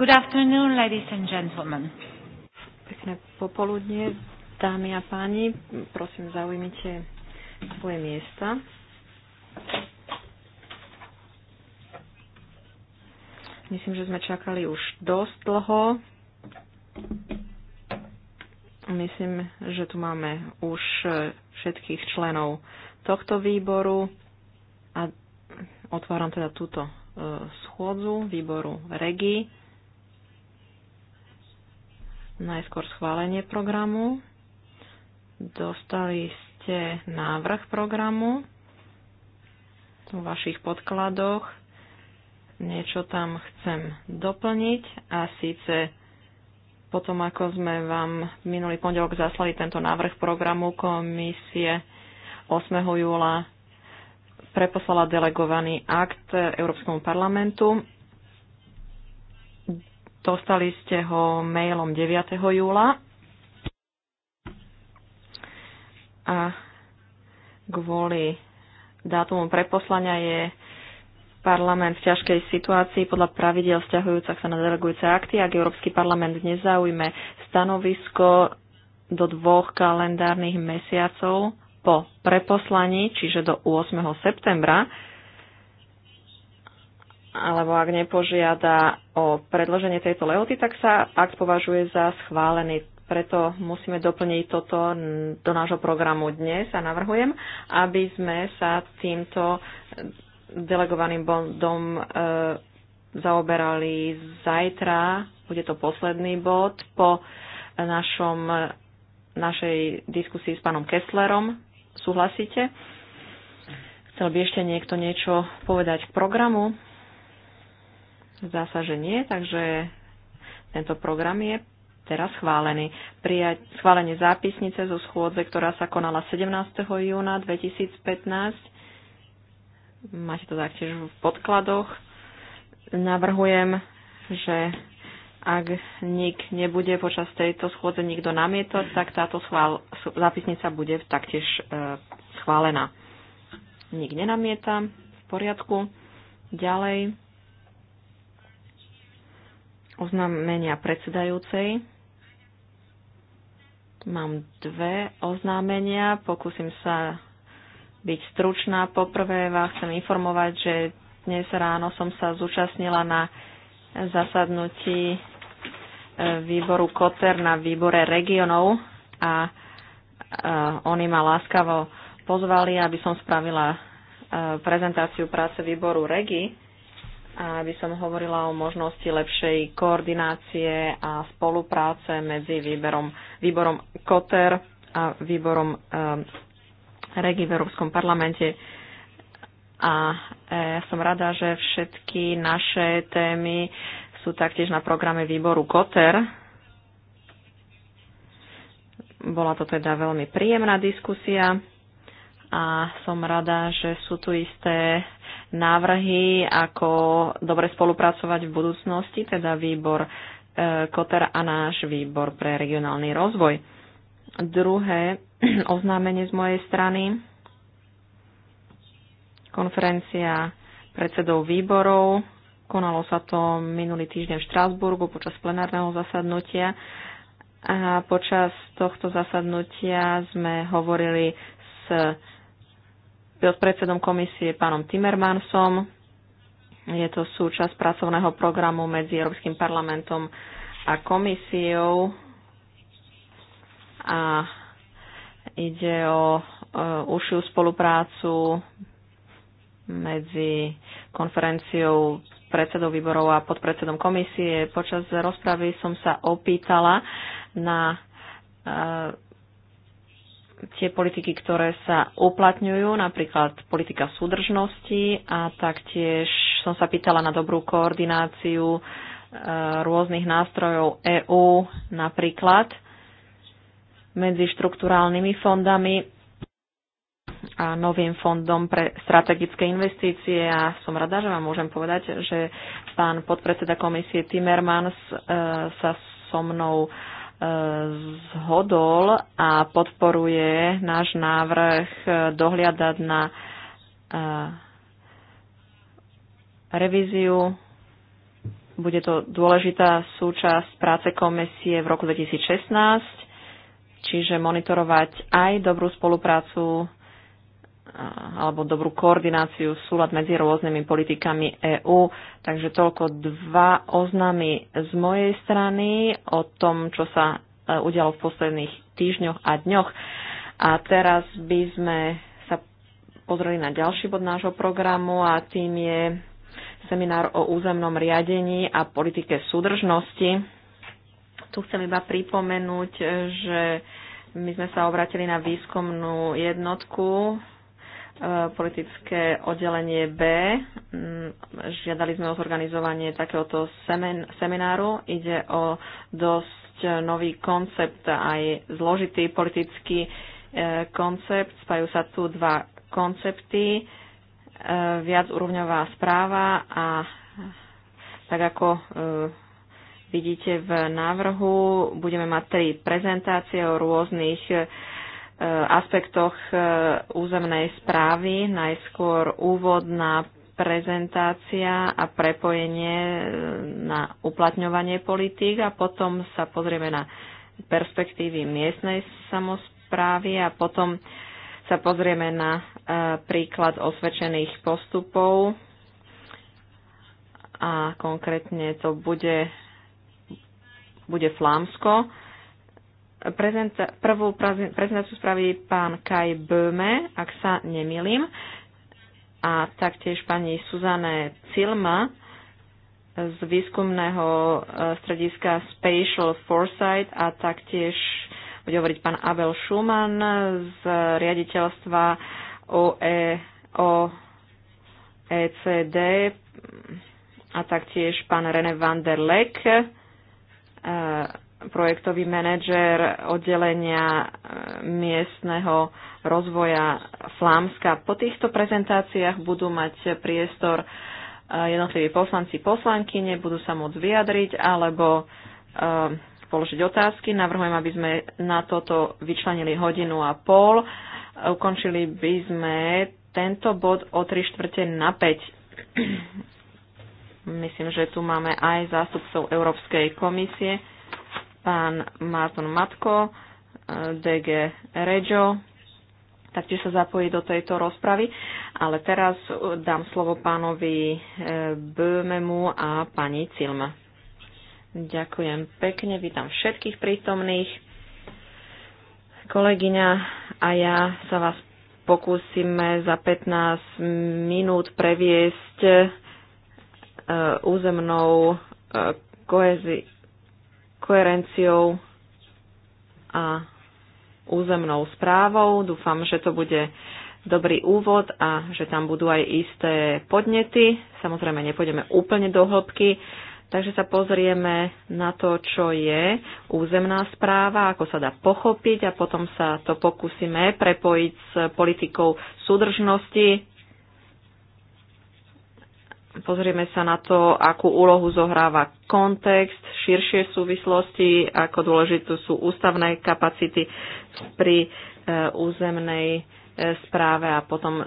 Good afternoon, ladies and gentlemen. Pekné popoludne, dámy a páni. Prosím, zaujmite svoje miesta. Myslím, že sme čakali už dosť dlho. Myslím, že tu máme už všetkých členov tohto výboru a otváram teda túto e, schôdzu výboru REGI najskôr schválenie programu. Dostali ste návrh programu v vašich podkladoch. Niečo tam chcem doplniť a síce potom, ako sme vám minulý pondelok zaslali tento návrh programu komisie 8. júla preposlala delegovaný akt Európskemu parlamentu Dostali ste ho mailom 9. júla. A kvôli dátumu preposlania je parlament v ťažkej situácii podľa pravidel vzťahujúcich sa na delegujúce akty. Ak Európsky parlament nezaujme stanovisko do dvoch kalendárnych mesiacov po preposlaní, čiže do 8. septembra, alebo ak nepožiada o predloženie tejto lehoty, tak sa akt považuje za schválený. Preto musíme doplniť toto do nášho programu dnes a navrhujem, aby sme sa týmto delegovaným bodom e, zaoberali zajtra. Bude to posledný bod po našom, našej diskusii s pánom Kesslerom. Súhlasíte? Chcel by ešte niekto niečo povedať k programu? Zdá sa, že nie, takže tento program je teraz schválený. Prijať schválenie zápisnice zo schôdze, ktorá sa konala 17. júna 2015. Máte to taktiež v podkladoch. Navrhujem, že ak nik nebude počas tejto schôdze nikto namietať, tak táto schvál, zápisnica bude taktiež e, schválená. Nik nenamieta. V poriadku. Ďalej oznámenia predsedajúcej. Mám dve oznámenia, pokúsim sa byť stručná. Poprvé vás chcem informovať, že dnes ráno som sa zúčastnila na zasadnutí e, výboru Koter na výbore regionov a e, oni ma láskavo pozvali, aby som spravila e, prezentáciu práce výboru Regi aby som hovorila o možnosti lepšej koordinácie a spolupráce medzi výberom, výborom KOTER a výborom e, regi v Európskom parlamente. A eh, ja som rada, že všetky naše témy sú taktiež na programe výboru KOTER. Bola to teda veľmi príjemná diskusia a som rada, že sú tu isté návrhy, ako dobre spolupracovať v budúcnosti, teda výbor e, Koter a náš výbor pre regionálny rozvoj. Druhé oznámenie z mojej strany. Konferencia predsedov výborov. Konalo sa to minulý týždeň v Štrásburgu počas plenárneho zasadnutia. A počas tohto zasadnutia sme hovorili s predsedom komisie pánom Timmermansom. Je to súčasť pracovného programu medzi Európskym parlamentom a komisiou a ide o e, užšiu spoluprácu medzi konferenciou predsedov výborov a podpredsedom komisie. Počas rozpravy som sa opýtala na e, tie politiky, ktoré sa uplatňujú, napríklad politika súdržnosti a taktiež som sa pýtala na dobrú koordináciu e, rôznych nástrojov EÚ napríklad medzi štruktúrálnymi fondami a novým fondom pre strategické investície a som rada, že vám môžem povedať, že pán podpredseda komisie Timmermans e, sa so mnou zhodol a podporuje náš návrh eh, dohliadať na eh, revíziu. Bude to dôležitá súčasť práce komisie v roku 2016, čiže monitorovať aj dobrú spoluprácu Eh, alebo dobrú koordináciu, súlad medzi rôznymi politikami EÚ. Takže toľko dva oznámy z mojej strany o tom, čo sa eh, udialo v posledných týždňoch a dňoch. A teraz by sme sa pozreli na ďalší bod nášho programu a tým je seminár o územnom riadení a politike súdržnosti. Tu chcem iba pripomenúť, eh, že my sme sa obratili na výskumnú jednotku politické oddelenie B. Mm, žiadali sme o zorganizovanie takéhoto semen, semináru. Ide o dosť nový koncept, aj zložitý politický e, koncept. Spajú sa tu dva koncepty. E, viacúrovňová správa a tak ako e, vidíte v návrhu, budeme mať tri prezentácie o rôznych aspektoch e, územnej správy. Najskôr úvodná prezentácia a prepojenie e, na uplatňovanie politík a potom sa pozrieme na perspektívy miestnej samozprávy a potom sa pozrieme na e, príklad osvedčených postupov a konkrétne to bude, bude Flámsko Prezenta- prvú prezentáciu spraví pán Kaj Böme, ak sa nemilím, a taktiež pani Suzanne Cilma z výskumného e, strediska Spatial Foresight a taktiež bude hovoriť pán Abel Schumann z riaditeľstva OE, OECD a taktiež pán René van der Leck e, projektový manažer oddelenia e, miestneho rozvoja Flámska. Po týchto prezentáciách budú mať priestor e, jednotliví poslanci, poslanky, nebudú sa môcť vyjadriť alebo e, položiť otázky. Navrhujem, aby sme na toto vyčlenili hodinu a pol. Ukončili by sme tento bod o 3 štvrte na 5. Myslím, že tu máme aj zástupcov Európskej komisie pán Marton Matko, eh, DG Regio, taktiež sa zapojí do tejto rozpravy. Ale teraz eh, dám slovo pánovi eh, Böhmemu a pani Cilma. Ďakujem pekne, vítam všetkých prítomných. Kolegyňa a ja sa vás pokúsime za 15 minút previesť územnou kohezi- koherenciou a územnou správou. Dúfam, že to bude dobrý úvod a že tam budú aj isté podnety. Samozrejme, nepôjdeme úplne do hĺbky, takže sa pozrieme na to, čo je územná správa, ako sa dá pochopiť a potom sa to pokúsime prepojiť s politikou súdržnosti, Pozrieme sa na to, akú úlohu zohráva kontext, širšie súvislosti, ako dôležité sú ústavné kapacity pri e, územnej e, správe a potom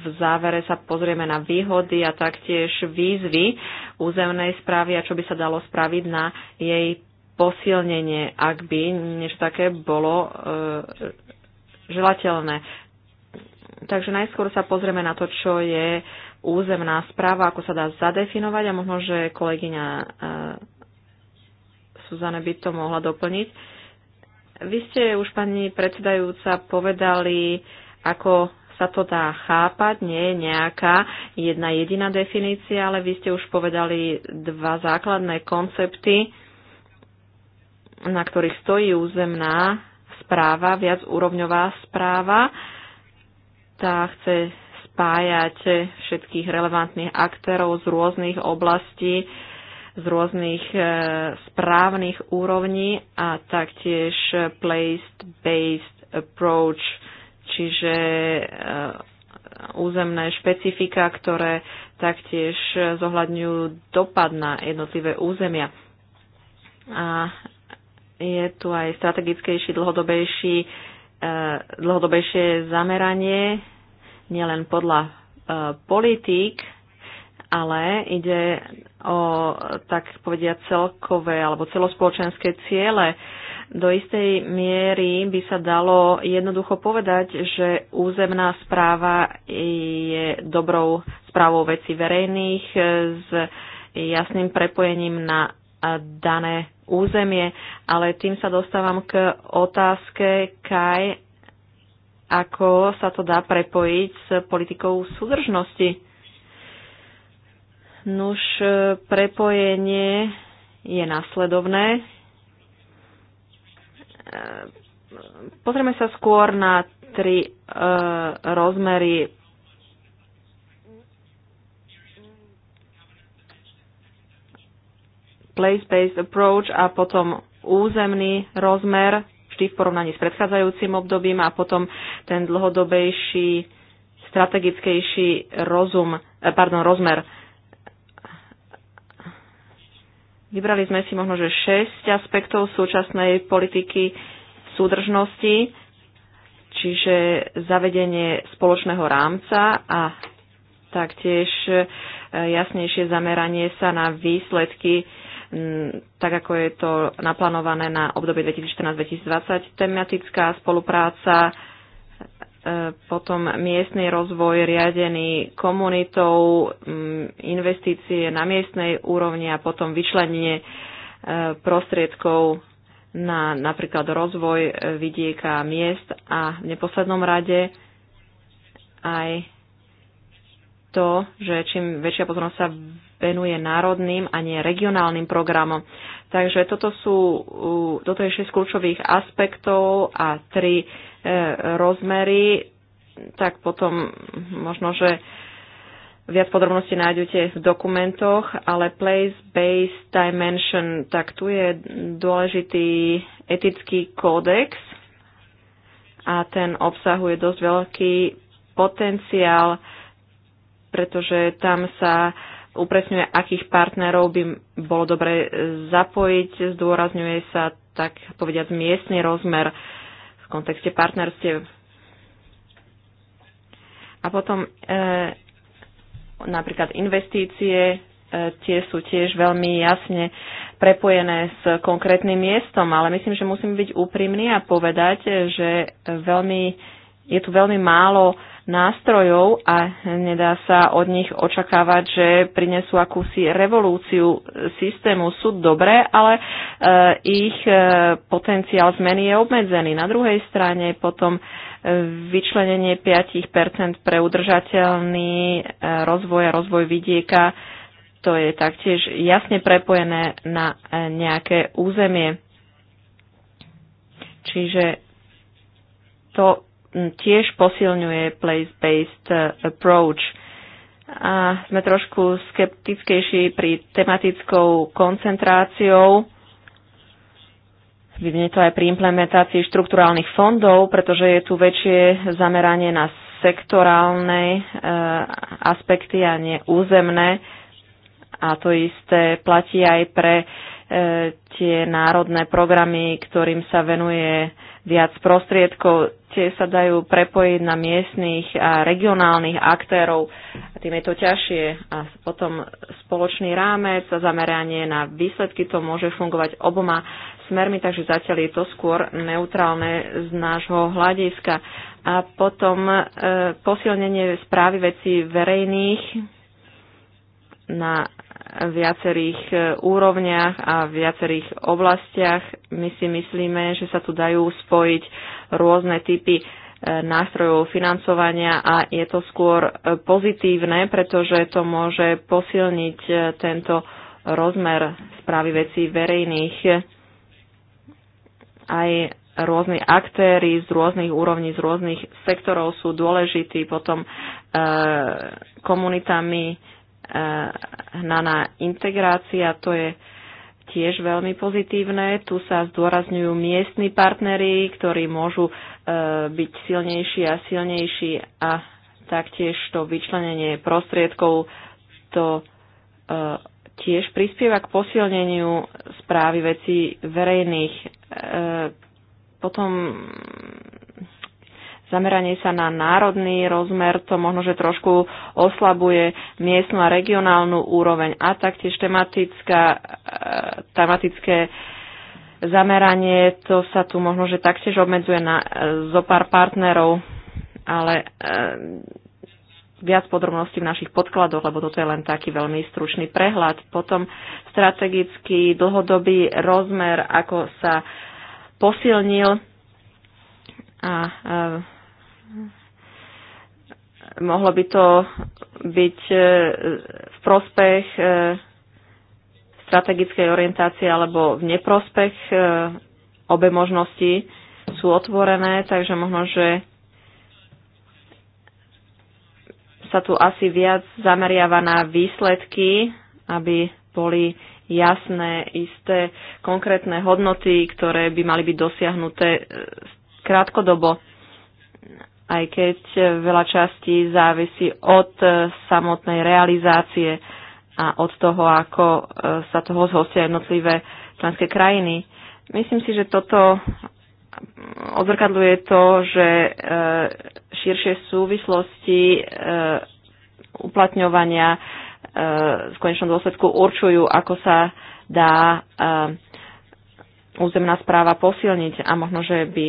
v závere sa pozrieme na výhody a taktiež výzvy územnej správy a čo by sa dalo spraviť na jej posilnenie, ak by niečo také bolo e, želateľné. Takže najskôr sa pozrieme na to, čo je e, územná správa, ako sa dá zadefinovať a možno, že kolegyňa eh, Suzane by to mohla doplniť. Vy ste už, pani predsedajúca, povedali, ako sa to dá chápať, nie je nejaká jedna jediná definícia, ale vy ste už povedali dva základné koncepty, na ktorých stojí územná správa, viacúrovňová správa. Tá chce spájate všetkých relevantných aktérov z rôznych oblastí, z rôznych e, správnych úrovní a taktiež placed-based approach, čiže e, územné špecifika, ktoré taktiež zohľadňujú dopad na jednotlivé územia. A je tu aj strategickejší, dlhodobejší, e, dlhodobejšie zameranie nielen podľa e, politík, ale ide o tak povediať celkové alebo celospoločenské ciele. Do istej miery by sa dalo jednoducho povedať, že územná správa je dobrou správou veci verejných e, s jasným prepojením na e, dané územie, ale tým sa dostávam k otázke, kaj ako sa to dá prepojiť s politikou súdržnosti. Nuž prepojenie je následovné. Pozrieme sa skôr na tri e, rozmery place-based approach a potom územný rozmer vždy v porovnaní s predchádzajúcim obdobím a potom ten dlhodobejší, strategickejší rozum, eh, pardon, rozmer. Vybrali sme si možno, že 6 aspektov súčasnej politiky súdržnosti, čiže zavedenie spoločného rámca a taktiež eh, jasnejšie zameranie sa na výsledky Mm, tak ako je to naplánované na obdobie 2014-2020. Tematická spolupráca, e, potom miestny rozvoj riadený komunitou, mm, investície na miestnej úrovni a potom vyčlenenie e, prostriedkov na napríklad rozvoj e, vidieka miest a v neposlednom rade aj to, že čím väčšia pozornosť sa venuje národným a nie regionálnym programom. Takže toto, sú, toto je 6 kľúčových aspektov a 3 e, rozmery, tak potom možno, že viac podrobností nájdete v dokumentoch, ale place-based dimension, tak tu je dôležitý etický kódex a ten obsahuje dosť veľký potenciál pretože tam sa upresňuje, akých partnerov by bolo dobre e, zapojiť. Zdôrazňuje sa, tak povediať, miestny rozmer v kontexte partnerstiev. A potom e, napríklad investície, e, tie sú tiež veľmi jasne prepojené s konkrétnym miestom, ale myslím, že musím byť úprimný a povedať, že veľmi, je tu veľmi málo e, nástrojov a nedá sa od nich očakávať, že prinesú akúsi revolúciu systému. Sú dobré, ale e, ich e, potenciál zmeny je obmedzený. Na druhej strane potom e, vyčlenenie 5 pre udržateľný rozvoj a rozvoj vidieka, to je taktiež jasne prepojené na nejaké územie. Čiže to tiež posilňuje place-based approach. A sme trošku skeptickejší pri tematickou koncentráciou. Vidíme to aj pri implementácii štrukturálnych fondov, pretože je tu väčšie zameranie na sektorálne e, aspekty a nie územné. A to isté platí aj pre e, tie národné programy, ktorým sa venuje viac prostriedkov, tie sa dajú prepojiť na miestných a regionálnych aktérov, a tým je to ťažšie. A potom spoločný rámec a zameranie na výsledky, to môže fungovať oboma smermi, takže zatiaľ je to skôr neutrálne z nášho hľadiska. A potom e, posilnenie správy vecí verejných, na viacerých e, úrovniach a viacerých oblastiach. My si myslíme, že sa tu dajú spojiť rôzne typy e, nástrojov financovania a je to skôr e, pozitívne, pretože to môže posilniť tento rozmer správy vecí verejných. Aj rôzni aktéry z rôznych úrovní, z rôznych sektorov sú dôležití potom komunitami hnaná integrácia, to je tiež veľmi pozitívne. Tu sa zdôrazňujú miestni partnery, ktorí môžu e, byť silnejší a silnejší a taktiež to vyčlenenie prostriedkov to e, tiež prispieva k posilneniu správy vecí verejných. E, potom zameranie sa na národný rozmer, to možno, že trošku oslabuje miestnu a regionálnu úroveň a taktiež tematická, e, tematické zameranie, to sa tu možno, že taktiež obmedzuje na e, zo pár partnerov, ale e, viac podrobností v našich podkladoch, lebo toto je len taký veľmi stručný prehľad. Potom strategický dlhodobý rozmer, ako sa posilnil a mohlo by to byť e, v prospech e, strategickej orientácie alebo v neprospech. E, obe možnosti sú otvorené, takže možno, že sa tu asi viac zameriava na výsledky, aby boli jasné, isté, konkrétne hodnoty, ktoré by mali byť dosiahnuté krátkodobo aj keď veľa častí závisí od eh, samotnej realizácie a od toho, ako eh, sa toho zhostia jednotlivé členské krajiny. Myslím si, že toto odzrkadluje to, že eh, širšie súvislosti uplatňovania v konečnom dôsledku určujú, ako sa dá územná správa posilniť a možno, že by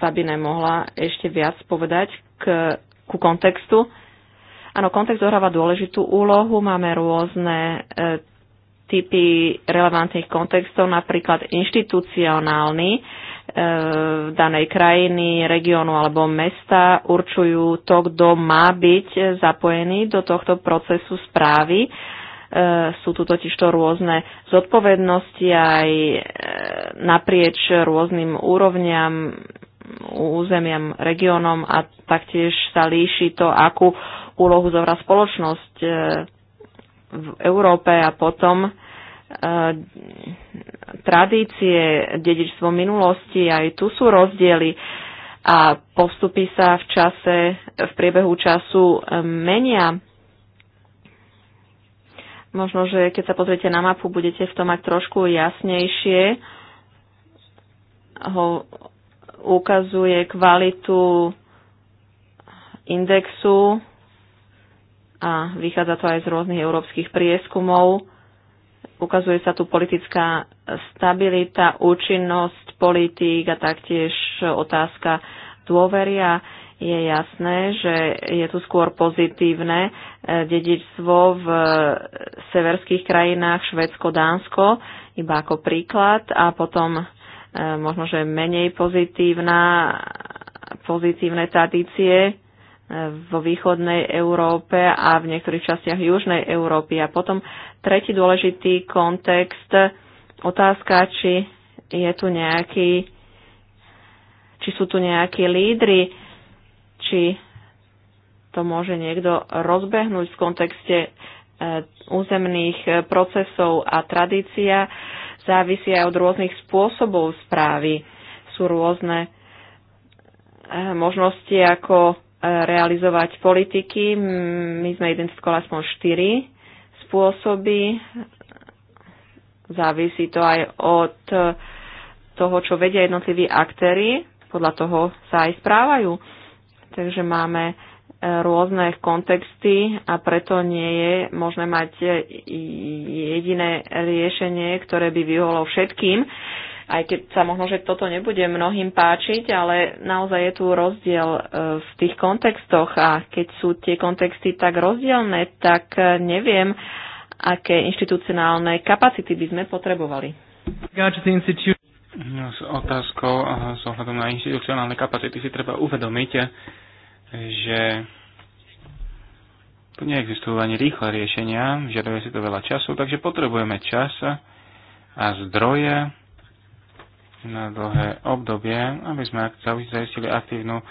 Sabine mohla ešte viac povedať k, ku kontextu. Áno, kontext zohráva dôležitú úlohu. Máme rôzne e, typy relevantných kontextov, napríklad inštitucionálny e, danej krajiny, regiónu alebo mesta určujú to, kto má byť zapojený do tohto procesu správy. E, sú tu totiž to rôzne zodpovednosti aj e, naprieč rôznym úrovňam územiam, regiónom a taktiež sa líši to, akú úlohu zohrá spoločnosť e, v Európe a potom e, tradície, dedičstvo minulosti, aj tu sú rozdiely a postupy sa v čase, v priebehu času e, menia. Možno, že keď sa pozriete na mapu, budete v tom mať trošku jasnejšie. Ho, ukazuje kvalitu indexu a vychádza to aj z rôznych európskych prieskumov. Ukazuje sa tu politická stabilita, účinnosť politík a taktiež otázka dôvery a je jasné, že je tu skôr pozitívne e, dedičstvo v severských krajinách Švedsko, Dánsko, iba ako príklad a potom Eh, možno, že menej pozitívna, pozitívne tradície eh, vo východnej Európe a v niektorých častiach južnej Európy. A potom tretí dôležitý kontext, otázka, či je tu nejaký, či sú tu nejakí lídry, či to môže niekto rozbehnúť v kontexte eh, územných procesov a tradícia Závisí aj od rôznych spôsobov správy. Sú rôzne eh, možnosti, ako eh, realizovať politiky. My sme identifikovali aspoň štyri spôsoby. Závisí to aj od eh, toho, čo vedia jednotliví aktéry. Podľa toho sa aj správajú. Takže máme rôzne kontexty a preto nie je možné mať jediné riešenie, ktoré by vyholo všetkým. Aj keď sa možno, že toto nebude mnohým páčiť, ale naozaj je tu rozdiel e, v tých kontextoch a keď sú tie kontexty tak rozdielne, tak e, neviem, aké inštitucionálne kapacity by sme potrebovali. No, s otázkou s ohľadom na inštitucionálne kapacity si treba uvedomiť, že tu neexistujú ani rýchle riešenia, žiaduje si to veľa času, takže potrebujeme čas a zdroje na dlhé obdobie, aby sme zaistili aktívnu, eh,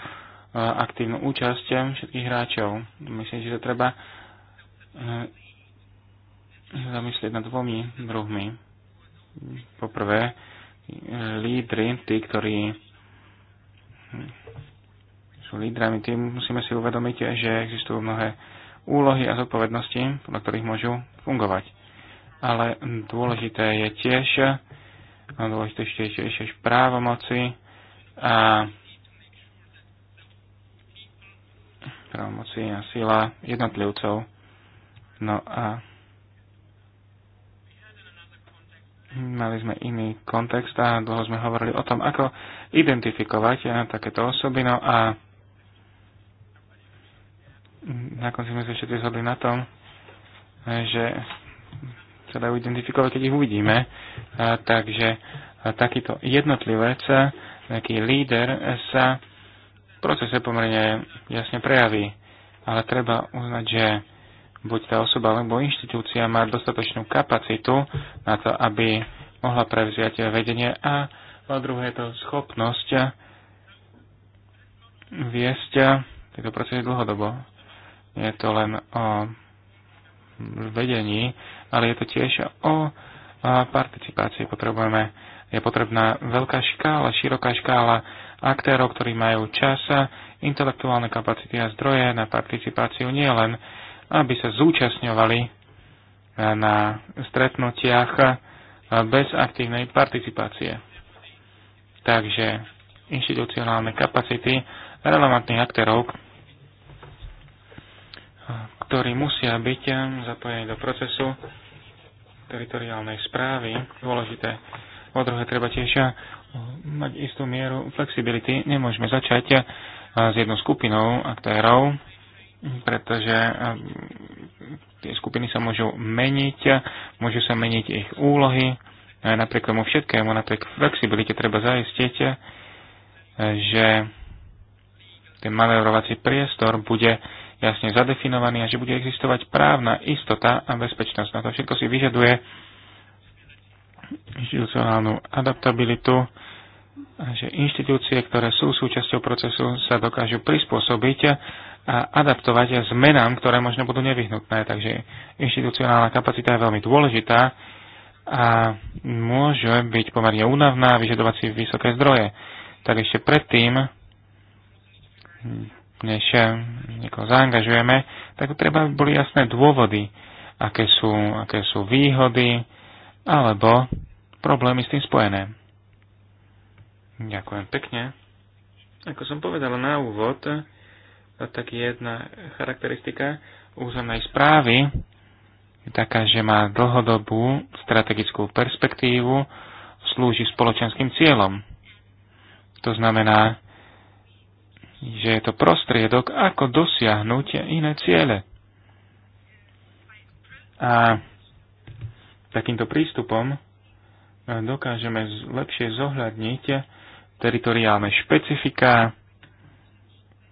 aktívnu účasť všetkých hráčov. Myslím, že to treba eh, zamyslieť nad dvomi druhmi. Poprvé, eh, lídry, tí, ktorí sú lídrami, tým musíme si uvedomiť, že existujú mnohé úlohy a zodpovednosti, podľa ktorých môžu fungovať. Ale dôležité je tiež, dôležité je tiež právomoci a právomoci a sila jednotlivcov. No a mali sme iný kontext a dlho sme hovorili o tom, ako identifikovať takéto osoby. No a na konci sme sa všetci zhodli na tom, že sa dajú identifikovať, keď ich uvidíme. A, takže a takýto jednotlivec, nejaký líder sa v procese pomerne jasne prejaví. Ale treba uznať, že buď tá osoba alebo inštitúcia má dostatočnú kapacitu na to, aby mohla prevziať vedenie a po druhé je to schopnosť viesť tieto procesy dlhodobo nie je to len o vedení, ale je to tiež o participácii. Potrebujeme, je potrebná veľká škála, široká škála aktérov, ktorí majú čas, intelektuálne kapacity a zdroje na participáciu nie len, aby sa zúčastňovali na stretnutiach bez aktívnej participácie. Takže inštitucionálne kapacity relevantných aktérov, ktorí musia byť zapojení do procesu teritoriálnej správy. Dôležité. Po druhé, treba tiež mať istú mieru flexibility. Nemôžeme začať s jednou skupinou aktérov, pretože tie skupiny sa môžu meniť, môžu sa meniť ich úlohy. Napriek tomu všetkému, napriek flexibilite treba zaistiť, že ten manevrovací priestor bude jasne zadefinovaný a že bude existovať právna istota a bezpečnosť. Na to všetko si vyžaduje inštitucionálnu adaptabilitu, a že inštitúcie, ktoré sú súčasťou procesu, sa dokážu prispôsobiť a adaptovať zmenám, ktoré možno budú nevyhnutné. Takže inštitucionálna kapacita je veľmi dôležitá a môže byť pomerne únavná a vyžadovať si vysoké zdroje. Tak ešte predtým než niekoho zaangažujeme, tak treba by boli jasné dôvody, aké sú, aké sú výhody alebo problémy s tým spojené. Ďakujem pekne. Ako som povedal na úvod, tak jedna charakteristika územnej správy je taká, že má dlhodobú strategickú perspektívu, slúži spoločenským cieľom. To znamená, že je to prostriedok, ako dosiahnuť iné ciele. A takýmto prístupom e, dokážeme lepšie zohľadniť teritoriálne špecifika,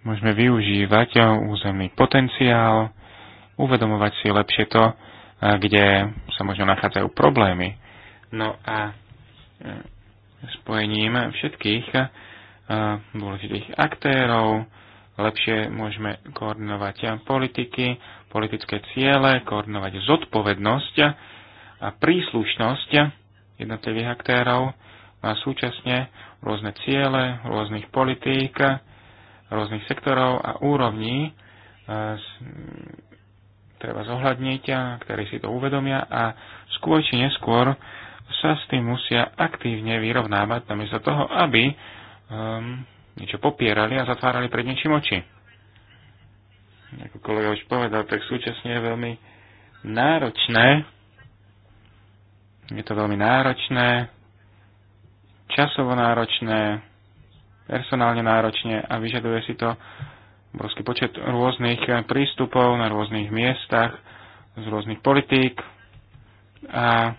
môžeme využívať územný potenciál, uvedomovať si lepšie to, e, kde sa možno nachádzajú problémy. No a e, spojením všetkých dôležitých aktérov, lepšie môžeme koordinovať politiky, politické ciele, koordinovať zodpovednosť a príslušnosť jednotlivých aktérov no a súčasne rôzne ciele rôznych politík, rôznych sektorov a úrovní e, treba zohľadniť, ktorí si to uvedomia a skôr či neskôr sa s tým musia aktívne vyrovnávať, namiesto toho, aby um, niečo popierali a zatvárali pred niečím oči. Ako kolega už povedal, tak súčasne je veľmi náročné, je to veľmi náročné, časovo náročné, personálne náročné a vyžaduje si to obrovský počet rôznych prístupov na rôznych miestach, z rôznych politík a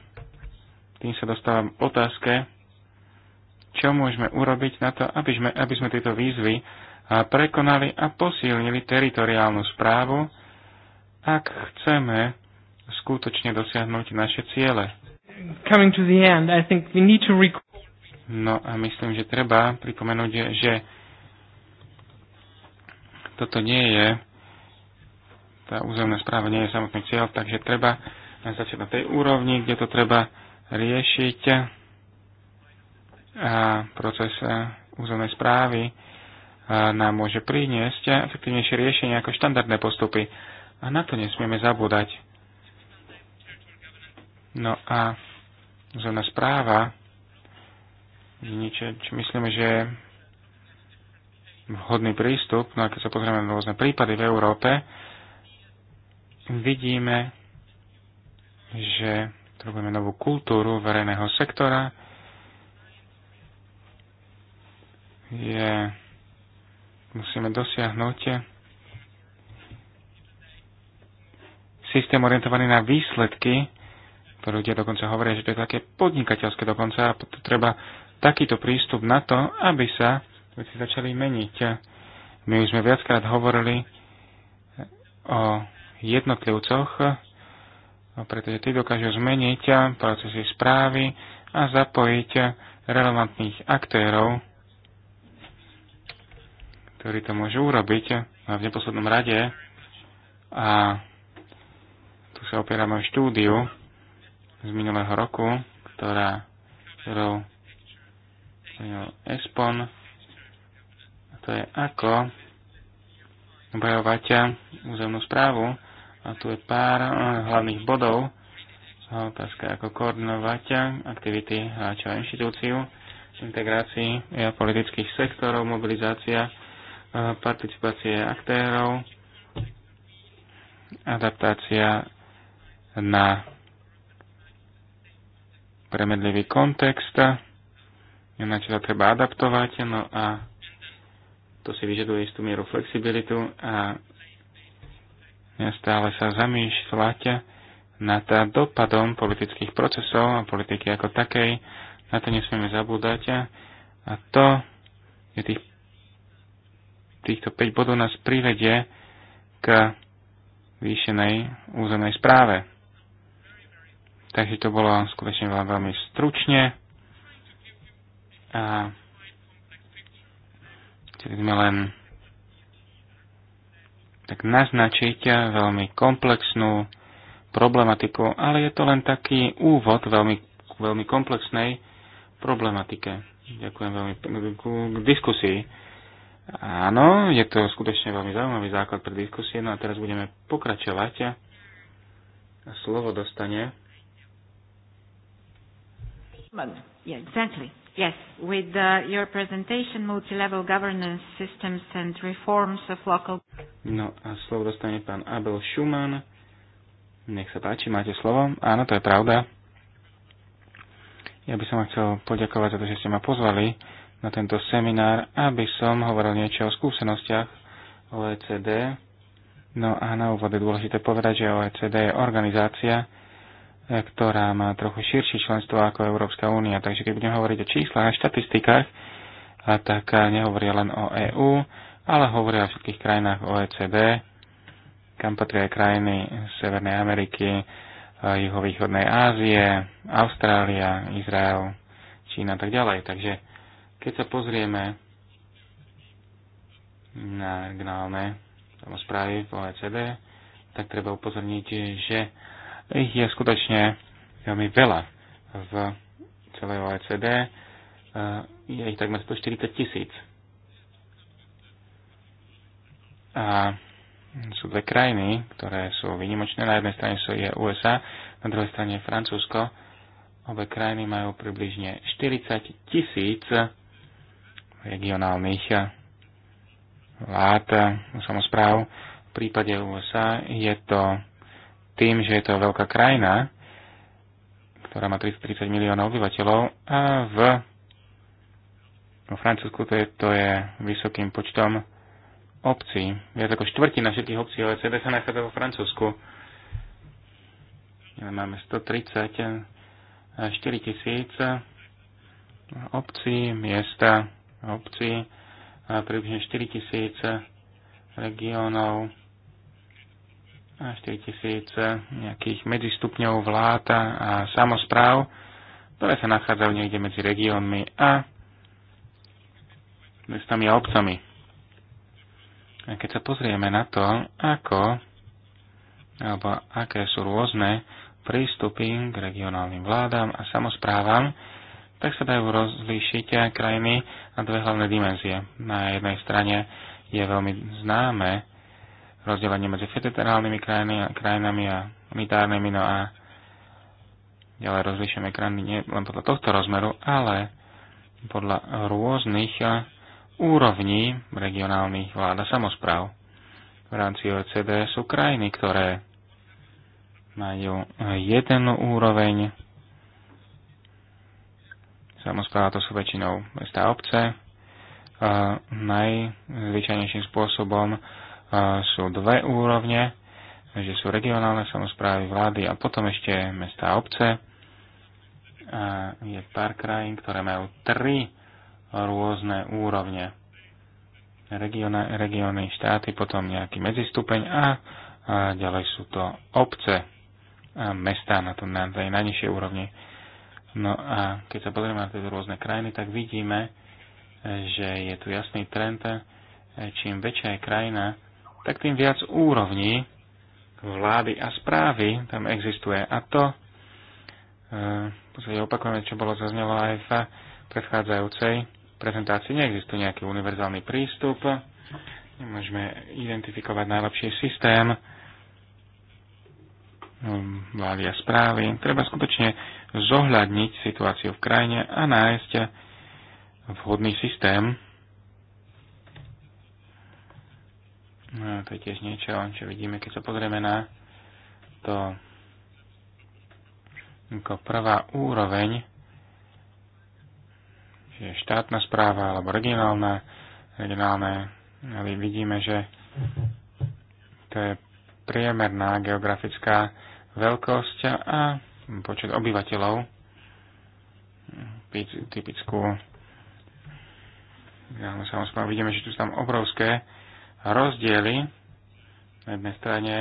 tým sa dostávam otázke, čo môžeme urobiť na to, aby sme, aby sme tieto výzvy prekonali a posilnili teritoriálnu správu, ak chceme skutočne dosiahnuť naše ciele. No a myslím, že treba pripomenúť, že toto nie je, tá územná správa nie je samotný cieľ, takže treba začať na tej úrovni, kde to treba riešiť a proces e, územnej správy e, nám môže priniesť efektívnejšie riešenie ako štandardné postupy. A na to nesmieme zabúdať. No a územná správa je niečo, čo myslíme, že je vhodný prístup. No a keď sa pozrieme na rôzne prípady v Európe, vidíme, že robíme novú kultúru verejného sektora, je, musíme dosiahnuť systém orientovaný na výsledky, ktoré ľudia dokonca hovoria, že to je také podnikateľské dokonca a treba takýto prístup na to, aby sa veci začali meniť. My už sme viackrát hovorili o jednotlivcoch, pretože tí dokážu zmeniť procesy správy a zapojiť relevantných aktérov ktorí to môžu urobiť eh, v neposlednom rade a tu sa opierame o štúdiu z minulého roku, ktorá, ktorou ESPON a to je ako bojovať eh, územnú správu a tu je pár eh, hlavných bodov otázka ako koordinovať aktivity hráča inštitúciu integrácii politických sektorov, mobilizácia participácie aktérov, adaptácia na premedlivý kontext, na čo sa treba adaptovať, no a to si vyžaduje istú mieru flexibilitu a neustále sa zamýšľať nad dopadom politických procesov a politiky ako takej, na to nesmieme zabúdať a to je tých týchto 5 bodov nás privedie k výšenej územnej správe. Takže to bolo skutočne veľmi, veľmi stručne. A chceli sme len tak naznačiť veľmi komplexnú problematiku, ale je to len taký úvod veľmi, veľmi komplexnej problematike. Ďakujem veľmi k diskusii. Áno, je to skutočne veľmi zaujímavý základ pre diskusie. No a teraz budeme pokračovať. A slovo dostane. exactly. Yes, with uh, your presentation, multilevel governance systems and reforms of local... No a slovo dostane pán Abel Schumann. Nech sa páči, máte slovo. Áno, to je pravda. Ja by som vám chcel poďakovať za to, že ste ma pozvali na tento seminár, aby som hovoril niečo o skúsenostiach OECD. No a na úvod je dôležité povedať, že OECD je organizácia, e, ktorá má trochu širšie členstvo ako Európska únia. Takže keď budem hovoriť o číslach a štatistikách, a tak nehovoria len o EÚ, ale hovoria o všetkých krajinách OECD, kam patria krajiny Severnej Ameriky, e, Juhovýchodnej Ázie, Austrália, Izrael, Čína a tak ďalej. Takže keď sa pozrieme na regionálne správy v OECD, tak treba upozorniť, že ich je skutočne veľmi veľa v celej OECD. E, je ich takmer 140 tisíc. A sú dve krajiny, ktoré sú vynimočné. Na jednej strane sú je USA, na druhej strane Francúzsko. Obe krajiny majú približne 40 tisíc regionálnych eh, vlád, eh, samozpráv. V prípade USA je to tým, že je to veľká krajina, ktorá má 330 miliónov obyvateľov a v Francúzsku to je, to je vysokým počtom obcí. Viac ako štvrtina všetkých obcí OECD sa nachádza vo Francúzsku. Máme 134 eh, tisíc obcí, miesta, obcí, a približne 4 tisíc regiónov a 4 tisíc nejakých medzistupňov vlád a samozpráv, ktoré sa nachádzajú niekde medzi regiónmi a mestami a obcami. A keď sa pozrieme na to, ako alebo aké sú rôzne prístupy k regionálnym vládam a samozprávam, tak sa dajú rozlíšiť krajiny na dve hlavné dimenzie. Na jednej strane je veľmi známe rozdelenie medzi federálnymi krajinami a unitárnymi, no a ďalej rozlišujeme krajiny nie len podľa tohto rozmeru, ale podľa rôznych úrovní regionálnych vlád a samozpráv. V rámci OECD sú krajiny, ktoré majú jeden úroveň Samozpráva to sú väčšinou mesta a obce. Najzvyčajnejším spôsobom sú dve úrovne, že sú regionálne samozprávy, vlády a potom ešte mesta a obce. A je pár krajín, ktoré majú tri rôzne úrovne. Regiona, regióny, štáty, potom nejaký medzistupeň a, a ďalej sú to obce a mesta na tom na tej najnižšej úrovni. No a keď sa pozrieme na tieto rôzne krajiny, tak vidíme, že je tu jasný trend, e, čím väčšia je krajina, tak tým viac úrovní vlády a správy tam existuje. A to e, v podstate opakujeme, čo bolo zaznelo aj v predchádzajúcej prezentácii. Neexistuje nejaký univerzálny prístup, nemôžeme identifikovať najlepší systém no, vlády a správy. Treba skutočne zohľadniť situáciu v krajine a nájsť vhodný systém. No, to je tiež niečo, čo vidíme, keď sa pozrieme na to ako prvá úroveň, čiže štátna správa alebo regionálna, regionálne, ale vidíme, že to je priemerná geografická veľkosť a počet obyvateľov, typickú samozprávu. Vidíme, že tu sú tam obrovské rozdiely. Na jednej strane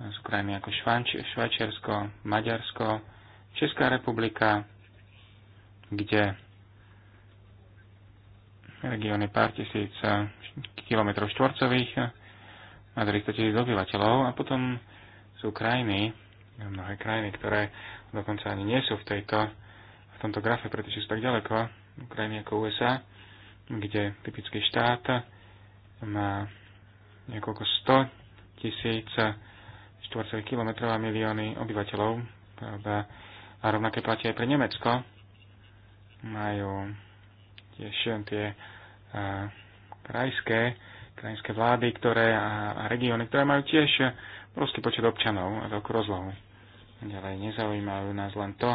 sú krajiny ako Švajčiarsko, Maďarsko, Česká republika, kde región je pár tisíc eh, kilometrov štvorcových, a 300 tisíc obyvateľov a potom sú krajiny, mnohé krajiny, ktoré dokonca ani nie sú v, tejto, v tomto grafe, pretože sú tak ďaleko, krajiny ako USA, kde typický štát má niekoľko 100 tisíc štvorcových kilometrov a milióny obyvateľov. Pravda. A rovnaké platí aj pre Nemecko. Majú tiež tie a, krajské krajinské vlády ktoré, a, a regióny, ktoré majú tiež e, proste počet občanov a veľkú rozlohu. Ďalej nezaujímajú nás len to,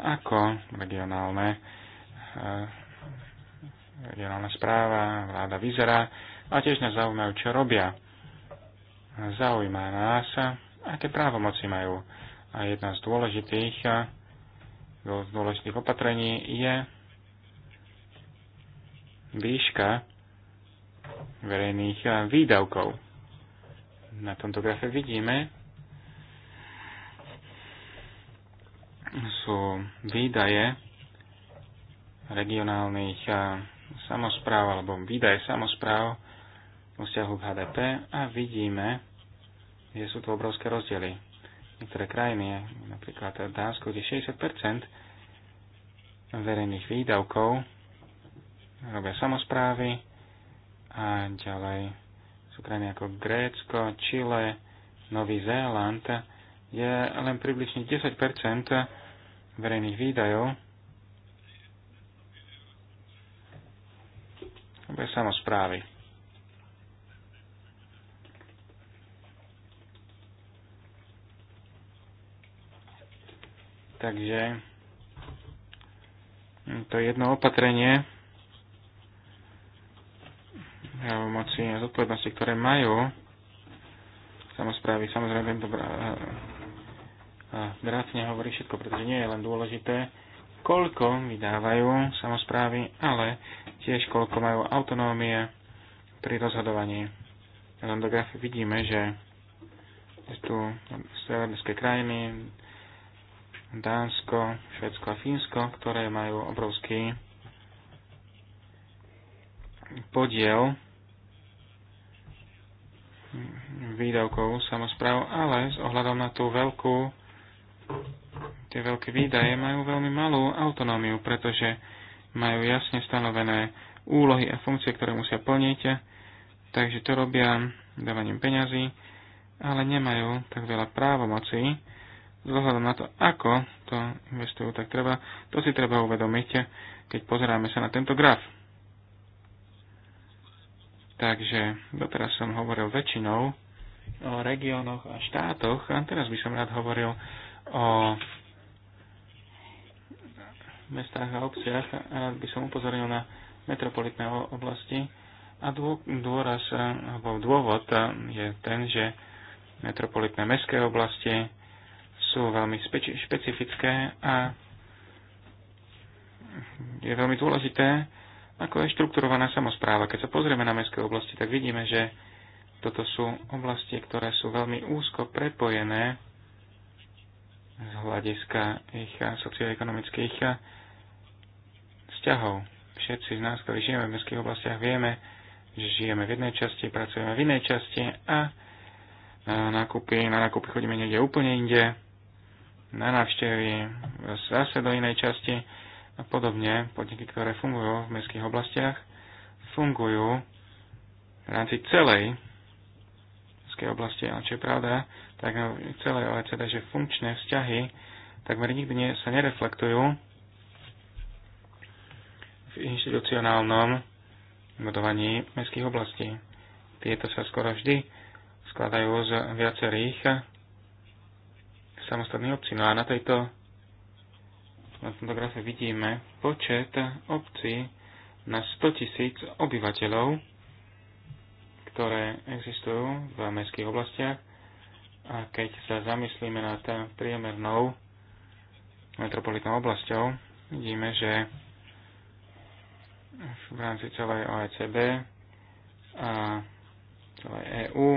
ako regionálne, e, regionálna správa, vláda vyzerá, a tiež nás zaujímajú, čo robia. Zaujíma nás, aké právomoci majú. A jedna z dôležitých, e, dôležitých opatrení je výška verejných eh, výdavkov. Na tomto grafe vidíme, sú výdaje regionálnych eh, samozpráv alebo výdaje samozpráv vo vzťahu k HDP a vidíme, že sú to obrovské rozdiely. Niektoré krajiny, napríklad Dánsko, kde 60 verejných výdavkov robia samozprávy, a ďalej sú krajiny ako Grécko, Čile, Nový Zéland, je len približne 10 verejných výdajov. Bez samozprávy. Takže to jedno opatrenie moci a zodpovednosti, ktoré majú samozprávy. Samozrejme, to graf eh, eh, hovorí všetko, pretože nie je len dôležité, koľko vydávajú samozprávy, ale tiež koľko majú autonómie pri rozhodovaní. Na tomto vidíme, že sú severské krajiny, Dánsko, Švedsko a Fínsko, ktoré majú obrovský podiel výdavkov samozpráv, ale s ohľadom na tú veľkú, tie veľké výdaje majú veľmi malú autonómiu, pretože majú jasne stanovené úlohy a funkcie, ktoré musia plniť, takže to robia dávaním peňazí, ale nemajú tak veľa právomocí, ohľadom na to, ako to investujú, tak treba, to si treba uvedomiť, keď pozeráme sa na tento graf. Takže doteraz som hovoril väčšinou o regiónoch a štátoch. A teraz by som rád hovoril o mestách a obciach. A rád by som upozornil na metropolitné oblasti. A dôraz, alebo dôvod je ten, že metropolitné mestské oblasti sú veľmi špecifické a je veľmi dôležité, ako je štrukturovaná samozpráva. Keď sa pozrieme na mestské oblasti, tak vidíme, že toto sú oblasti, ktoré sú veľmi úzko prepojené z hľadiska ich socioekonomických vzťahov. Všetci z nás, ktorí žijeme v mestských oblastiach, vieme, že žijeme v jednej časti, pracujeme v inej časti a na nákupy, na nákupy chodíme niekde úplne inde, na návštevy zase do inej časti a podobne. Podniky, ktoré fungujú v mestských oblastiach, fungujú v rámci celej hospodárskej oblasti. A čo je pravda, tak celé OECD, že funkčné vzťahy takmer nikdy nie, sa nereflektujú v inštitucionálnom budovaní mestských oblastí. Tieto sa skoro vždy skladajú z viacerých samostatných obcí. No a na tejto na tomto grafe vidíme počet obcí na 100 tisíc obyvateľov ktoré existujú v mestských oblastiach. A keď sa zamyslíme nad priemernou metropolitnou oblasťou, vidíme, že v rámci celej OECD a celej EÚ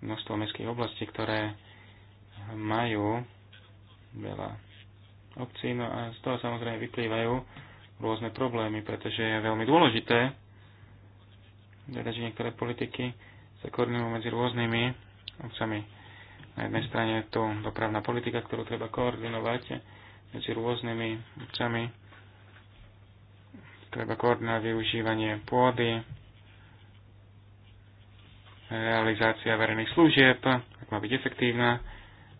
množstvo mestských oblastí, ktoré majú veľa obcí, no a z toho samozrejme vyplývajú rôzne problémy, pretože je veľmi dôležité vedať, že niektoré politiky sa koordinujú medzi rôznymi obcami. Na jednej strane je tu dopravná politika, ktorú treba koordinovať medzi rôznymi obcami. Treba koordinovať využívanie pôdy, realizácia verejných služieb, ak má byť efektívna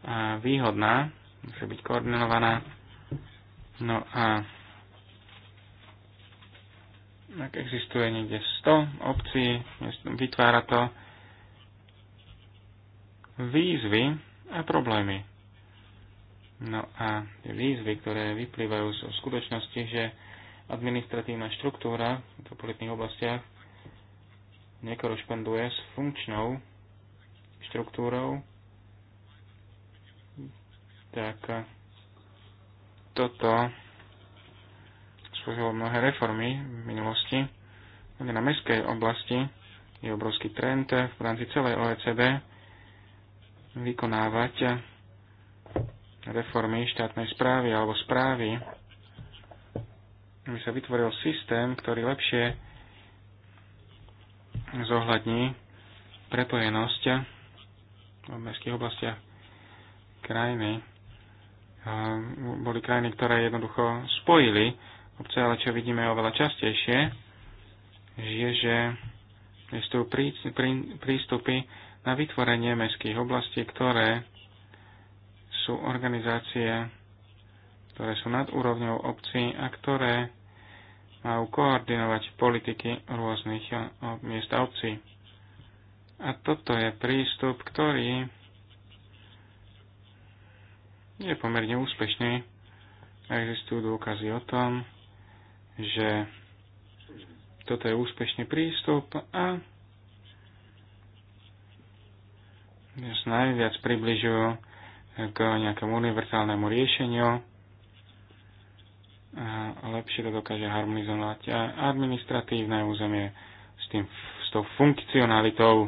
a výhodná, musí byť koordinovaná. No a ak existuje niekde 100 obcí, vytvára to výzvy a problémy. No a tie výzvy, ktoré vyplývajú zo skutočnosti, že administratívna štruktúra v metropolitných oblastiach nekorešponduje s funkčnou štruktúrou, tak toto slúžilo mnohé reformy v minulosti. Ale na mestskej oblasti je obrovský trend v rámci celej OECD vykonávať reformy štátnej správy alebo správy, aby sa vytvoril systém, ktorý lepšie zohľadní prepojenosť v mestských oblastiach krajiny. Boli krajiny, ktoré jednoducho spojili obce, ale čo vidíme oveľa častejšie, je, že existujú prístupy na vytvorenie mestských oblastí, ktoré sú organizácie, ktoré sú nad úrovňou obcí a ktoré majú koordinovať politiky rôznych eh, miest a obcí. A toto je prístup, ktorý je pomerne úspešný. Existujú dôkazy o tom, že toto je úspešný prístup a sa najviac približujú k nejakému univerzálnemu riešeniu. A lepšie to dokáže harmonizovať a administratívne územie s, tým, s tou funkcionalitou.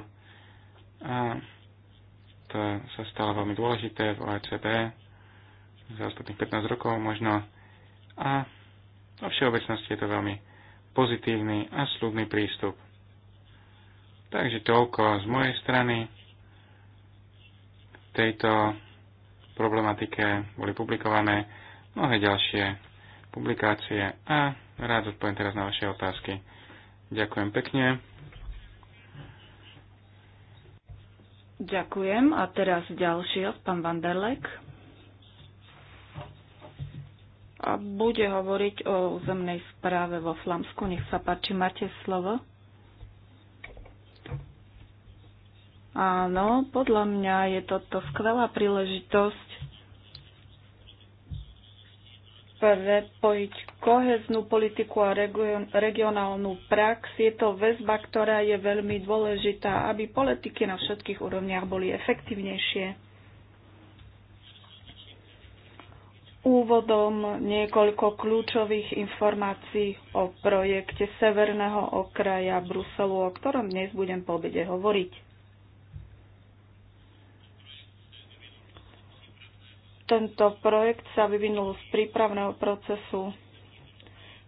A to sa stalo veľmi dôležité v OECD za ostatných 15 rokov možno. A vo všeobecnosti je to veľmi pozitívny a slubný prístup. Takže toľko z mojej strany tejto problematike boli publikované mnohé ďalšie publikácie a rád odpoviem teraz na vaše otázky. Ďakujem pekne. Ďakujem. A teraz od pán Vanderlek a bude hovoriť o územnej správe vo Flamsku. Nech sa páči, máte slovo. Áno, podľa mňa je toto skvelá príležitosť prepojiť koheznú politiku a regionálnu prax. Je to väzba, ktorá je veľmi dôležitá, aby politiky na všetkých úrovniach boli efektívnejšie. úvodom niekoľko kľúčových informácií o projekte Severného okraja Bruselu, o ktorom dnes budem po obede hovoriť. Tento projekt sa vyvinul z prípravného procesu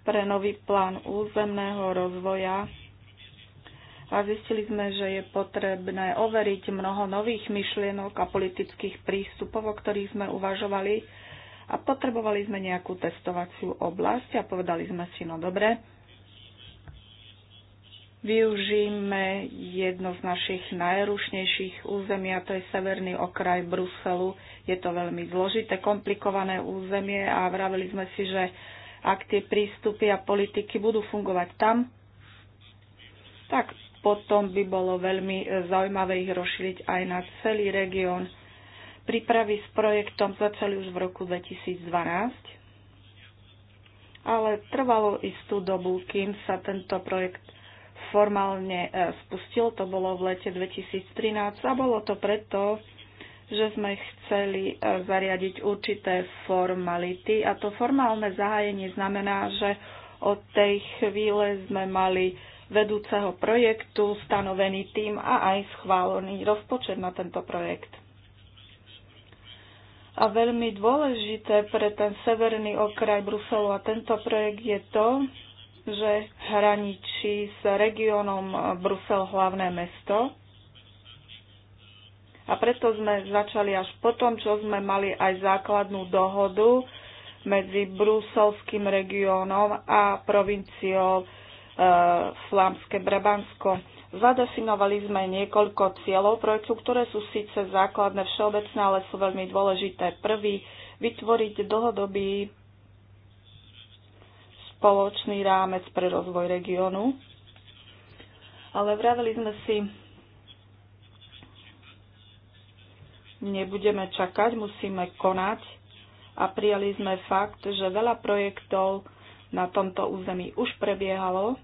pre nový plán územného rozvoja a zistili sme, že je potrebné overiť mnoho nových myšlienok a politických prístupov, o ktorých sme uvažovali a potrebovali sme nejakú testovaciu oblasť a povedali sme si, no dobre, využijeme jedno z našich najrušnejších území a to je severný okraj Bruselu. Je to veľmi zložité, komplikované územie a vraveli sme si, že ak tie prístupy a politiky budú fungovať tam, tak potom by bolo veľmi zaujímavé ich rozšíriť aj na celý región. Prípravy s projektom začali už v roku 2012, ale trvalo istú dobu, kým sa tento projekt formálne e, spustil. To bolo v lete 2013 a bolo to preto, že sme chceli e, zariadiť určité formality a to formálne zahájenie znamená, že od tej chvíle sme mali vedúceho projektu, stanovený tým a aj schválený rozpočet na tento projekt a veľmi dôležité pre ten severný okraj Bruselu a tento projekt je to, že hraničí s regiónom Brusel hlavné mesto. A preto sme začali až po tom, čo sme mali aj základnú dohodu medzi bruselským regiónom a provinciou e, Flámske Brabansko. Zadefinovali sme niekoľko cieľov projektu, ktoré sú síce základné všeobecné, ale sú veľmi dôležité. Prvý, vytvoriť dlhodobý spoločný rámec pre rozvoj regiónu. Ale vraveli sme si, nebudeme čakať, musíme konať a prijali sme fakt, že veľa projektov na tomto území už prebiehalo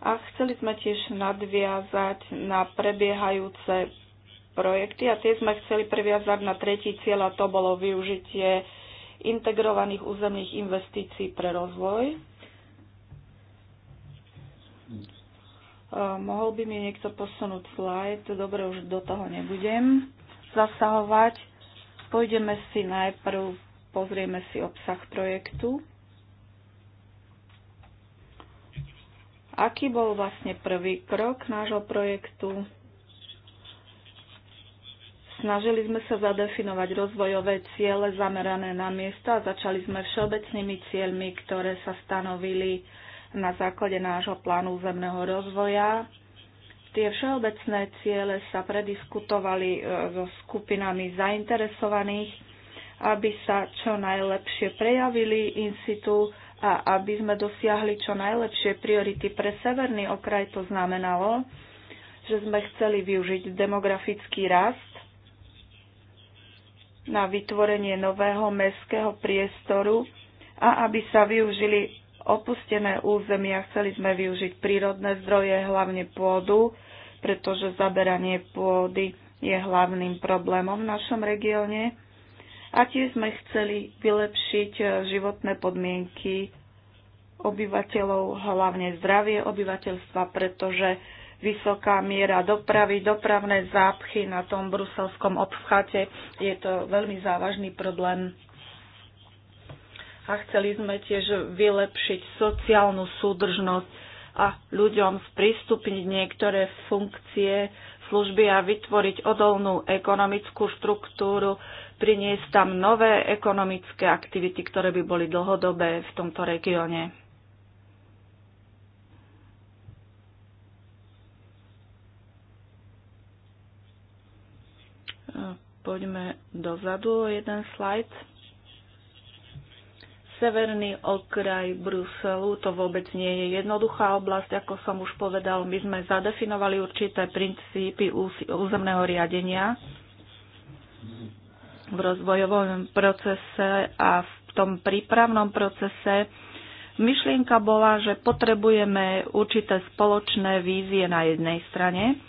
A chceli sme tiež nadviazať na prebiehajúce projekty a tie sme chceli previazať na tretí cieľ a to bolo využitie integrovaných územných investícií pre rozvoj. Mohol by mi niekto posunúť slajd, dobre, už do toho nebudem zasahovať. Pôjdeme si najprv, pozrieme si obsah projektu. Aký bol vlastne prvý krok nášho projektu? Snažili sme sa zadefinovať rozvojové ciele zamerané na miesta a začali sme všeobecnými cieľmi, ktoré sa stanovili na základe nášho plánu zemného rozvoja. Tie všeobecné ciele sa prediskutovali e, so skupinami zainteresovaných, aby sa čo najlepšie prejavili in situ a aby sme dosiahli čo najlepšie priority pre severný okraj, to znamenalo, že sme chceli využiť demografický rast na vytvorenie nového mestského priestoru a aby sa využili opustené územia. Chceli sme využiť prírodné zdroje, hlavne pôdu, pretože zaberanie pôdy je hlavným problémom v našom regióne a tiež sme chceli vylepšiť e, životné podmienky obyvateľov, hlavne zdravie obyvateľstva, pretože vysoká miera dopravy, dopravné zápchy na tom bruselskom obchate. Je to veľmi závažný problém. A chceli sme tiež vylepšiť sociálnu súdržnosť a ľuďom sprístupniť niektoré funkcie, služby a vytvoriť odolnú ekonomickú štruktúru, priniesť tam nové ekonomické aktivity, ktoré by boli dlhodobé v tomto regióne. Poďme dozadu, o jeden slajd. Severný okraj Bruselu, to vôbec nie je jednoduchá oblasť, ako som už povedal, my sme zadefinovali určité princípy územného riadenia v rozvojovom procese a v tom prípravnom procese. Myšlienka bola, že potrebujeme určité spoločné vízie na jednej strane,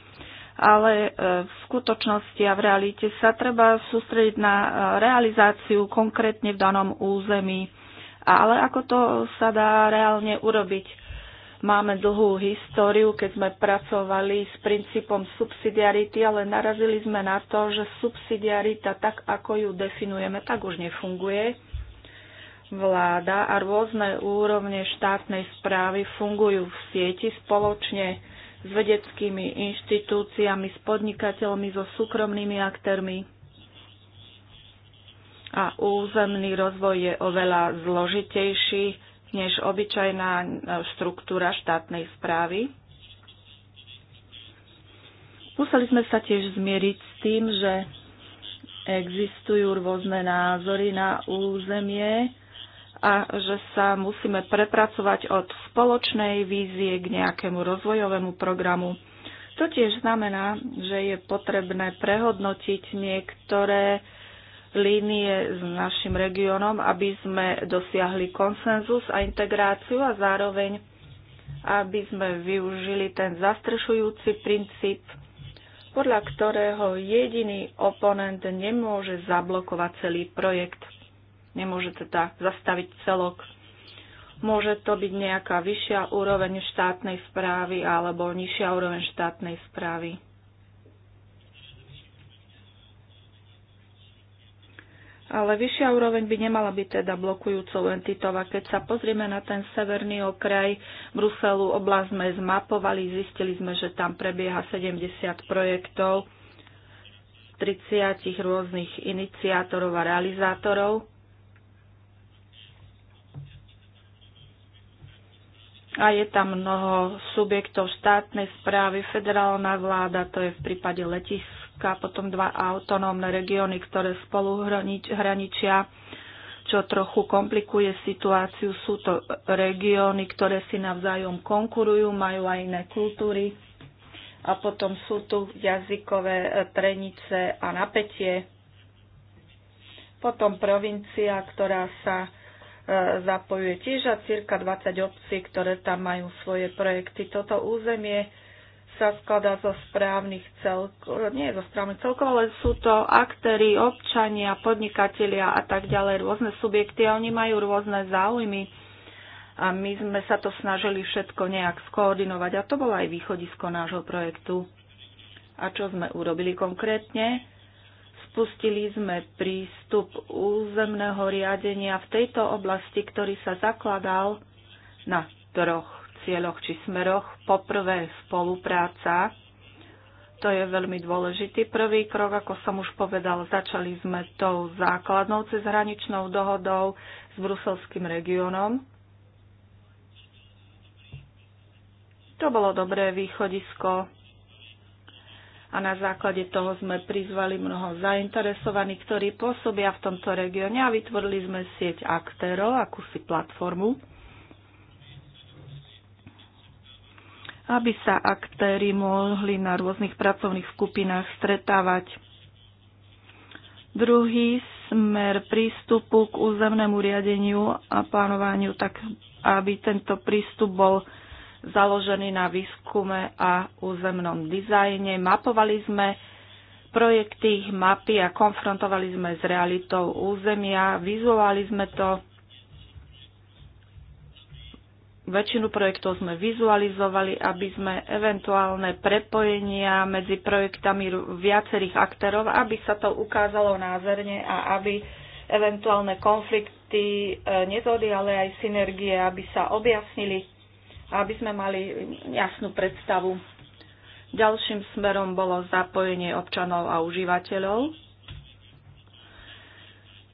ale e, v skutočnosti a v realite sa treba sústrediť na realizáciu konkrétne v danom území, ale ako to sa dá reálne urobiť. Máme dlhú históriu, keď sme pracovali s princípom subsidiarity, ale narazili sme na to, že subsidiarita, tak ako ju definujeme, tak už nefunguje. Vláda a rôzne úrovne štátnej správy fungujú v sieti spoločne s vedeckými inštitúciami, s podnikateľmi, so súkromnými aktérmi. A územný rozvoj je oveľa zložitejší než obyčajná e, štruktúra štátnej správy. Museli sme sa tiež zmieriť s tým, že existujú rôzne názory na územie a že sa musíme prepracovať od spoločnej vízie k nejakému rozvojovému programu. To tiež znamená, že je potrebné prehodnotiť niektoré línie s našim regiónom, aby sme dosiahli konsenzus a integráciu a zároveň, aby sme využili ten zastrešujúci princíp, podľa ktorého jediný oponent nemôže zablokovať celý projekt, nemôže teda zastaviť celok. Môže to byť nejaká vyššia úroveň štátnej správy alebo nižšia úroveň štátnej správy. Ale vyššia úroveň by nemala byť teda blokujúcou entitou. A keď sa pozrieme na ten severný okraj Bruselu, oblasť sme zmapovali, zistili sme, že tam prebieha 70 projektov, 30 rôznych iniciátorov a realizátorov. A je tam mnoho subjektov štátnej správy, federálna vláda, to je v prípade letisk Polska, potom dva autonómne regióny, ktoré spolu hraničia, čo trochu komplikuje situáciu. Sú to regióny, ktoré si navzájom konkurujú, majú aj iné kultúry. A potom sú tu jazykové e, trenice a napätie. Potom provincia, ktorá sa e, zapojuje tiež a cirka 20 obcí, ktoré tam majú svoje projekty. Toto územie sa skladá zo správnych celkov, nie zo správnych celkov, ale sú to aktéry, občania, podnikatelia a tak ďalej, rôzne subjekty a oni majú rôzne záujmy. A my sme sa to snažili všetko nejak skoordinovať a to bolo aj východisko nášho projektu. A čo sme urobili konkrétne? Spustili sme prístup územného riadenia v tejto oblasti, ktorý sa zakladal na troch cieľoch či smeroch. Poprvé spolupráca, to je veľmi dôležitý prvý krok, ako som už povedal, začali sme tou základnou cezhraničnou dohodou s bruselským regiónom. To bolo dobré východisko a na základe toho sme prizvali mnoho zainteresovaných, ktorí pôsobia v tomto regióne a vytvorili sme sieť aktérov, akúsi platformu aby sa aktéry mohli na rôznych pracovných skupinách stretávať. Druhý smer prístupu k územnému riadeniu a plánovaniu, tak aby tento prístup bol založený na výskume a územnom dizajne. Mapovali sme projekty, mapy a konfrontovali sme s realitou územia, vizuovali sme to väčšinu projektov sme vizualizovali, aby sme eventuálne prepojenia medzi projektami viacerých aktérov, aby sa to ukázalo názerne a aby eventuálne konflikty, e, nezhody, ale aj synergie, aby sa objasnili, aby sme mali jasnú predstavu. Ďalším smerom bolo zapojenie občanov a užívateľov.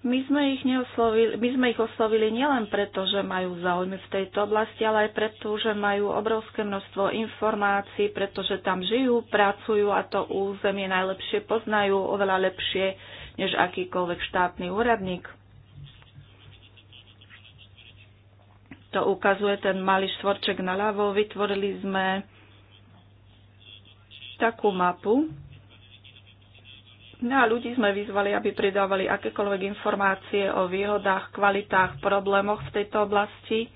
My sme ich, neoslovili, my sme ich oslovili nielen preto, že majú záujmy v tejto oblasti, ale aj preto, že majú obrovské množstvo informácií, pretože tam žijú, pracujú a to územie najlepšie poznajú, oveľa lepšie než akýkoľvek štátny úradník. To ukazuje ten malý štvorček naľavo. Vytvorili sme takú mapu, No a ľudí sme vyzvali, aby pridávali akékoľvek informácie o výhodách, kvalitách, problémoch v tejto oblasti.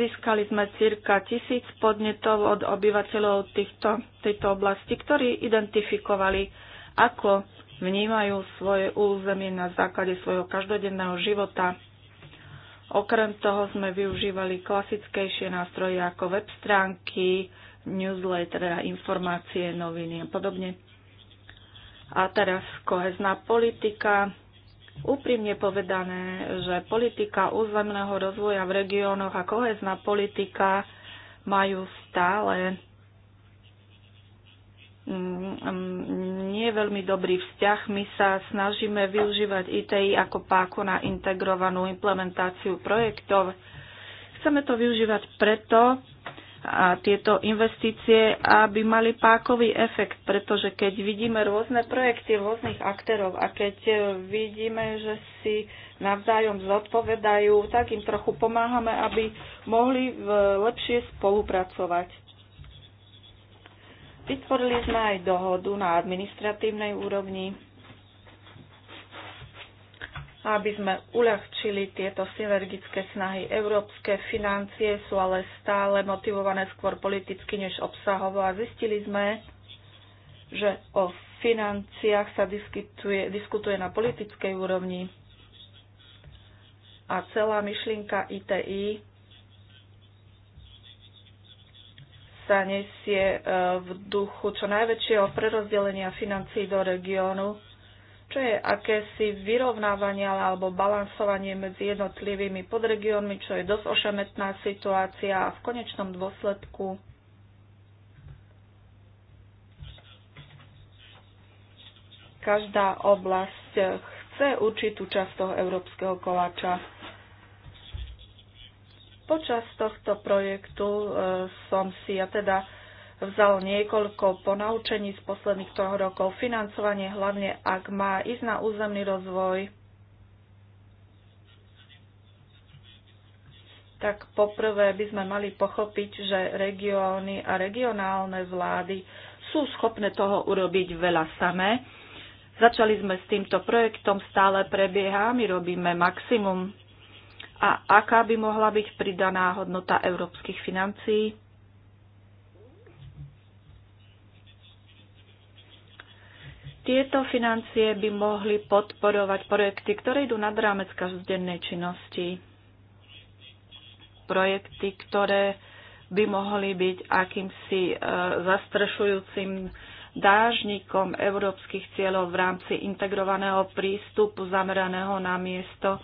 Získali sme cirka tisíc podnetov od obyvateľov týchto, tejto oblasti, ktorí identifikovali, ako vnímajú svoje územie na základe svojho každodenného života. Okrem toho sme využívali klasickejšie nástroje ako web stránky, newsletter, informácie, noviny a podobne. A teraz kohezná politika. Úprimne povedané, že politika územného rozvoja v regiónoch a kohezná politika majú stále mm, mm, nie veľmi dobrý vzťah. My sa snažíme využívať ITI ako páku na integrovanú implementáciu projektov. Chceme to využívať preto, a tieto investície, aby mali pákový efekt, pretože keď vidíme rôzne projekty rôznych aktérov a keď e, vidíme, že si navzájom zodpovedajú, tak im trochu pomáhame, aby mohli e, lepšie spolupracovať. Vytvorili sme aj dohodu na administratívnej úrovni aby sme uľahčili tieto synergické snahy. Európske financie sú ale stále motivované skôr politicky než obsahovo a zistili sme, že o financiách sa diskutuje, diskutuje na politickej úrovni a celá myšlienka ITI sa nesie e, v duchu čo najväčšieho prerozdelenia financií do regiónu čo je akési vyrovnávanie alebo balansovanie medzi jednotlivými podregiónmi, čo je dosť ošemetná situácia a v konečnom dôsledku každá oblasť chce určitú časť toho európskeho koláča. Počas tohto projektu eh, som si ja teda vzal niekoľko ponaučení z posledných troch rokov. Financovanie hlavne, ak má ísť na územný rozvoj, tak poprvé by sme mali pochopiť, že regióny a regionálne vlády sú schopné toho urobiť veľa samé. Začali sme s týmto projektom, stále prebieha, my robíme maximum. A aká by mohla byť pridaná hodnota európskych financií? Tieto financie by mohli podporovať projekty, ktoré idú nad rámec každodennej činnosti. Projekty, ktoré by mohli byť akýmsi e, zastrešujúcim dážnikom európskych cieľov v rámci integrovaného prístupu zameraného na miesto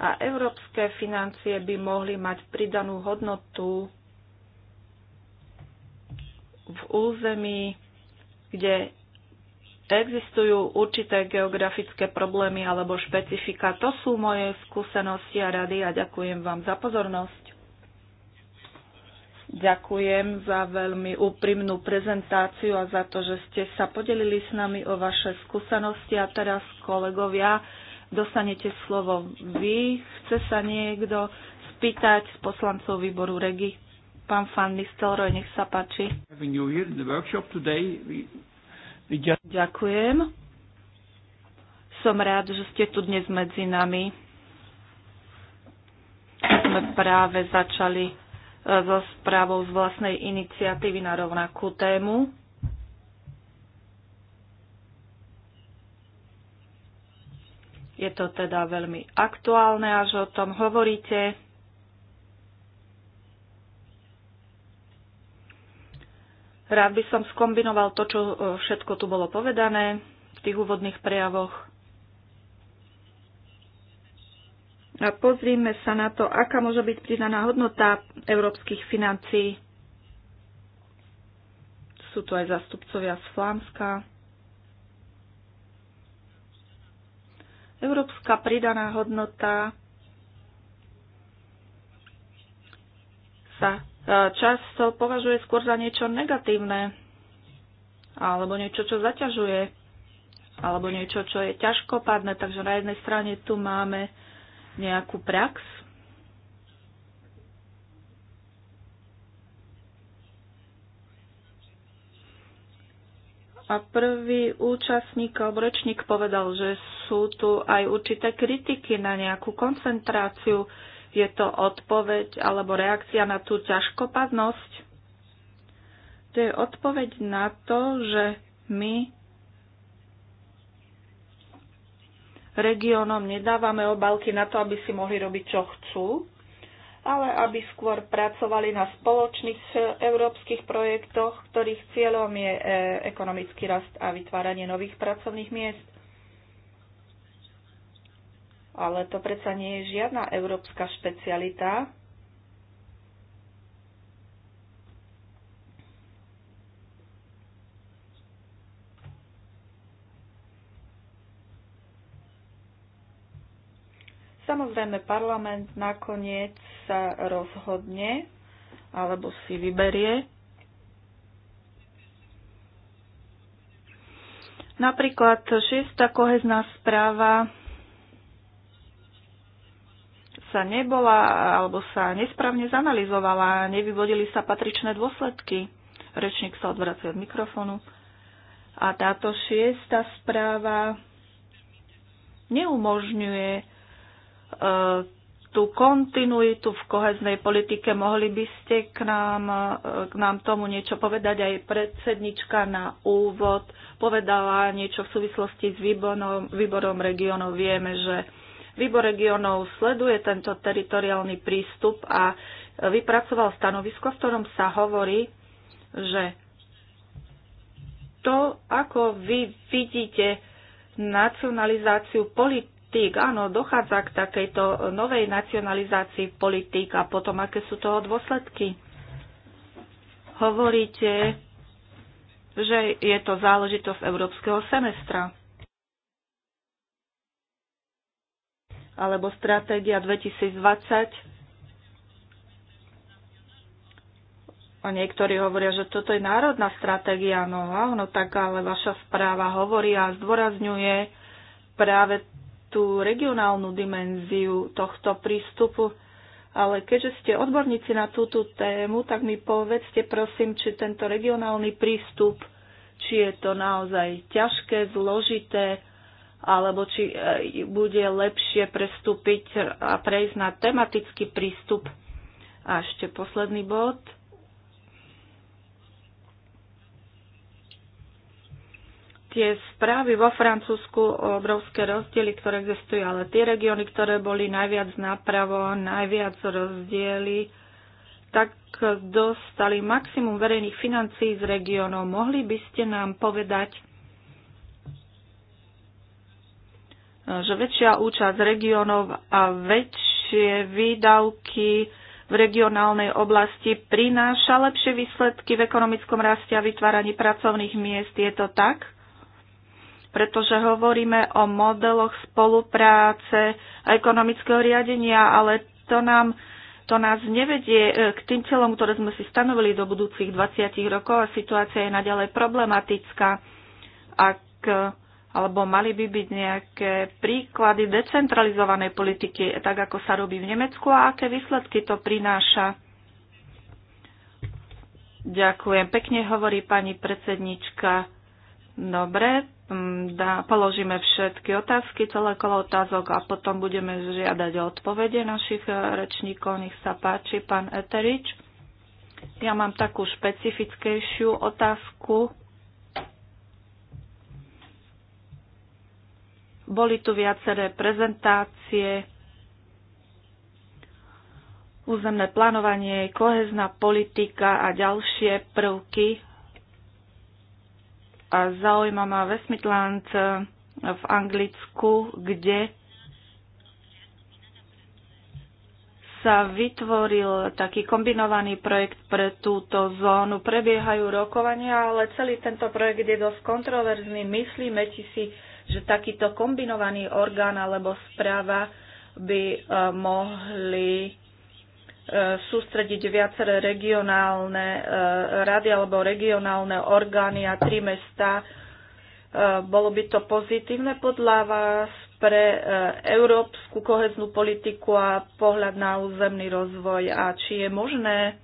a európske financie by mohli mať pridanú hodnotu v území, kde existujú určité geografické problémy alebo špecifika. To sú moje skúsenosti a rady a ďakujem vám za pozornosť. Ďakujem za veľmi úprimnú prezentáciu a za to, že ste sa podelili s nami o vaše skúsenosti. A teraz, kolegovia, dostanete slovo vy. Chce sa niekto spýtať z poslancov výboru REGI? Pán Fan Nistelroj, nech sa páči. Ďakujem. Som rád, že ste tu dnes medzi nami. Sme práve začali e, so správou z vlastnej iniciatívy na rovnakú tému. Je to teda veľmi aktuálne, až o tom hovoríte. Rád by som skombinoval to, čo e, všetko tu bolo povedané v tých úvodných prejavoch. A pozrime sa na to, aká môže byť pridaná hodnota európskych financií. Sú tu aj zastupcovia z Flámska. Európska pridaná hodnota sa často považuje skôr za niečo negatívne, alebo niečo, čo zaťažuje, alebo niečo, čo je ťažkopadné. Takže na jednej strane tu máme nejakú prax, A prvý účastník alebo rečník povedal, že sú tu aj určité kritiky na nejakú koncentráciu. Je to odpoveď alebo reakcia na tú ťažkopadnosť? To je odpoveď na to, že my regiónom nedávame obalky na to, aby si mohli robiť, čo chcú, ale aby skôr pracovali na spoločných európskych projektoch, ktorých cieľom je e, ekonomický rast a vytváranie nových pracovných miest ale to predsa nie je žiadna európska špecialita. Samozrejme, parlament nakoniec sa rozhodne alebo si vyberie. Napríklad šiesta kohezná správa sa nebola alebo sa nesprávne zanalizovala nevyvodili sa patričné dôsledky. Rečník sa odvracia od mikrofónu. A táto šiesta správa neumožňuje e, tú kontinuitu v koheznej politike. Mohli by ste k nám, e, k nám tomu niečo povedať? Aj predsednička na úvod povedala niečo v súvislosti s výborom, výborom regionov. Vieme, že Výbor regionov sleduje tento teritoriálny prístup a vypracoval stanovisko, v ktorom sa hovorí, že to, ako vy vidíte nacionalizáciu politík, áno, dochádza k takejto novej nacionalizácii politík a potom, aké sú toho dôsledky. Hovoríte, že je to záležitosť európskeho semestra. alebo Stratégia 2020. A niektorí hovoria, že toto je národná stratégia, no áno, tak ale vaša správa hovorí a zdôrazňuje práve tú regionálnu dimenziu tohto prístupu. Ale keďže ste odborníci na túto tému, tak mi povedzte prosím, či tento regionálny prístup, či je to naozaj ťažké, zložité, alebo či e, bude lepšie prestúpiť a prejsť na tematický prístup. A ešte posledný bod. Tie správy vo Francúzsku o obrovské rozdiely, ktoré existujú, ale tie regióny, ktoré boli najviac napravo, najviac rozdiely, tak dostali maximum verejných financií z regiónov. Mohli by ste nám povedať, že väčšia účasť regiónov a väčšie výdavky v regionálnej oblasti prináša lepšie výsledky v ekonomickom raste a vytváraní pracovných miest. Je to tak? Pretože hovoríme o modeloch spolupráce a ekonomického riadenia, ale to, nám, to nás nevedie e, k tým cieľom, ktoré sme si stanovili do budúcich 20 rokov a situácia je naďalej problematická. Ak alebo mali by byť nejaké príklady decentralizovanej politiky, tak ako sa robí v Nemecku a aké výsledky to prináša. Ďakujem pekne, hovorí pani predsednička. Dobre, mm, dá, položíme všetky otázky, celé kolo otázok a potom budeme žiadať o odpovede našich e, rečníkov. Nech sa páči, pán Eterič. Ja mám takú špecifickejšiu otázku Boli tu viaceré prezentácie, územné plánovanie, kohezná politika a ďalšie prvky. A zaujíma ma West eh, v Anglicku, kde sa vytvoril taký kombinovaný projekt pre túto zónu. Prebiehajú rokovania, ale celý tento projekt je dosť kontroverzný. Myslíme či si že takýto kombinovaný orgán alebo správa by e, mohli e, sústrediť viaceré regionálne e, rady alebo regionálne orgány a tri mesta. Bolo by to pozitívne podľa vás pre európsku koheznú politiku a pohľad na územný rozvoj a či je možné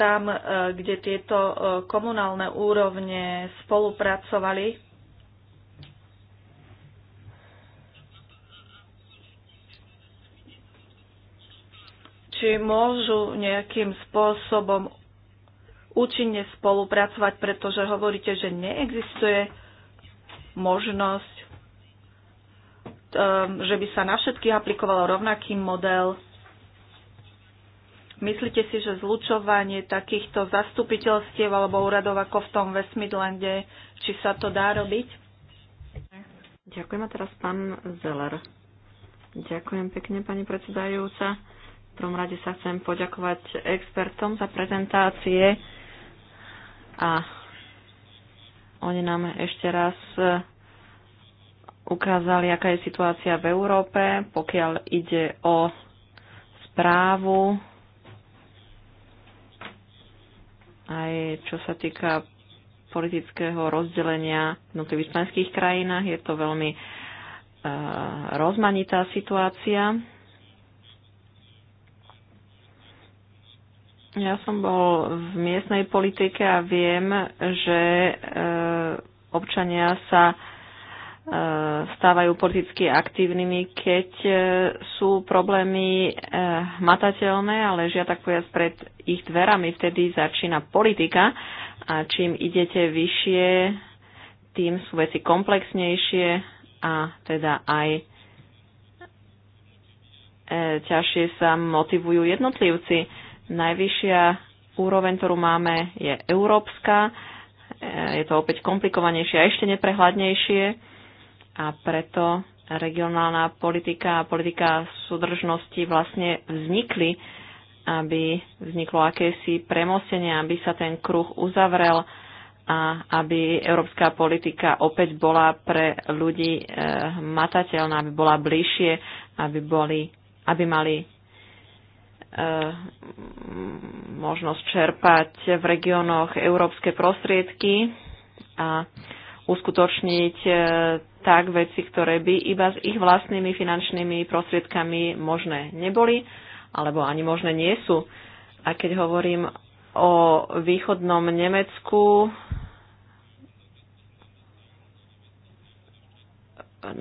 tam, e, kde tieto e, komunálne úrovne spolupracovali. Či môžu nejakým spôsobom účinne spolupracovať, pretože hovoríte, že neexistuje možnosť, e, že by sa na všetkých aplikoval rovnaký model Myslíte si, že zlučovanie takýchto zastupiteľstiev alebo úradov ako v tom West či sa to dá robiť? Ďakujem a teraz pán Zeller. Ďakujem pekne, pani predsedajúca. V prvom rade sa chcem poďakovať expertom za prezentácie a oni nám ešte raz e, ukázali, aká je situácia v Európe, pokiaľ ide o správu aj čo sa týka politického rozdelenia v jednotlivých členských krajinách. Je to veľmi e, rozmanitá situácia. Ja som bol v miestnej politike a viem, že e, občania sa stávajú politicky aktívnymi, keď e, sú problémy e, hmatateľné a ležia tak povedať pred ich dverami. Vtedy začína politika a čím idete vyššie, tým sú veci komplexnejšie a teda aj e, ťažšie sa motivujú jednotlivci. Najvyššia úroveň, ktorú máme, je európska. Je to opäť komplikovanejšie a ešte neprehľadnejšie a preto regionálna politika a politika súdržnosti vlastne vznikli, aby vzniklo akési premostenie, aby sa ten kruh uzavrel a aby európska politika opäť bola pre ľudí e, matateľná, aby bola bližšie, aby, boli, aby mali e, možnosť čerpať v regiónoch európske prostriedky a uskutočniť e, tak veci, ktoré by iba s ich vlastnými finančnými prostriedkami možné neboli, alebo ani možné nie sú. A keď hovorím o východnom Nemecku,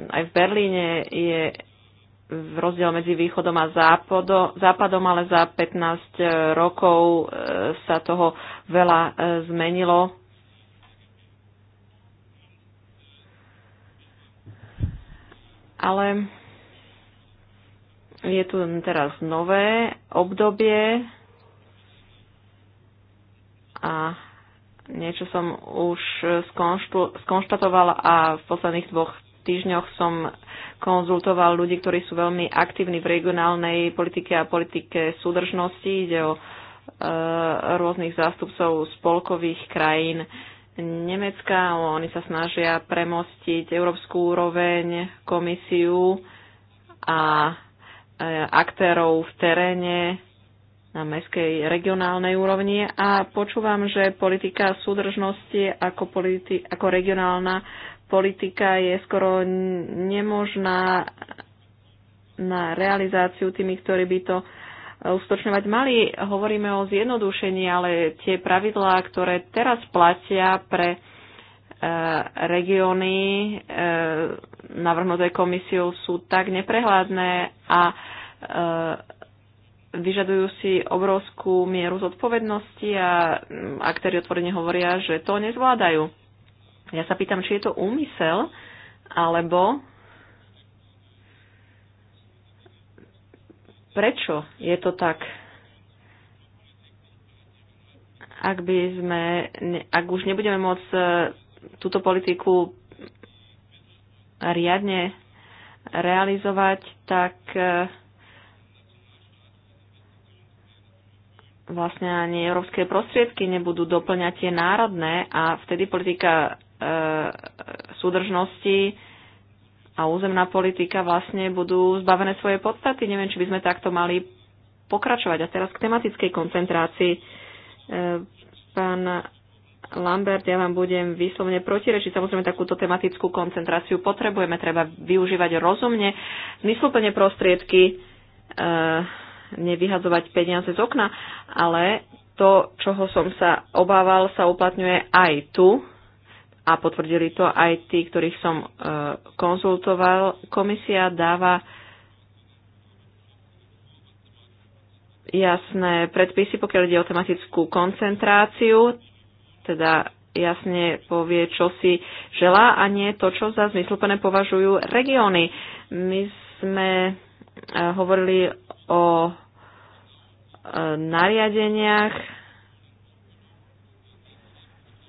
aj v Berlíne je rozdiel medzi východom a západom, ale za 15 rokov e, sa toho veľa e, zmenilo. ale je tu teraz nové obdobie a niečo som už skonštatovala a v posledných dvoch týždňoch som konzultoval ľudí, ktorí sú veľmi aktívni v regionálnej politike a politike súdržnosti. Ide o e, rôznych zástupcov spolkových krajín. E, Nemecka. Oni sa snažia premostiť európsku úroveň, komisiu a e, aktérov v teréne na mestskej regionálnej úrovni a počúvam, že politika súdržnosti ako, politi- ako regionálna politika je skoro nemožná na realizáciu tými, ktorí by to ustočňovať mali. Hovoríme o zjednodušení, ale tie pravidlá, ktoré teraz platia pre e, regióny e, navrhnuté komisiou sú tak neprehľadné a e, vyžadujú si obrovskú mieru zodpovednosti a aktéri otvorene hovoria, že to nezvládajú. Ja sa pýtam, či je to úmysel, alebo prečo je to tak. Ak, by sme, ak už nebudeme môcť e, túto politiku riadne realizovať, tak e, vlastne ani európske prostriedky nebudú doplňať tie národné a vtedy politika e, súdržnosti a územná politika vlastne budú zbavené svoje podstaty. Neviem, či by sme takto mali pokračovať. A teraz k tematickej koncentrácii. E, pán Lambert, ja vám budem výslovne protirečiť. Samozrejme, takúto tematickú koncentráciu potrebujeme. Treba využívať rozumne, zmysluplne prostriedky, e, nevyhadzovať peniaze z okna, ale to, čoho som sa obával, sa uplatňuje aj tu a potvrdili to aj tí, ktorých som e, konzultoval. Komisia dáva jasné predpisy, pokiaľ ide o tematickú koncentráciu, teda jasne povie, čo si želá a nie to, čo za zmysluplné považujú regióny. My sme e, hovorili o e, nariadeniach,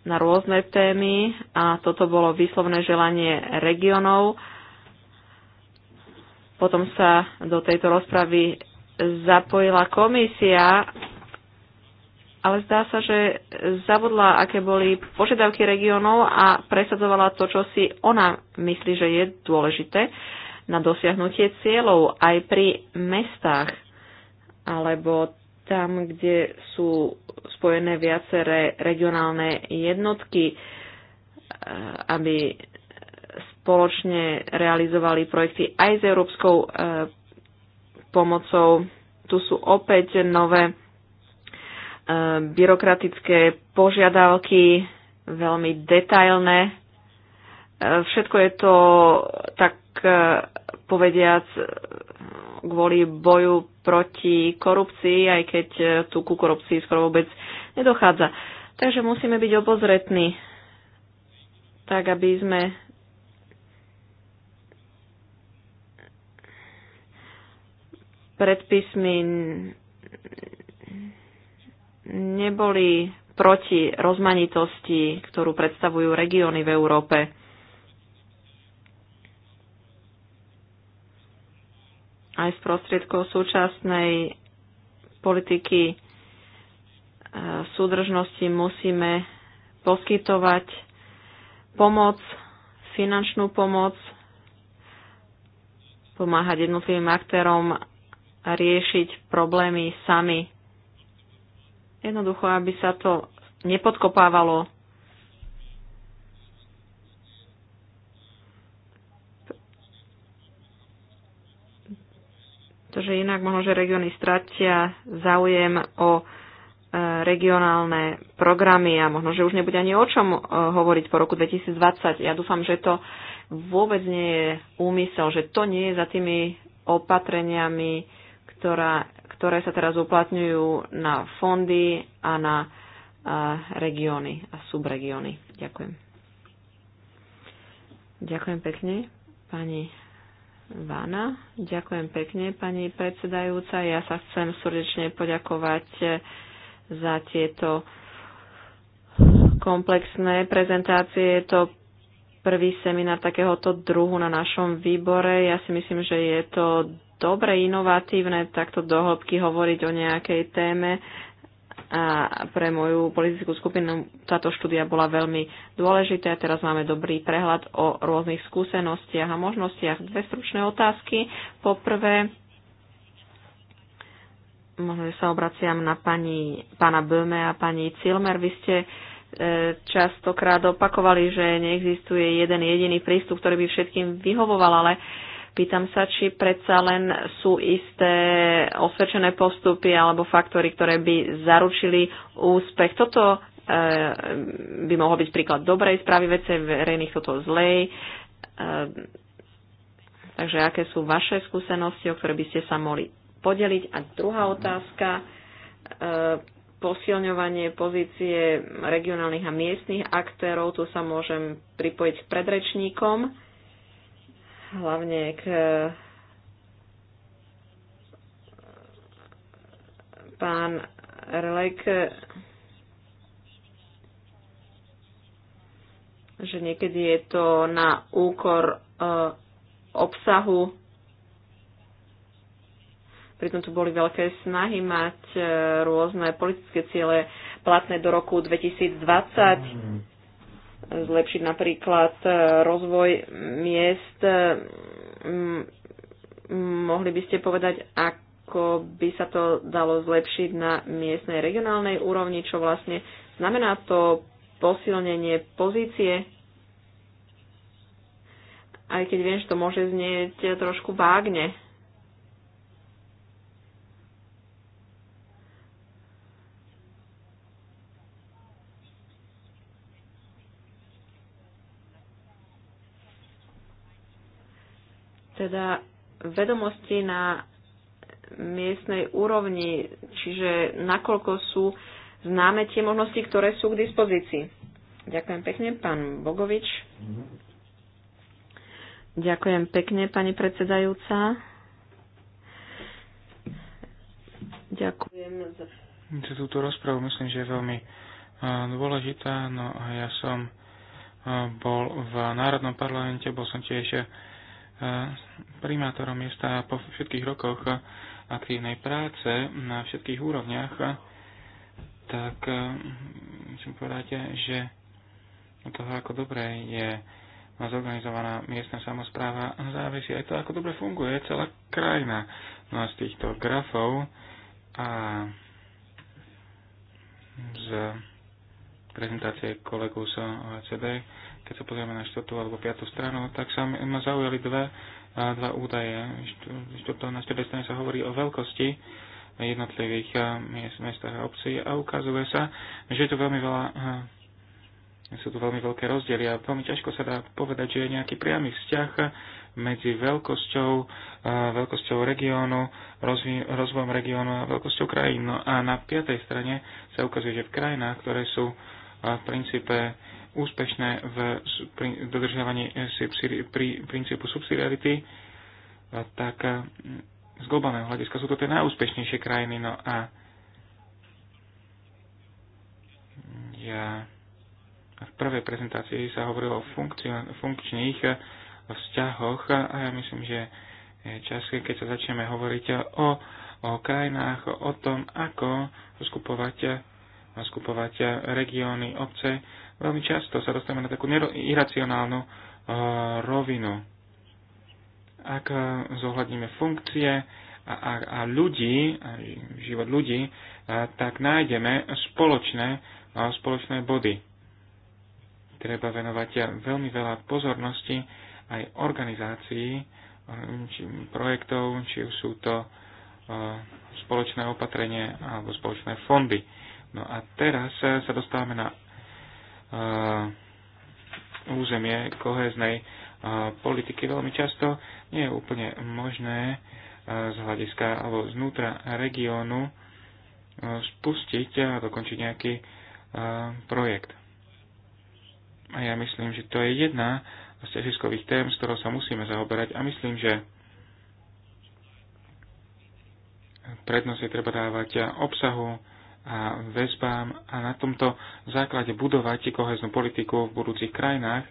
na rôzne témy a toto bolo výslovné želanie regionov. Potom sa do tejto rozpravy zapojila komisia, ale zdá sa, že zavodla, aké boli požiadavky regionov a presadzovala to, čo si ona myslí, že je dôležité na dosiahnutie cieľov aj pri mestách alebo tam, kde sú spojené viaceré regionálne jednotky, eh, aby spoločne realizovali projekty aj s európskou eh, pomocou. Tu sú opäť nové eh, byrokratické požiadavky, veľmi detailné. Všetko je to tak povediac kvôli boju proti korupcii, aj keď e, tu ku korupcii skoro vôbec nedochádza. Takže musíme byť obozretní, tak aby sme predpismi neboli proti rozmanitosti, ktorú predstavujú regióny v Európe. aj z prostriedkov súčasnej politiky e, súdržnosti musíme poskytovať pomoc, finančnú pomoc, pomáhať jednotlivým aktérom a riešiť problémy sami. Jednoducho, aby sa to nepodkopávalo pretože inak možno, že regióny stratia záujem o e, regionálne programy a možno, že už nebude ani o čom e, hovoriť po roku 2020. Ja dúfam, že to vôbec nie je úmysel, že to nie je za tými opatreniami, ktorá, ktoré sa teraz uplatňujú na fondy a na e, regióny a subregióny. Ďakujem. Ďakujem pekne, pani Vána. Ďakujem pekne, pani predsedajúca. Ja sa chcem srdečne poďakovať za tieto komplexné prezentácie. Je to prvý seminár takéhoto druhu na našom výbore. Ja si myslím, že je to dobre inovatívne takto dohlbky hovoriť o nejakej téme a pre moju politickú skupinu táto štúdia bola veľmi dôležitá. Teraz máme dobrý prehľad o rôznych skúsenostiach a možnostiach. Dve stručné otázky. Poprvé, možno, že sa obraciam na pani, pána Böme a pani Cilmer. Vy ste e, častokrát opakovali, že neexistuje jeden jediný prístup, ktorý by všetkým vyhovoval, ale Pýtam sa, či predsa len sú isté osvedčené postupy alebo faktory, ktoré by zaručili úspech. Toto e, by mohol byť príklad dobrej správy vece verejných, toto zlej. E, takže aké sú vaše skúsenosti, o ktoré by ste sa mohli podeliť? A druhá otázka, e, posilňovanie pozície regionálnych a miestnych aktérov. Tu sa môžem pripojiť k predrečníkom hlavne k pán Relek, že niekedy je to na úkor e, obsahu. Pritom tu boli veľké snahy mať e, rôzne politické ciele platné do roku 2020 zlepšiť napríklad e, rozvoj miest. E, mohli by ste povedať, ako by sa to dalo zlepšiť na miestnej regionálnej úrovni, čo vlastne znamená to posilnenie pozície aj keď viem, že to môže znieť trošku vágne. teda vedomosti na miestnej úrovni, čiže nakoľko sú známe tie možnosti, ktoré sú k dispozícii. Ďakujem pekne, pán Bogovič. Ďakujem pekne, pani predsedajúca. Ďakujem za... za túto rozpravu myslím, že je veľmi dôležitá. No a ja som bol v Národnom parlamente, bol som tiež primátorom miesta po všetkých rokoch aktívnej práce na všetkých úrovniach, tak e, musím povedať, že toho, ako dobre je zorganizovaná miestna samozpráva, závisí aj to, ako dobre funguje celá krajina. No a z týchto grafov a z prezentácie kolegu z OECD keď sa pozrieme na štvrtú alebo piatú stranu, tak sa ma zaujali dve, dva údaje. Štvrtú, na štvrtej strane sa hovorí o veľkosti jednotlivých miest, mestách a obcí a ukazuje sa, že je tu veľmi veľa sú tu veľmi veľké rozdiely a veľmi ťažko sa dá povedať, že je nejaký priamy vzťah medzi veľkosťou, veľkosťou regiónu, rozvojom regiónu a veľkosťou krajín. No a na piatej strane sa ukazuje, že v krajinách, ktoré sú v princípe úspešné v dodržiavaní princípu subsidiarity, tak z globálneho hľadiska sú to tie najúspešnejšie krajiny. No a ja v prvej prezentácii sa hovorilo o funkčných vzťahoch a ja myslím, že je čas, keď sa začneme hovoriť o, o krajinách, o tom, ako skupovať, skupovať regióny, obce, veľmi často sa dostávame na takú iracionálnu eh, rovinu. Ak eh, zohľadníme funkcie a, a, a ľudí, a život ľudí, uh, tak nájdeme spoločné, uh, spoločné body. Treba venovať veľmi veľa pozornosti aj organizácií, či projektov, či už sú to spoločné opatrenie alebo spoločné fondy. No a teraz sa dostávame na územie kohéznej politiky veľmi často nie je úplne možné z hľadiska alebo znútra regiónu spustiť a dokončiť nejaký projekt. A ja myslím, že to je jedna z ťažiskových tém, s ktorou sa musíme zaoberať a myslím, že prednosť je treba dávať obsahu, a väzbám a na tomto základe budovať koheznú politiku v budúcich krajinách,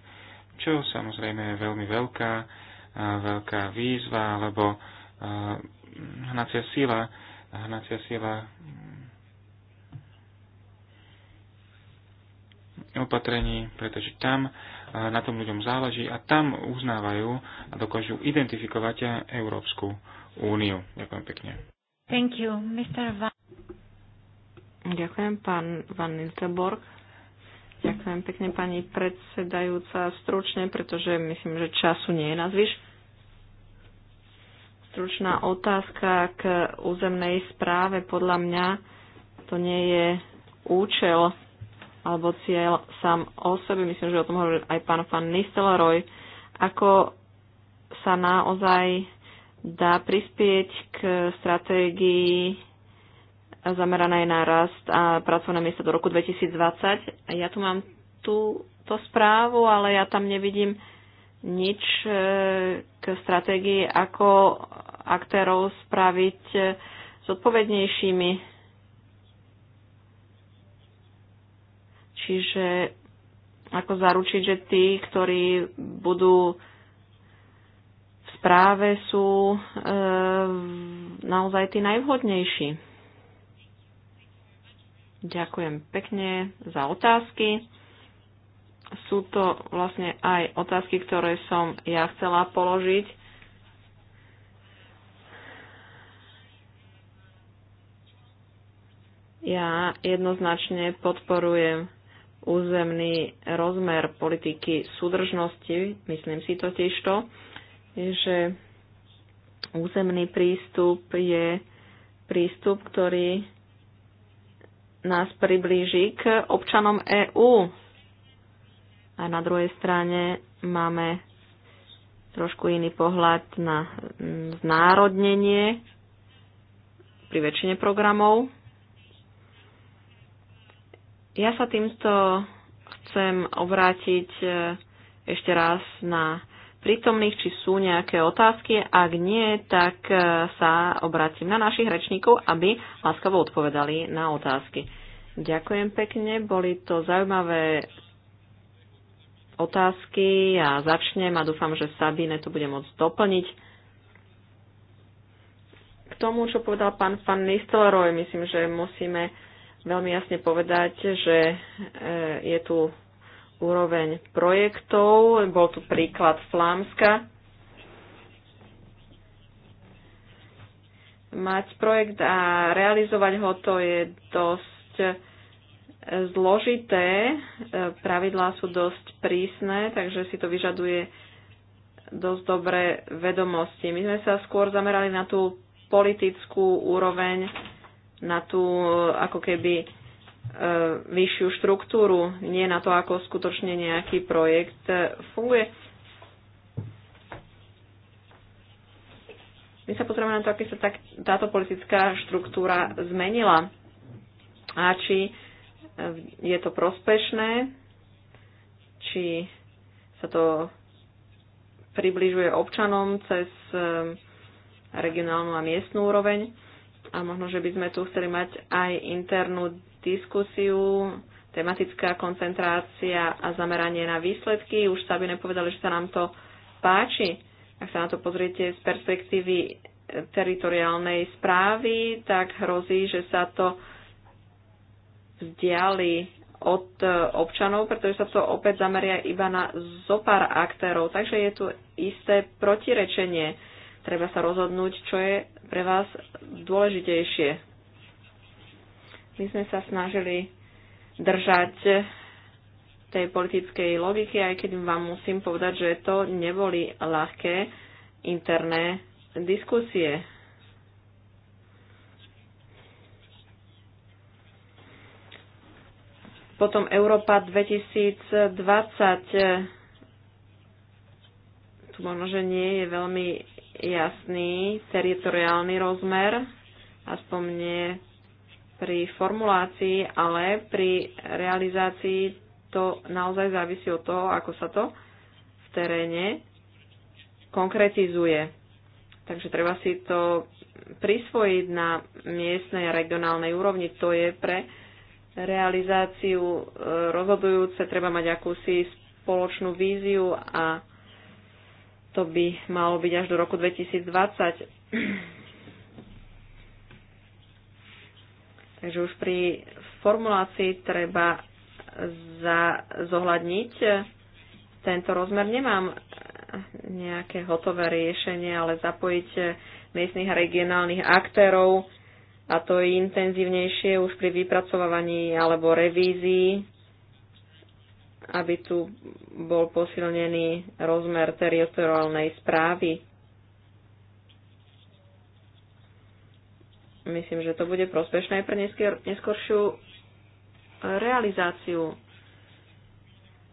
čo samozrejme je veľmi veľká, veľká výzva alebo hnacia sila, hnacia sila mm, opatrení, pretože tam na tom ľuďom záleží a tam uznávajú a dokážu identifikovať Európsku úniu. Ďakujem pekne. Thank you, Mr. Van. Ďakujem, pán Van Nilteborg. Ďakujem pekne, pani predsedajúca, stručne, pretože myslím, že času nie je nazvyš. Stručná otázka k územnej správe. Podľa mňa to nie je účel alebo cieľ sám o sebe. Myslím, že o tom hovoril aj pán Van Nistelroj. Ako sa naozaj dá prispieť k stratégii zameraná je na rast a pracovné miesta do roku 2020. Ja tu mám tú, tú správu, ale ja tam nevidím nič e, k stratégii, ako aktérov spraviť zodpovednejšími. E, Čiže ako zaručiť, že tí, ktorí budú v správe, sú e, naozaj tí najvhodnejší. Ďakujem pekne za otázky. Sú to vlastne aj otázky, ktoré som ja chcela položiť. Ja jednoznačne podporujem územný rozmer politiky súdržnosti. Myslím si totiž to, že územný prístup je prístup, ktorý nás priblíži k občanom EÚ. A na druhej strane máme trošku iný pohľad na znárodnenie pri väčšine programov. Ja sa týmto chcem obrátiť eh, ešte raz na prítomných, či sú nejaké otázky. Ak nie, tak e, sa obrátim na našich rečníkov, aby láskavo odpovedali na otázky. Ďakujem pekne, boli to zaujímavé otázky. Ja začnem a dúfam, že Sabine to bude môcť doplniť. K tomu, čo povedal pán pán Nistelroj, myslím, že musíme veľmi jasne povedať, že e, je tu úroveň projektov. Bol tu príklad Flámska. Mať projekt a realizovať ho to je dosť e, zložité, e, pravidlá sú dosť prísne, takže si to vyžaduje dosť dobré vedomosti. My sme sa skôr zamerali na tú politickú úroveň, na tú ako keby E, vyššiu štruktúru, nie na to, ako skutočne nejaký projekt e, funguje. My sa pozrieme na to, aké sa tak, táto politická štruktúra zmenila a či e, je to prospešné, či sa to približuje občanom cez regionálnu a miestnú úroveň a možno, že by sme tu chceli mať aj internú diskusiu, tematická koncentrácia a zameranie na výsledky. Už sa by nepovedali, že sa nám to páči. Ak sa na to pozriete z perspektívy e, teritoriálnej správy, tak hrozí, že sa to vzdiali od e, občanov, pretože sa to opäť zameria iba na zopár aktérov. Takže je tu isté protirečenie. Treba sa rozhodnúť, čo je pre vás dôležitejšie. My sme sa snažili držať tej politickej logiky, aj keď vám musím povedať, že to neboli ľahké interné diskusie. Potom Európa 2020. Tu možno, že nie je veľmi jasný teritoriálny rozmer, aspoň nie pri formulácii, ale pri realizácii to naozaj závisí od toho, ako sa to v teréne konkretizuje. Takže treba si to prisvojiť na miestnej a regionálnej úrovni. To je pre realizáciu e, rozhodujúce. Treba mať akúsi spoločnú víziu a to by malo byť až do roku 2020 Takže už pri formulácii treba za, zohľadniť e, tento rozmer. Nemám e, nejaké hotové riešenie, ale zapojiť e, miestnych a regionálnych aktérov a to je intenzívnejšie už pri vypracovaní alebo revízii, aby tu bol posilnený rozmer teritoriálnej správy. Myslím, že to bude prospešné pre neskôr, neskoršiu e, realizáciu.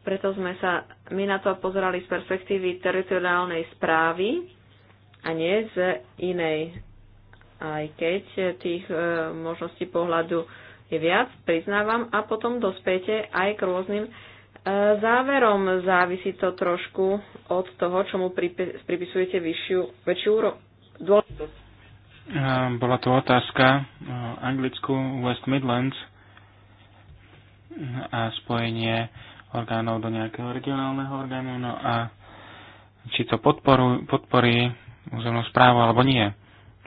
Preto sme sa my na to pozerali z perspektívy teritoriálnej správy a nie z inej. Aj keď tých e, možností pohľadu je viac, priznávam, a potom dospejete aj k rôznym e, záverom. Závisí to trošku od toho, čomu pripisujete vyššiu, väčšiu dôležitosť. Bola tu otázka o e, Anglicku West Midlands a spojenie orgánov do nejakého regionálneho orgánu, no a či to podporu, podporí územnú správu alebo nie.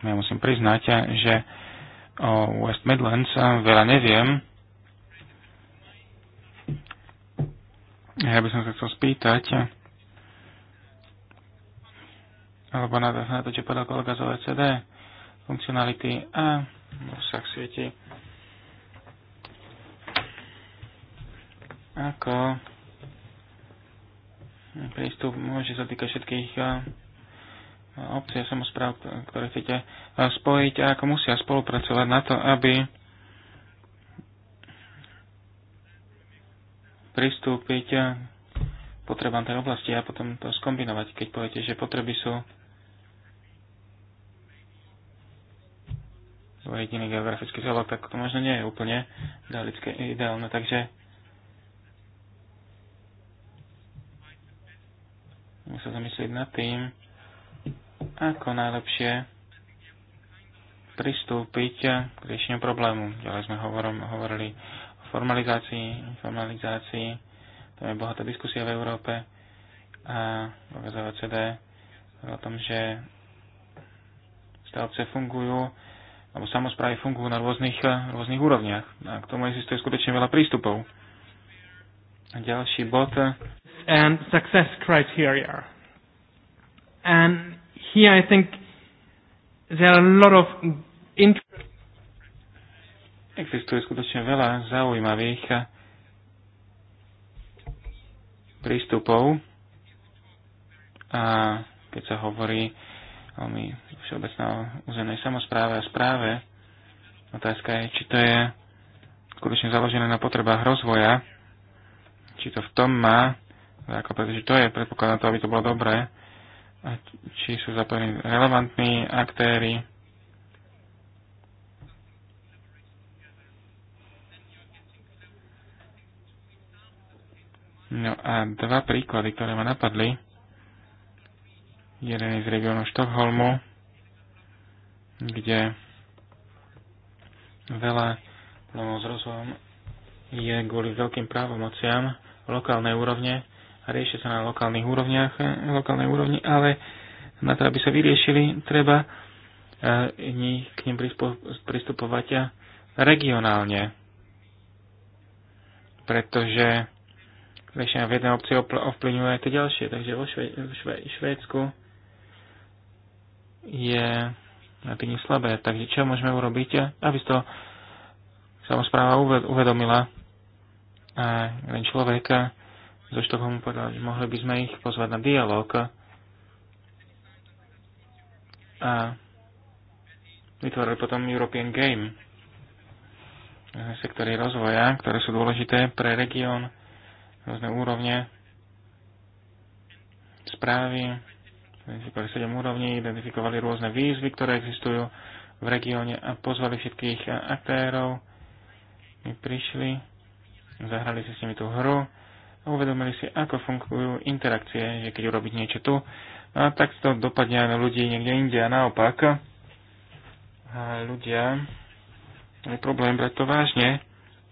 Ja musím priznať, že o West Midlands veľa neviem. Ja by som sa chcel spýtať, alebo na to, na to čo povedal kolega z OECD, funkcionality a obsah siete. Ako prístup môže sa týkať všetkých obcí a samozpráv, ktoré chcete spojiť a ako musia spolupracovať na to, aby pristúpiť potrebám tej oblasti a potom to skombinovať, keď poviete, že potreby sú svoj jediný geografický celok, tak to možno nie je úplne ideálne. Takže sa zamyslieť nad tým, ako najlepšie pristúpiť k riešeniu problému. Ďalej sme hovorom, hovorili o formalizácii, informalizácii, to je bohatá diskusia v Európe a v CD o tom, že stavce fungujú alebo samozprávy fungujú na rôznych, eh, rôznych úrovniach. A k tomu existuje skutočne veľa prístupov. A ďalší bod. Eh. And success criteria. And here I think there are a lot of Existuje skutočne veľa zaujímavých eh, prístupov. A keď sa hovorí veľmi všeobecná o územnej samozpráve a správe. Otázka je, či to je skutočne založené na potrebách rozvoja, či to v tom má, ako, pretože to je na to, aby to bolo dobré, a či sú zapojení relevantní aktéry, No a dva príklady, ktoré ma napadli, jeden z regionu Štokholmu, kde veľa no, s rozvojom je kvôli veľkým právomociam lokálnej úrovne a riešia sa na lokálnych úrovniach, lokálnej úrovni, ale na to, aby sa vyriešili, treba eh, k nim pristupovať regionálne. Pretože väčšina v jednej obci ovplyvňuje aj tie ďalšie. Takže vo Švédsku Šve- Švédsku je na tým slabé. Takže čo môžeme urobiť, aby to samozpráva uvedomila a jeden človek zo Štokholmu povedal, že mohli by sme ich pozvať na dialog a vytvorili potom European Game sektory rozvoja, ktoré sú dôležité pre región, rôzne úrovne správy, identifikovali 7 úrovní, identifikovali rôzne výzvy, ktoré existujú v regióne a pozvali všetkých aktérov. My prišli, zahrali si s nimi tú hru a uvedomili si, ako fungujú interakcie, že keď urobiť niečo tu, a tak to dopadne aj na ľudí niekde inde a naopak. A ľudia je problém brať to vážne,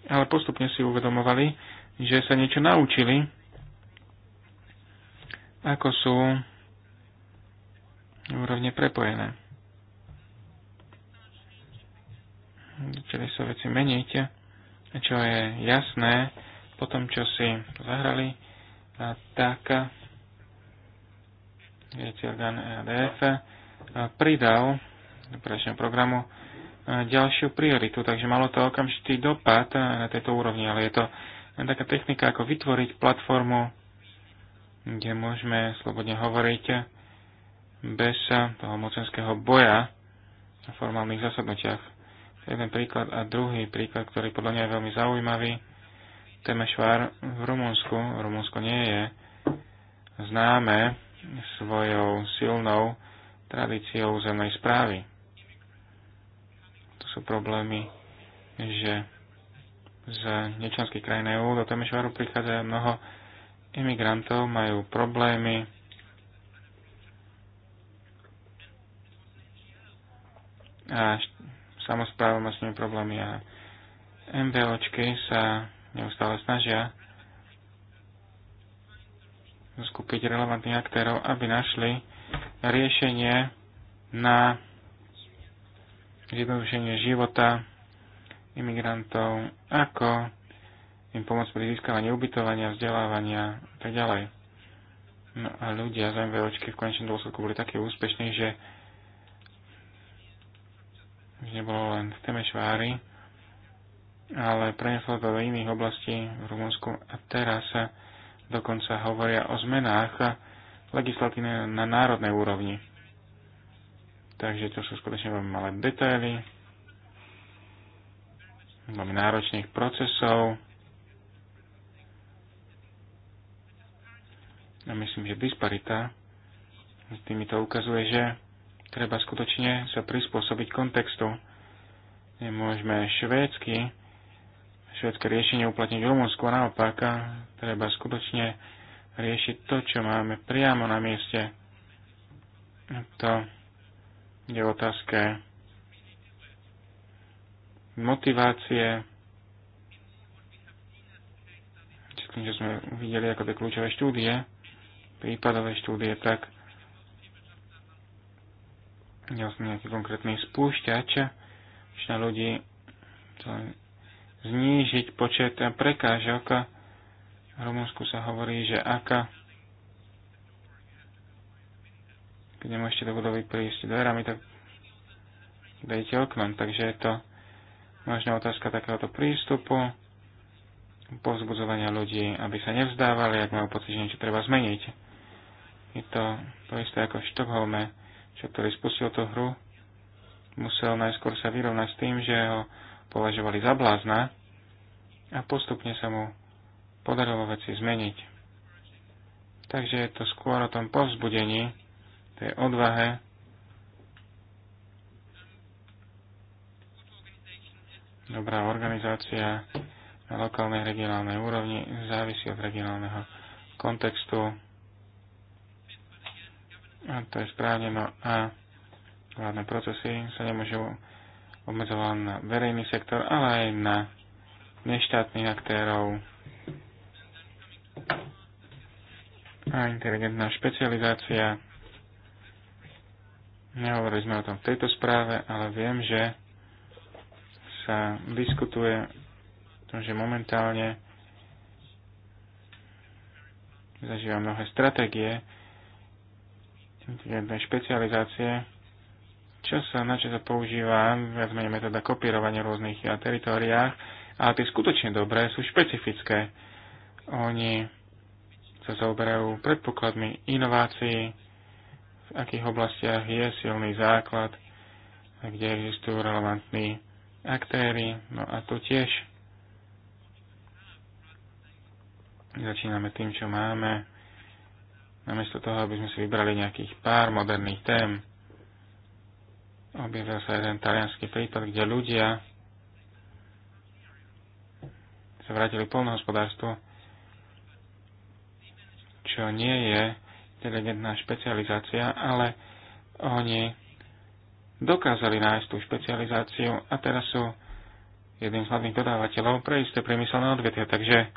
ale postupne si uvedomovali, že sa niečo naučili, ako sú úrovne prepojené. Začali sa veci meniť, čo je jasné, po tom, čo si zahrali, tak viete, orgán EADF pridal do operačného programu ďalšiu prioritu, takže malo to okamžitý dopad na tejto úrovni, ale je to taká technika, ako vytvoriť platformu, kde môžeme slobodne hovoriť bez toho mocenského boja na formálnych zasadnutiach. Jeden príklad a druhý príklad, ktorý podľa mňa je veľmi zaujímavý, Temešvár v Rumunsku. Rumunsko nie je známe svojou silnou tradíciou zemnej správy. To sú problémy, že z nečlenských krajín EU do Temešváru prichádza mnoho imigrantov, majú problémy a samozpráva má s nimi problémy a MVOčky sa neustále snažia skúpiť relevantných aktérov, aby našli riešenie na zjednodušenie života imigrantov, ako im pomôcť pri získavaní ubytovania, vzdelávania a tak ďalej. No a ľudia z MVOčky v konečnom dôsledku boli takí úspešní, že nebolo len v švári, ale preneslo to do iných oblastí v Rumunsku a teraz sa dokonca hovoria o zmenách legislatívne na národnej úrovni. Takže to sú skutočne veľmi malé detaily, veľmi náročných procesov, a myslím, že disparita s týmito ukazuje, že Treba skutočne sa prispôsobiť kontextu. Nemôžeme švédsky, švédske riešenie uplatniť v Rumunsku a naopak treba skutočne riešiť to, čo máme priamo na mieste. To je otázka motivácie, všetkým, že sme videli ako tie kľúčové štúdie, prípadové štúdie, tak jasný nejaký konkrétny spúšťač, na ľudí znížiť počet prekážok. V Rumunsku sa hovorí, že aká keď nemôžete do budovy prísť dverami, tak dejte oknom. Takže je to možná otázka takéhoto prístupu, povzbudzovania ľudí, aby sa nevzdávali, ak majú pocit, že niečo treba zmeniť. Je to to isté ako v Štokholme, čo, ktorý spustil tú hru, musel najskôr sa vyrovnať s tým, že ho považovali za blázna a postupne sa mu podarilo veci zmeniť. Takže je to skôr o tom povzbudení, tej odvahe, dobrá organizácia na lokálnej regionálnej úrovni závisí od regionálneho kontextu, a to je správne, no a vládne procesy sa nemôžu obmedzovať na verejný sektor, ale aj na neštátnych aktérov. A inteligentná špecializácia. Nehovorili sme o tom v tejto správe, ale viem, že sa diskutuje o tom, že momentálne zažíva mnohé stratégie, inteligentnej špecializácie, čo sa, na čo sa používa viac menej metóda kopírovania v rôznych eh, teritoriách, ale tie skutočne dobré sú špecifické. Oni sa zaoberajú predpokladmi inovácií, v akých oblastiach je silný základ, kde existujú relevantní aktéry, no a to tiež začíname tým, čo máme, namiesto toho, aby sme si vybrali nejakých pár moderných tém, objavil sa jeden talianský prípad, kde ľudia sa vrátili polnohospodárstvo, čo nie je inteligentná špecializácia, ale oni dokázali nájsť tú špecializáciu a teraz sú jedným z hlavných dodávateľov pre isté priemyselné odvetvia. Takže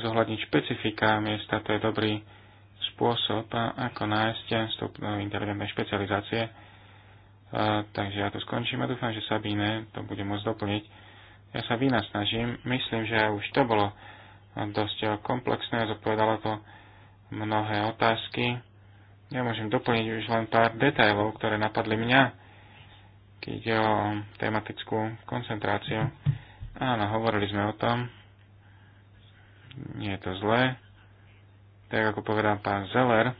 zohľadniť špecifika miesta, to je dobrý spôsob, ako nájsť vstup do inteligentnej špecializácie. Takže ja tu skončím a dúfam, že Sabine to bude môcť doplniť. Ja sa vína snažím, myslím, že už to bolo dosť komplexné, zodpovedalo to mnohé otázky. Ja môžem doplniť už len pár detajlov, ktoré napadli mňa, keď ide o tematickú koncentráciu. Áno, hovorili sme o tom, nie je to zlé. Tak ako povedal pán Zeller,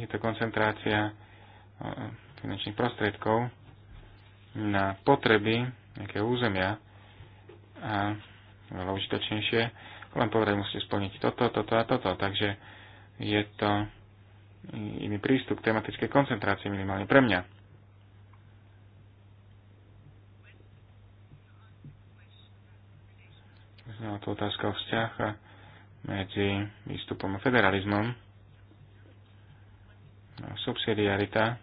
je to koncentrácia eh, finančných prostriedkov na potreby nejakého územia a veľa užitočnejšie len povedať, musíte splniť toto, toto a toto. Takže je to iný prístup k tematickej koncentrácii minimálne pre mňa. znala no, to otázka o vzťah medzi výstupom a federalizmom. No, subsidiarita.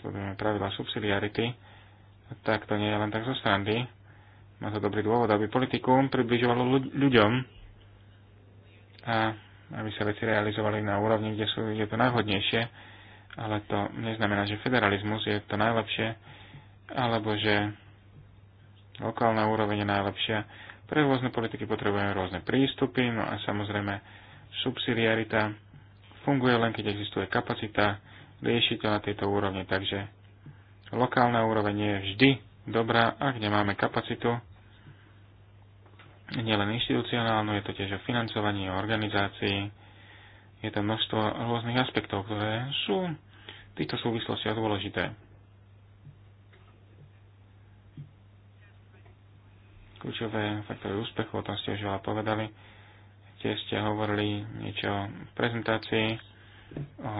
Sledujeme pravidla subsidiarity. Tak to nie je len tak zo strany. Má to dobrý dôvod, aby politikum približovalo ľuďom a aby sa veci realizovali na úrovni, kde sú, je to najhodnejšie, ale to neznamená, že federalizmus je to najlepšie, alebo že Lokálna úroveň je najlepšia. Pre rôzne politiky potrebujeme rôzne prístupy, no a samozrejme subsidiarita funguje len, keď existuje kapacita riešiteľ na tejto úrovni, takže lokálna úroveň nie je vždy dobrá, ak nemáme kapacitu, nielen inštitucionálnu, je to tiež o financovaní, o organizácii, je to množstvo rôznych aspektov, ktoré sú v týchto súvislostiach dôležité. kľúčové faktory úspechu, o tom ste už veľa povedali. Tiež ste hovorili niečo o prezentácii, o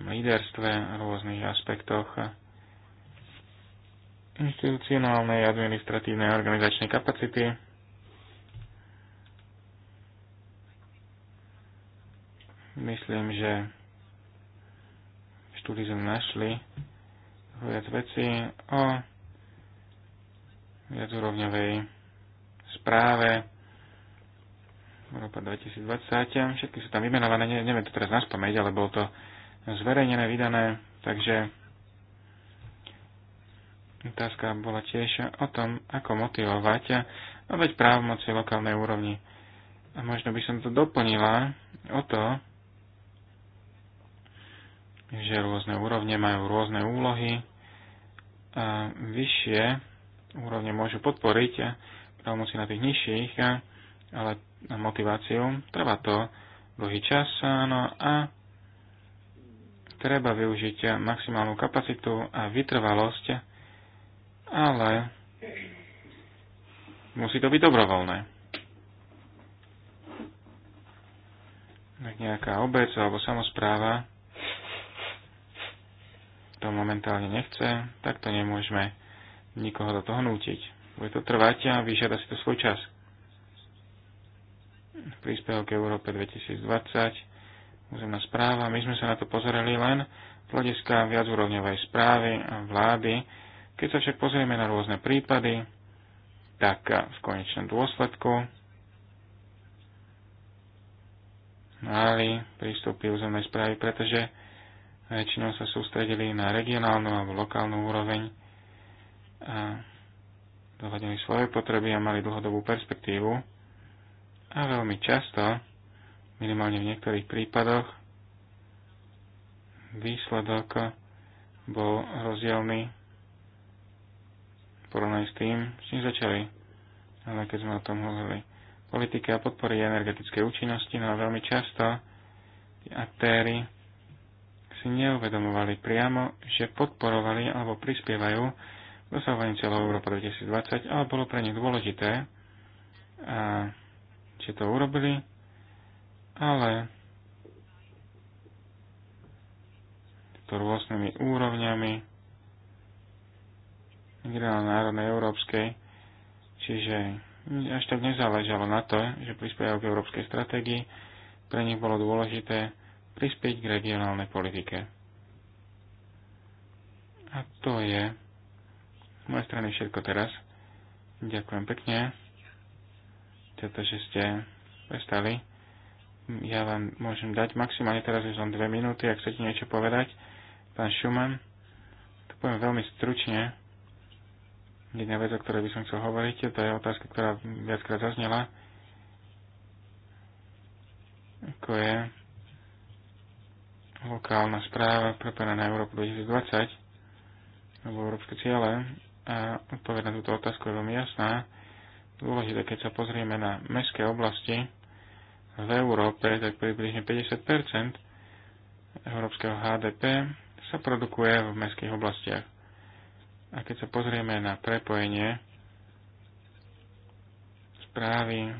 líderstve, rôznych aspektoch inštitucionálnej, administratívnej, organizačnej kapacity. Myslím, že v štúdii sme našli viac veci o viacúrovňovej správe Európa 2020. Všetky sú tam vymenované, ne, neviem to teraz naspomeť, ale bolo to zverejnené, vydané, takže otázka bola tiež o tom, ako motivovať a no veď právomoci lokálnej úrovni. A možno by som to doplnila o to, že rôzne úrovne majú rôzne úlohy a vyššie úrovne môžu podporiť eh, právomoci na tých nižších, eh, ale motiváciu trvá to dlhý čas, no a treba využiť eh, maximálnu kapacitu a vytrvalosť, ale musí to byť dobrovoľné. Tak nejaká obec alebo samozpráva to momentálne nechce, tak to nemôžeme nikoho do toho nútiť. Bude to trvať a vyžiada si to svoj čas. Príspevok Európe 2020, územná správa. My sme sa na to pozerali len z hľadiska viacúrovňovej správy a vlády. Keď sa však pozrieme na rôzne prípady, tak v konečnom dôsledku mali prístupy územnej správy, pretože väčšinou sa sústredili na regionálnu alebo lokálnu úroveň a dohľadili svoje potreby a mali dlhodobú perspektívu a veľmi často, minimálne v niektorých prípadoch, výsledok bol rozdielný porovnaní s tým, s čím začali, ale keď sme o tom hovorili. Politika a podpory energetickej účinnosti, no a veľmi často tí aktéry si neuvedomovali priamo, že podporovali alebo prispievajú dosahovaním cieľov Európa 2020, ale bolo pre nich dôležité, a či to urobili, ale to rôznymi úrovňami, regionálnej, národnej, európskej, čiže až tak nezáležalo na to, že prispievajú k európskej stratégii, pre nich bolo dôležité prispieť k regionálnej politike. A to je mojej strany všetko teraz. Ďakujem pekne, pretože ste prestali. Ja vám môžem dať maximálne teraz už len dve minúty, ak chcete niečo povedať. Pán Šuman, to poviem veľmi stručne. Jedna vec, o ktorej by som chcel hovoriť, to je otázka, ktorá viackrát zaznela. Ako je lokálna správa prepená na Európu 2020 alebo európske ciele a odpoveď na túto otázku je veľmi jasná. Dôležité, keď sa pozrieme na mestské oblasti v Európe, tak približne 50 európskeho HDP sa produkuje v mestských oblastiach. A keď sa pozrieme na prepojenie správy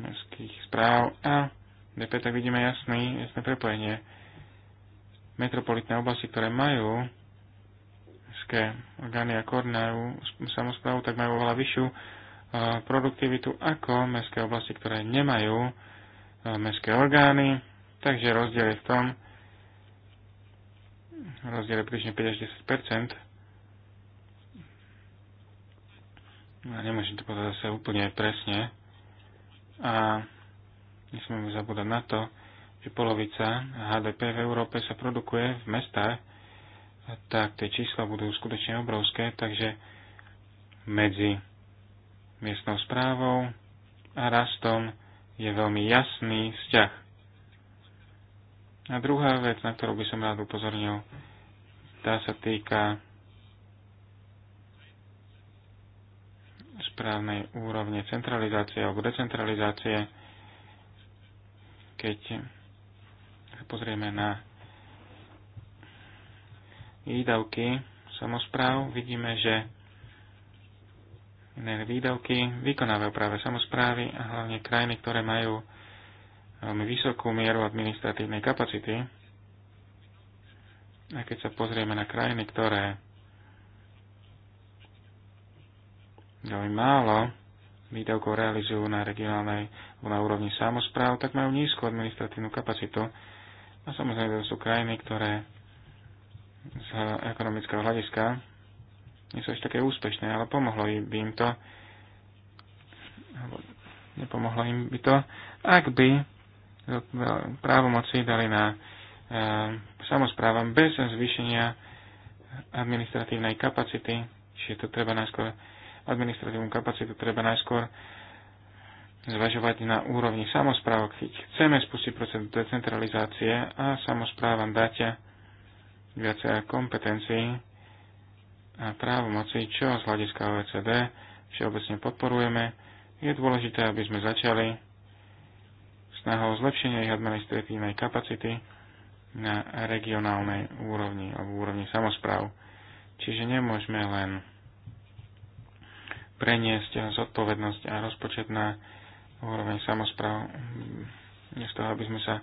mestských správ a DP, tak vidíme jasný, jasné prepojenie. Metropolitné oblasti, ktoré majú európske orgány a koordinájú samozprávu, tak majú oveľa vyššiu e, produktivitu ako mestské oblasti, ktoré nemajú e, mestské orgány. Takže rozdiel je v tom, rozdiel je približne 50 až 10 Nemôžem to povedať zase úplne presne. A nesmieme zabúdať na to, že polovica HDP v Európe sa produkuje v mestách tak tie čísla budú skutočne obrovské, takže medzi miestnou správou a rastom je veľmi jasný vzťah. A druhá vec, na ktorú by som rád upozornil, tá sa týka správnej úrovne centralizácie alebo decentralizácie. Keď pozrieme na výdavky samozpráv, vidíme, že iné výdavky vykonávajú práve samozprávy a hlavne krajiny, ktoré majú veľmi vysokú mieru administratívnej kapacity. A keď sa pozrieme na krajiny, ktoré veľmi málo výdavkov realizujú na regionálnej na úrovni samozpráv, tak majú nízku administratívnu kapacitu. A samozrejme to sú krajiny, ktoré z ekonomického hľadiska nie sú ešte také úspešné, ale pomohlo by im to alebo nepomohlo im by to, ak by právomoci dali na e, samozprávam bez zvýšenia administratívnej kapacity, čiže to treba najskôr administratívnu kapacitu treba najskôr zvažovať na úrovni samozprávok. keď chceme spustiť proces decentralizácie a samozprávam dáte, viac kompetencií a právomocí, čo z hľadiska OECD všeobecne podporujeme, je dôležité, aby sme začali snahou zlepšenia ich administratívnej kapacity na regionálnej úrovni alebo úrovni samozpráv. Čiže nemôžeme len preniesť zodpovednosť a rozpočet na úroveň samozpráv, z toho, aby sme sa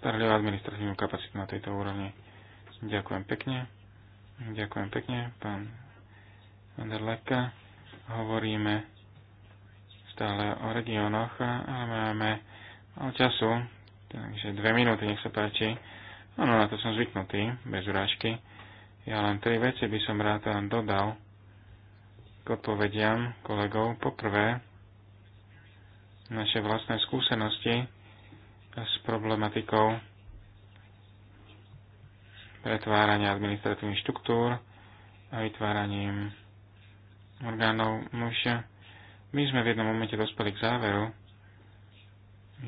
starali o administratívnu kapacitu na tejto úrovni. Ďakujem pekne. Ďakujem pekne, pán Vanderleka. Hovoríme stále o regiónoch, ale máme o času, takže dve minúty, nech sa páči. Áno, na to som zvyknutý, bez urážky. Ja len tri veci by som rád dodal k odpovediam kolegov. Poprvé, naše vlastné skúsenosti s problematikou pretvárania administratívnych štruktúr a vytváraním orgánov mužia. My sme v jednom momente dospeli k záveru,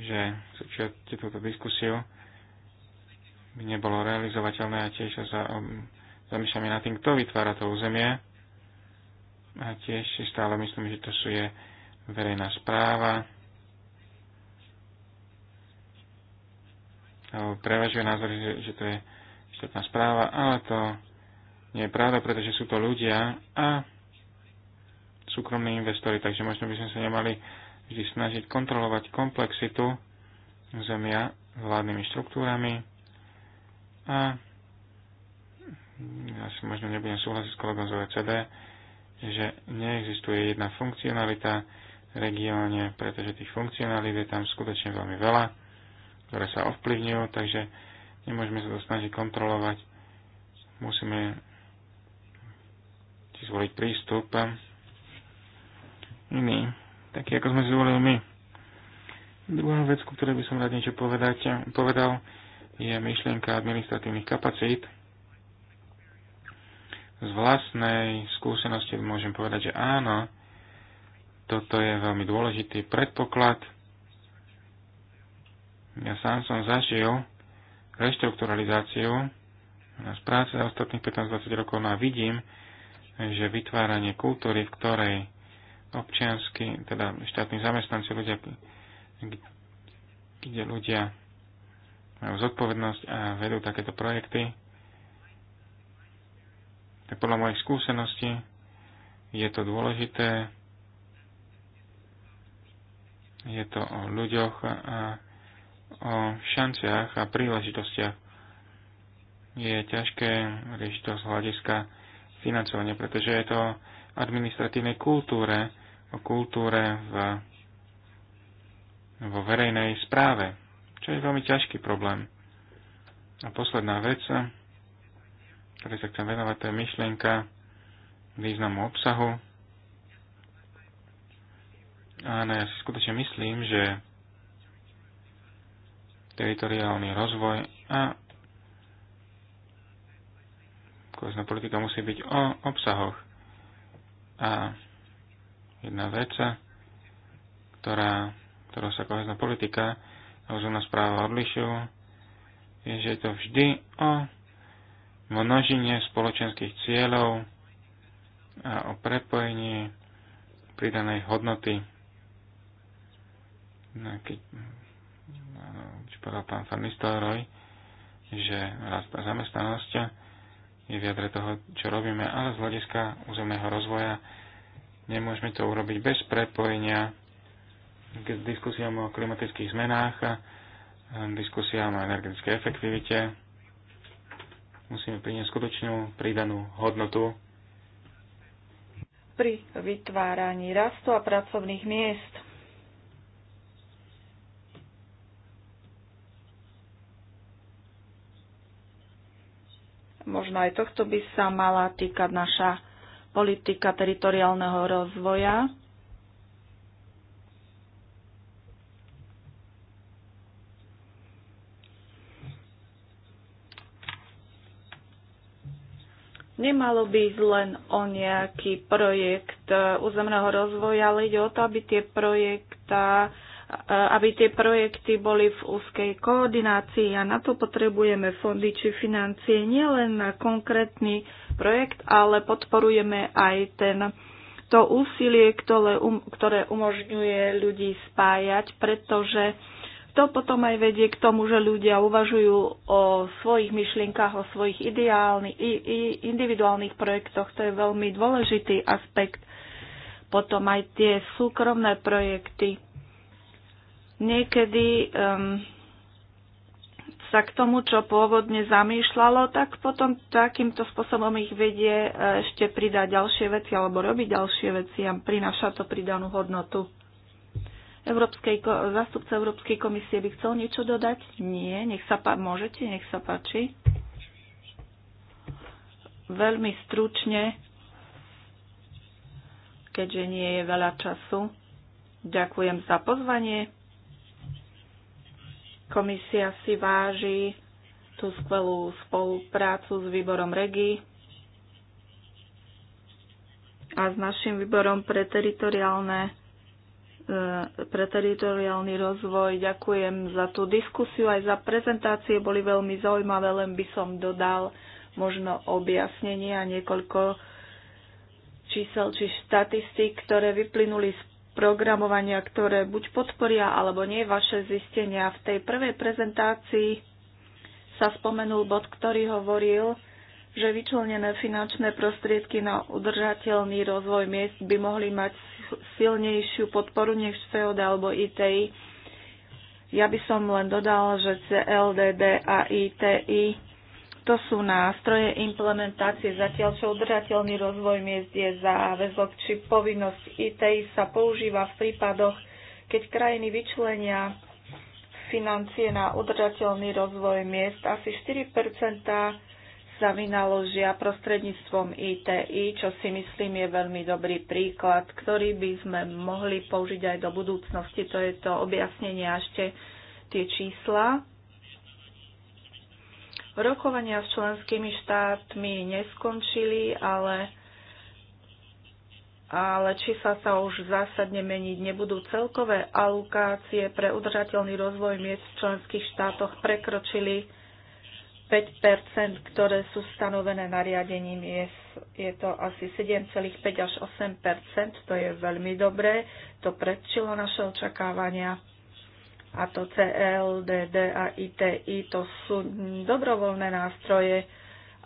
že súčasťte túto diskusiu by nebolo realizovateľné a tiež sa za, um, zamýšľame nad tým, kto vytvára to územie. A tiež si stále myslím, že to sú je verejná správa. Prevažuje názor, že, že to je štátna správa, ale to nie je pravda, pretože sú to ľudia a súkromní investori, takže možno by sme sa nemali vždy snažiť kontrolovať komplexitu zemia vládnymi štruktúrami a ja si možno nebudem súhlasiť s kolegom z OECD, že neexistuje jedna funkcionalita v regióne, pretože tých funkcionalít je tam skutočne veľmi veľa, ktoré sa ovplyvňujú, takže Nemôžeme sa to snažiť kontrolovať. Musíme si zvoliť prístup iný, taký ako sme zvolili my. Druhá vec, ku ktorej by som rád niečo povedať, povedal, je myšlienka administratívnych kapacít. Z vlastnej skúsenosti môžem povedať, že áno, toto je veľmi dôležitý predpoklad. Ja sám som zažil reštrukturalizáciu z práce za ostatných 15-20 rokov. No a vidím, že vytváranie kultúry, v ktorej občiansky, teda štátni zamestnanci, ľudia, kde ľudia majú zodpovednosť a vedú takéto projekty, tak podľa mojich skúseností je to dôležité, je to o ľuďoch a o šanciach a príležitostiach. Je ťažké riešiť to z hľadiska financovania, pretože je to administratívnej kultúre, o kultúre v, vo verejnej správe, čo je veľmi ťažký problém. A posledná vec, ktorej sa chcem venovať, to je myšlienka významu obsahu. Áno, ja si skutočne myslím, že teritoriálny rozvoj a kohezná politika musí byť o obsahoch. A jedna vec, ktorá, ktorá sa kohezná politika a územná správa odlišujú, je, že je to vždy o množine spoločenských cieľov a o prepojení pridanej hodnoty. No, keď či povedal pán Farnistoroj, že rast a zamestnanosť je v jadre toho, čo robíme, ale z hľadiska územného rozvoja nemôžeme to urobiť bez prepojenia k diskusiám o klimatických zmenách a diskusiám o energetickej efektivite. Musíme priniesť skutočnú pridanú hodnotu pri vytváraní rastu a pracovných miest. Možno aj tohto by sa mala týkať naša politika teritoriálneho rozvoja. Nemalo by ísť len o nejaký projekt eh, územného rozvoja, ale ide o to, aby tie projekta aby tie projekty boli v úzkej koordinácii a na to potrebujeme fondy či financie nielen na konkrétny projekt, ale podporujeme aj ten, to úsilie, ktoré, um, ktoré umožňuje ľudí spájať, pretože to potom aj vedie k tomu, že ľudia uvažujú o svojich myšlienkach, o svojich ideálnych, i, i individuálnych projektoch. To je veľmi dôležitý aspekt. Potom aj tie súkromné projekty niekedy um, sa k tomu, čo pôvodne zamýšľalo, tak potom takýmto spôsobom ich vedie e, ešte pridať ďalšie veci alebo robiť ďalšie veci a prináša to pridanú hodnotu. Európskej, zastupca Európskej komisie by chcel niečo dodať? Nie, nech sa pá- môžete, nech sa páči. Veľmi stručne, keďže nie je veľa času. Ďakujem za pozvanie. Komisia si váži tú skvelú spoluprácu s výborom REGI a s našim výborom pre teritoriálne e, pre teritoriálny rozvoj. Ďakujem za tú diskusiu, aj za prezentácie boli veľmi zaujímavé, len by som dodal možno objasnenie a niekoľko čísel či štatistík, ktoré vyplynuli z programovania, ktoré buď podporia alebo nie vaše zistenia. V tej prvej prezentácii sa spomenul bod, ktorý hovoril, že vyčlenené finančné prostriedky na udržateľný rozvoj miest by mohli mať silnejšiu podporu než FEOD alebo ITI. Ja by som len dodal, že CLDD a ITI to sú nástroje implementácie, zatiaľ čo udržateľný rozvoj miest je záväzok či povinnosť ITI sa používa v prípadoch, keď krajiny vyčlenia financie na udržateľný rozvoj miest. Asi 4 sa vynaložia prostredníctvom ITI, čo si myslím je veľmi dobrý príklad, ktorý by sme mohli použiť aj do budúcnosti. To je to objasnenie a ešte tie čísla. Rokovania s členskými štátmi neskončili, ale, ale sa sa už zásadne meniť nebudú. Celkové alokácie pre udržateľný rozvoj miest v členských štátoch prekročili 5 ktoré sú stanovené nariadením, je, je to asi 7,5 až 8 to je veľmi dobré, to predčilo naše očakávania a to CL, e DD a ITI, to sú dobrovoľné nástroje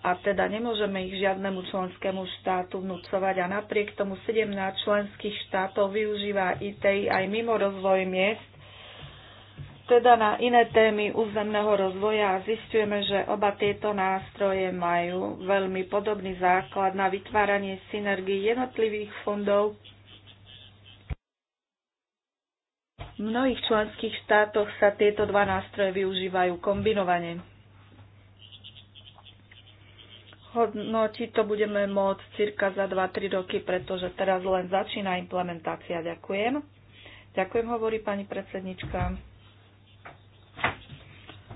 a teda nemôžeme ich žiadnemu členskému štátu vnúcovať. A napriek tomu 17 členských štátov využíva ITI aj mimo rozvoj miest, teda na iné témy územného rozvoja a zistujeme, že oba tieto nástroje majú veľmi podobný základ na vytváranie synergii jednotlivých fondov V mnohých členských štátoch sa tieto dva nástroje využívajú kombinovane. Hodnotiť to budeme môcť cirka za 2-3 roky, pretože teraz len začína implementácia. Ďakujem. Ďakujem, hovorí pani predsednička.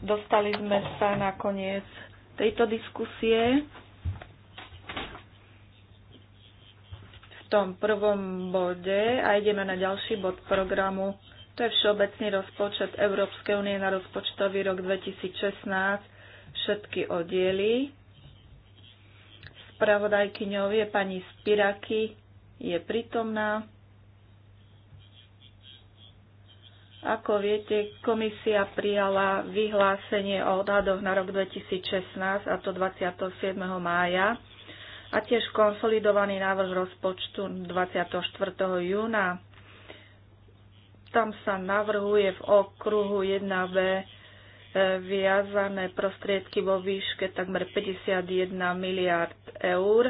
Dostali sme sa na koniec tejto diskusie. V tom prvom bode a ideme na ďalší bod programu to je všeobecný rozpočet Európskej únie na rozpočtový rok 2016, všetky oddiely. Spravodajkyňou je pani Spiraky, je prítomná. Ako viete, komisia prijala vyhlásenie o odhadoch na rok 2016, a to 27. mája, a tiež konsolidovaný návrh rozpočtu 24. júna tam sa navrhuje v okruhu 1b e, viazané prostriedky vo výške takmer 51 miliard eur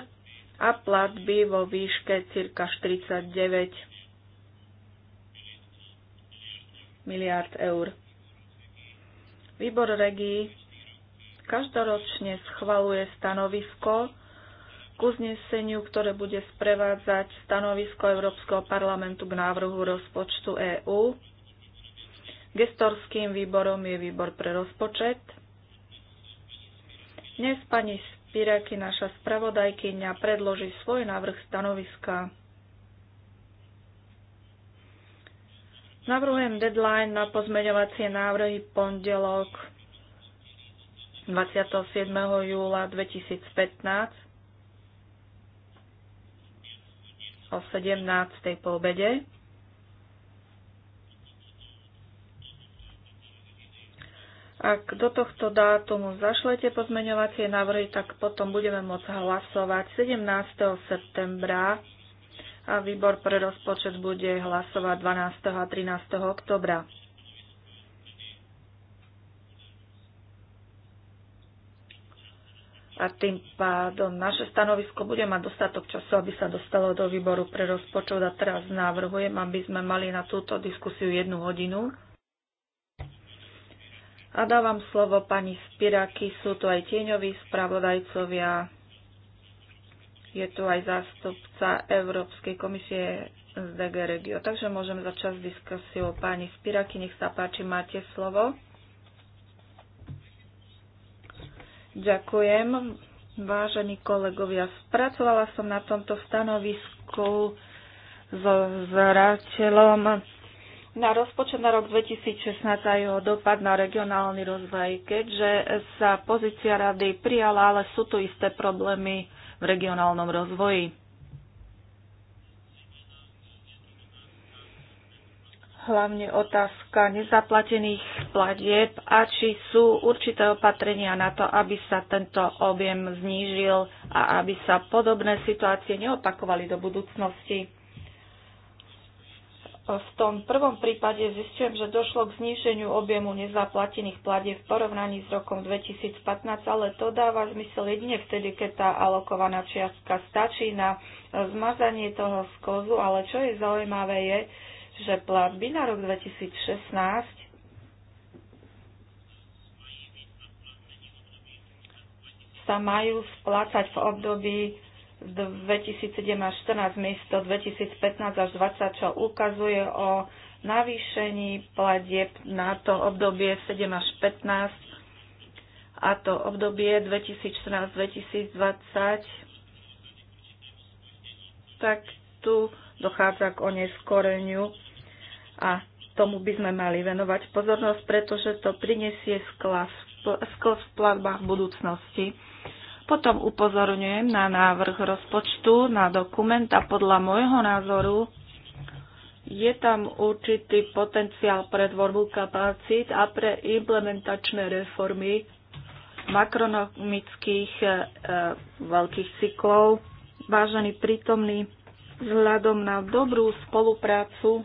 a platby vo výške cirka 49 miliard eur. Výbor regí každoročne schvaluje stanovisko k uzneseniu, ktoré bude sprevádzať stanovisko Európskeho parlamentu k návrhu rozpočtu EÚ. Gestorským výborom je výbor pre rozpočet. Dnes pani Spiraky, naša spravodajkyňa, predloží svoj návrh stanoviska. Navrhujem deadline na pozmeňovacie návrhy pondelok 27. júla 2015 o 17. po obede. Ak do tohto dátumu zašlete pozmeňovacie návrhy, tak potom budeme môcť hlasovať 17. septembra a výbor pre rozpočet bude hlasovať 12. a 13. oktobra. a tým pádom naše stanovisko bude mať dostatok času, aby sa dostalo do výboru pre rozpočet a teraz návrhujem, aby sme mali na túto diskusiu jednu hodinu. A dávam slovo pani Spiraky, sú tu aj tieňoví spravodajcovia, je tu aj zástupca Európskej komisie z DG Regio. Takže môžem začať s diskusiou pani Spiraky, nech sa páči, máte slovo. Ďakujem. Vážení kolegovia, spracovala som na tomto stanovisku so zrateľom na rozpočet na rok 2016 a jeho dopad na regionálny rozvoj, keďže sa pozícia rady prijala, ale sú tu isté problémy v regionálnom rozvoji. hlavne otázka nezaplatených platieb a či sú určité opatrenia na to, aby sa tento objem znížil a aby sa podobné situácie neopakovali do budúcnosti. V tom prvom prípade zistujem, že došlo k zníženiu objemu nezaplatených platieb v porovnaní s rokom 2015, ale to dáva zmysel jedine vtedy, keď tá alokovaná čiastka stačí na zmazanie toho skozu, ale čo je zaujímavé je, že platby na rok 2016 sa majú splácať v období 2007 až 14 miesto 2015 až 20, čo ukazuje o navýšení platieb na to obdobie 7 až 15 a to obdobie 2014-2020. Tak tu dochádza k oneskoreniu a tomu by sme mali venovať pozornosť, pretože to prinesie sklos v platbách budúcnosti. Potom upozorňujem na návrh rozpočtu, na dokument a podľa môjho názoru je tam určitý potenciál pre tvorbu kapacít a pre implementačné reformy makronomických e, veľkých cyklov. Vážený prítomný Vzhľadom na dobrú spoluprácu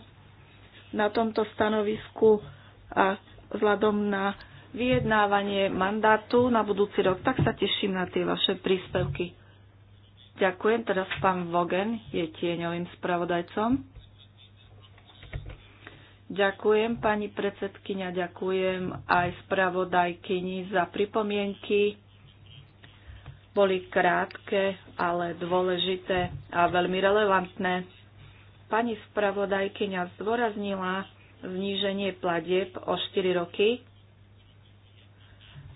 na tomto stanovisku a vzhľadom na vyjednávanie mandátu na budúci rok, tak sa teším na tie vaše príspevky. Ďakujem. Teraz pán Vogen je tieňovým spravodajcom. Ďakujem, pani predsedkynia, ďakujem aj spravodajkyni za pripomienky boli krátke, ale dôležité a veľmi relevantné. Pani spravodajkyňa zdôraznila zníženie platieb o 4 roky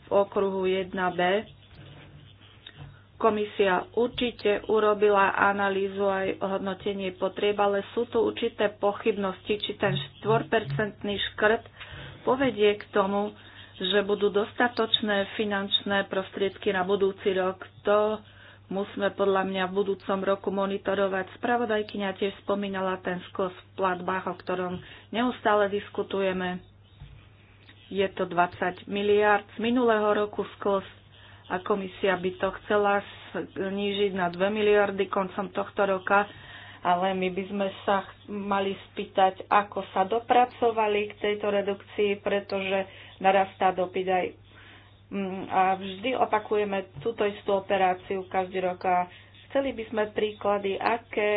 v okruhu 1b. Komisia určite urobila analýzu aj hodnotenie potrieb, ale sú tu určité pochybnosti, či ten 4-percentný škrt povedie k tomu, že budú dostatočné finančné prostriedky na budúci rok. To musíme podľa mňa v budúcom roku monitorovať. Spravodajkyňa tiež spomínala ten skos v platbách, o ktorom neustále diskutujeme. Je to 20 miliard z minulého roku skos a komisia by to chcela znížiť na 2 miliardy koncom tohto roka, ale my by sme sa mali spýtať, ako sa dopracovali k tejto redukcii, pretože narastá dopyt aj mm, a vždy opakujeme túto istú operáciu každý rok a chceli by sme príklady, aké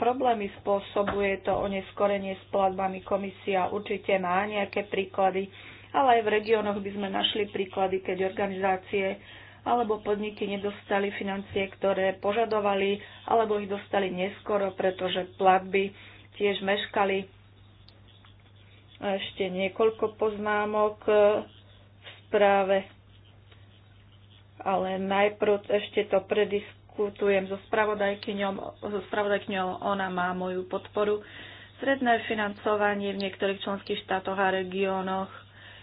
problémy spôsobuje to oneskorenie s platbami. Komisia určite má nejaké príklady, ale aj v regiónoch by sme našli príklady, keď organizácie alebo podniky nedostali financie, ktoré požadovali, alebo ich dostali neskoro, pretože platby tiež meškali. A ešte niekoľko poznámok e, v správe, ale najprv ešte to prediskutujem so spravodajkyňom. So spravodajkyňom ona má moju podporu. Sredné financovanie v niektorých členských štátoch a regiónoch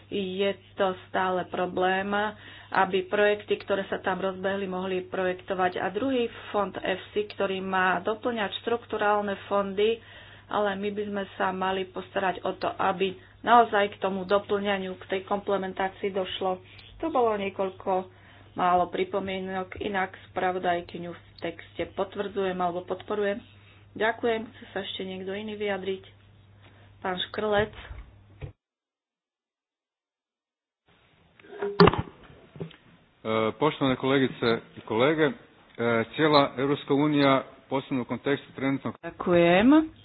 je to stále problém, aby projekty, ktoré sa tam rozbehli, mohli projektovať. A druhý fond EFSI, ktorý má doplňať štrukturálne fondy, ale my by sme sa mali postarať o to, aby naozaj k tomu doplňaniu, k tej komplementácii došlo. To bolo niekoľko málo pripomienok, inak spravodajkyňu v texte potvrdzujem alebo podporujem. Ďakujem, chce sa ešte niekto iný vyjadriť? Pán Škrlec. E, poštovane kolegice i kolege, e, cijela Európska únia posebno u kontekstu trenutnog... Ďakujem.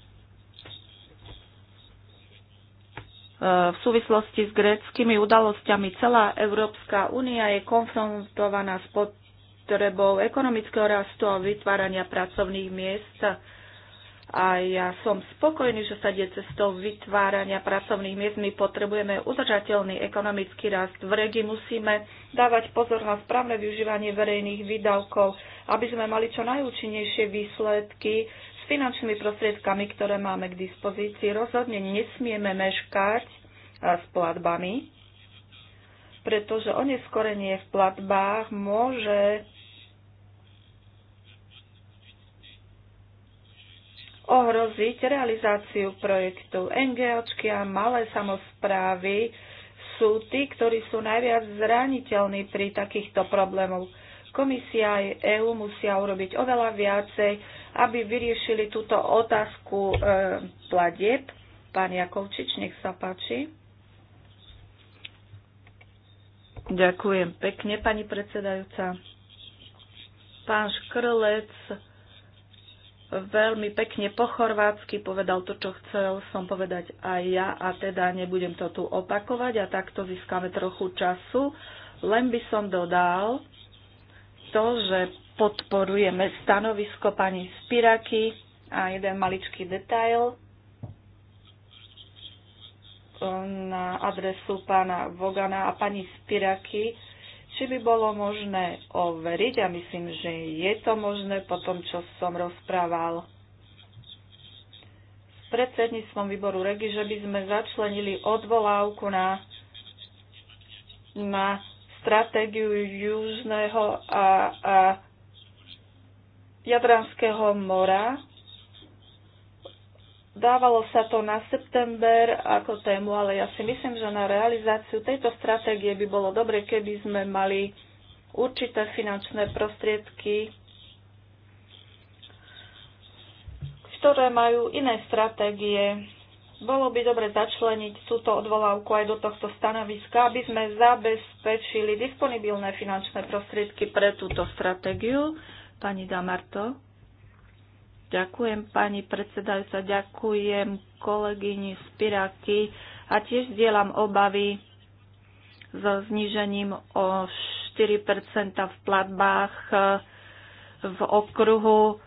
v súvislosti s gréckými udalosťami celá Európska únia je konfrontovaná s potrebou ekonomického rastu a vytvárania pracovných miest. A ja som spokojný, že sa ide cestou vytvárania pracovných miest. My potrebujeme udržateľný ekonomický rast. V regi musíme dávať pozor na správne využívanie verejných výdavkov, aby sme mali čo najúčinnejšie výsledky finančnými prostriedkami, ktoré máme k dispozícii, rozhodne nesmieme meškať eh, s platbami, pretože oneskorenie v platbách môže ohroziť realizáciu projektu. NGOčky a malé samozprávy sú tí, ktorí sú najviac zraniteľní pri takýchto problémoch. Komisia aj EÚ musia urobiť oveľa viacej aby vyriešili túto otázku e, pladieb. Pán Jakovčič, nech sa páči. Ďakujem pekne, pani predsedajúca. Pán Škrlec veľmi pekne po chorvátsky povedal to, čo chcel som povedať aj ja a teda nebudem to tu opakovať a takto získame trochu času. Len by som dodal to, že podporujeme stanovisko pani Spiraky a jeden maličký detail um, na adresu pána Vogana a pani Spiraky, či by bolo možné overiť, a myslím, že je to možné po tom, čo som rozprával s predsedníctvom výboru REGI, že by sme začlenili odvolávku na, na stratégiu južného a, a Jadranského mora. Dávalo sa to na september ako tému, ale ja si myslím, že na realizáciu tejto stratégie by bolo dobre, keby sme mali určité finančné prostriedky, ktoré majú iné stratégie. Bolo by dobre začleniť túto odvolávku aj do tohto stanoviska, aby sme zabezpečili disponibilné finančné prostriedky pre túto stratégiu Pani Damarto. Ďakujem, pani predsedajúca, ďakujem kolegyni Spiráky a tiež zdieľam obavy so znížením o 4 v platbách e, v okruhu.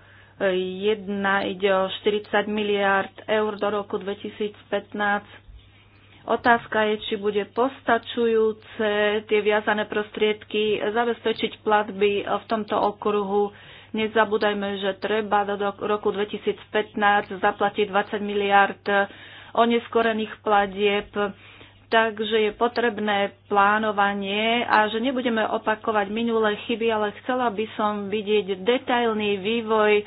Jedna ide o 40 miliard eur do roku 2015 Otázka je, či bude postačujúce tie viazané prostriedky zabezpečiť platby v tomto okruhu. Nezabúdajme, že treba do roku 2015 zaplatiť 20 miliard oneskorených platieb, takže je potrebné plánovanie a že nebudeme opakovať minulé chyby, ale chcela by som vidieť detailný vývoj eh,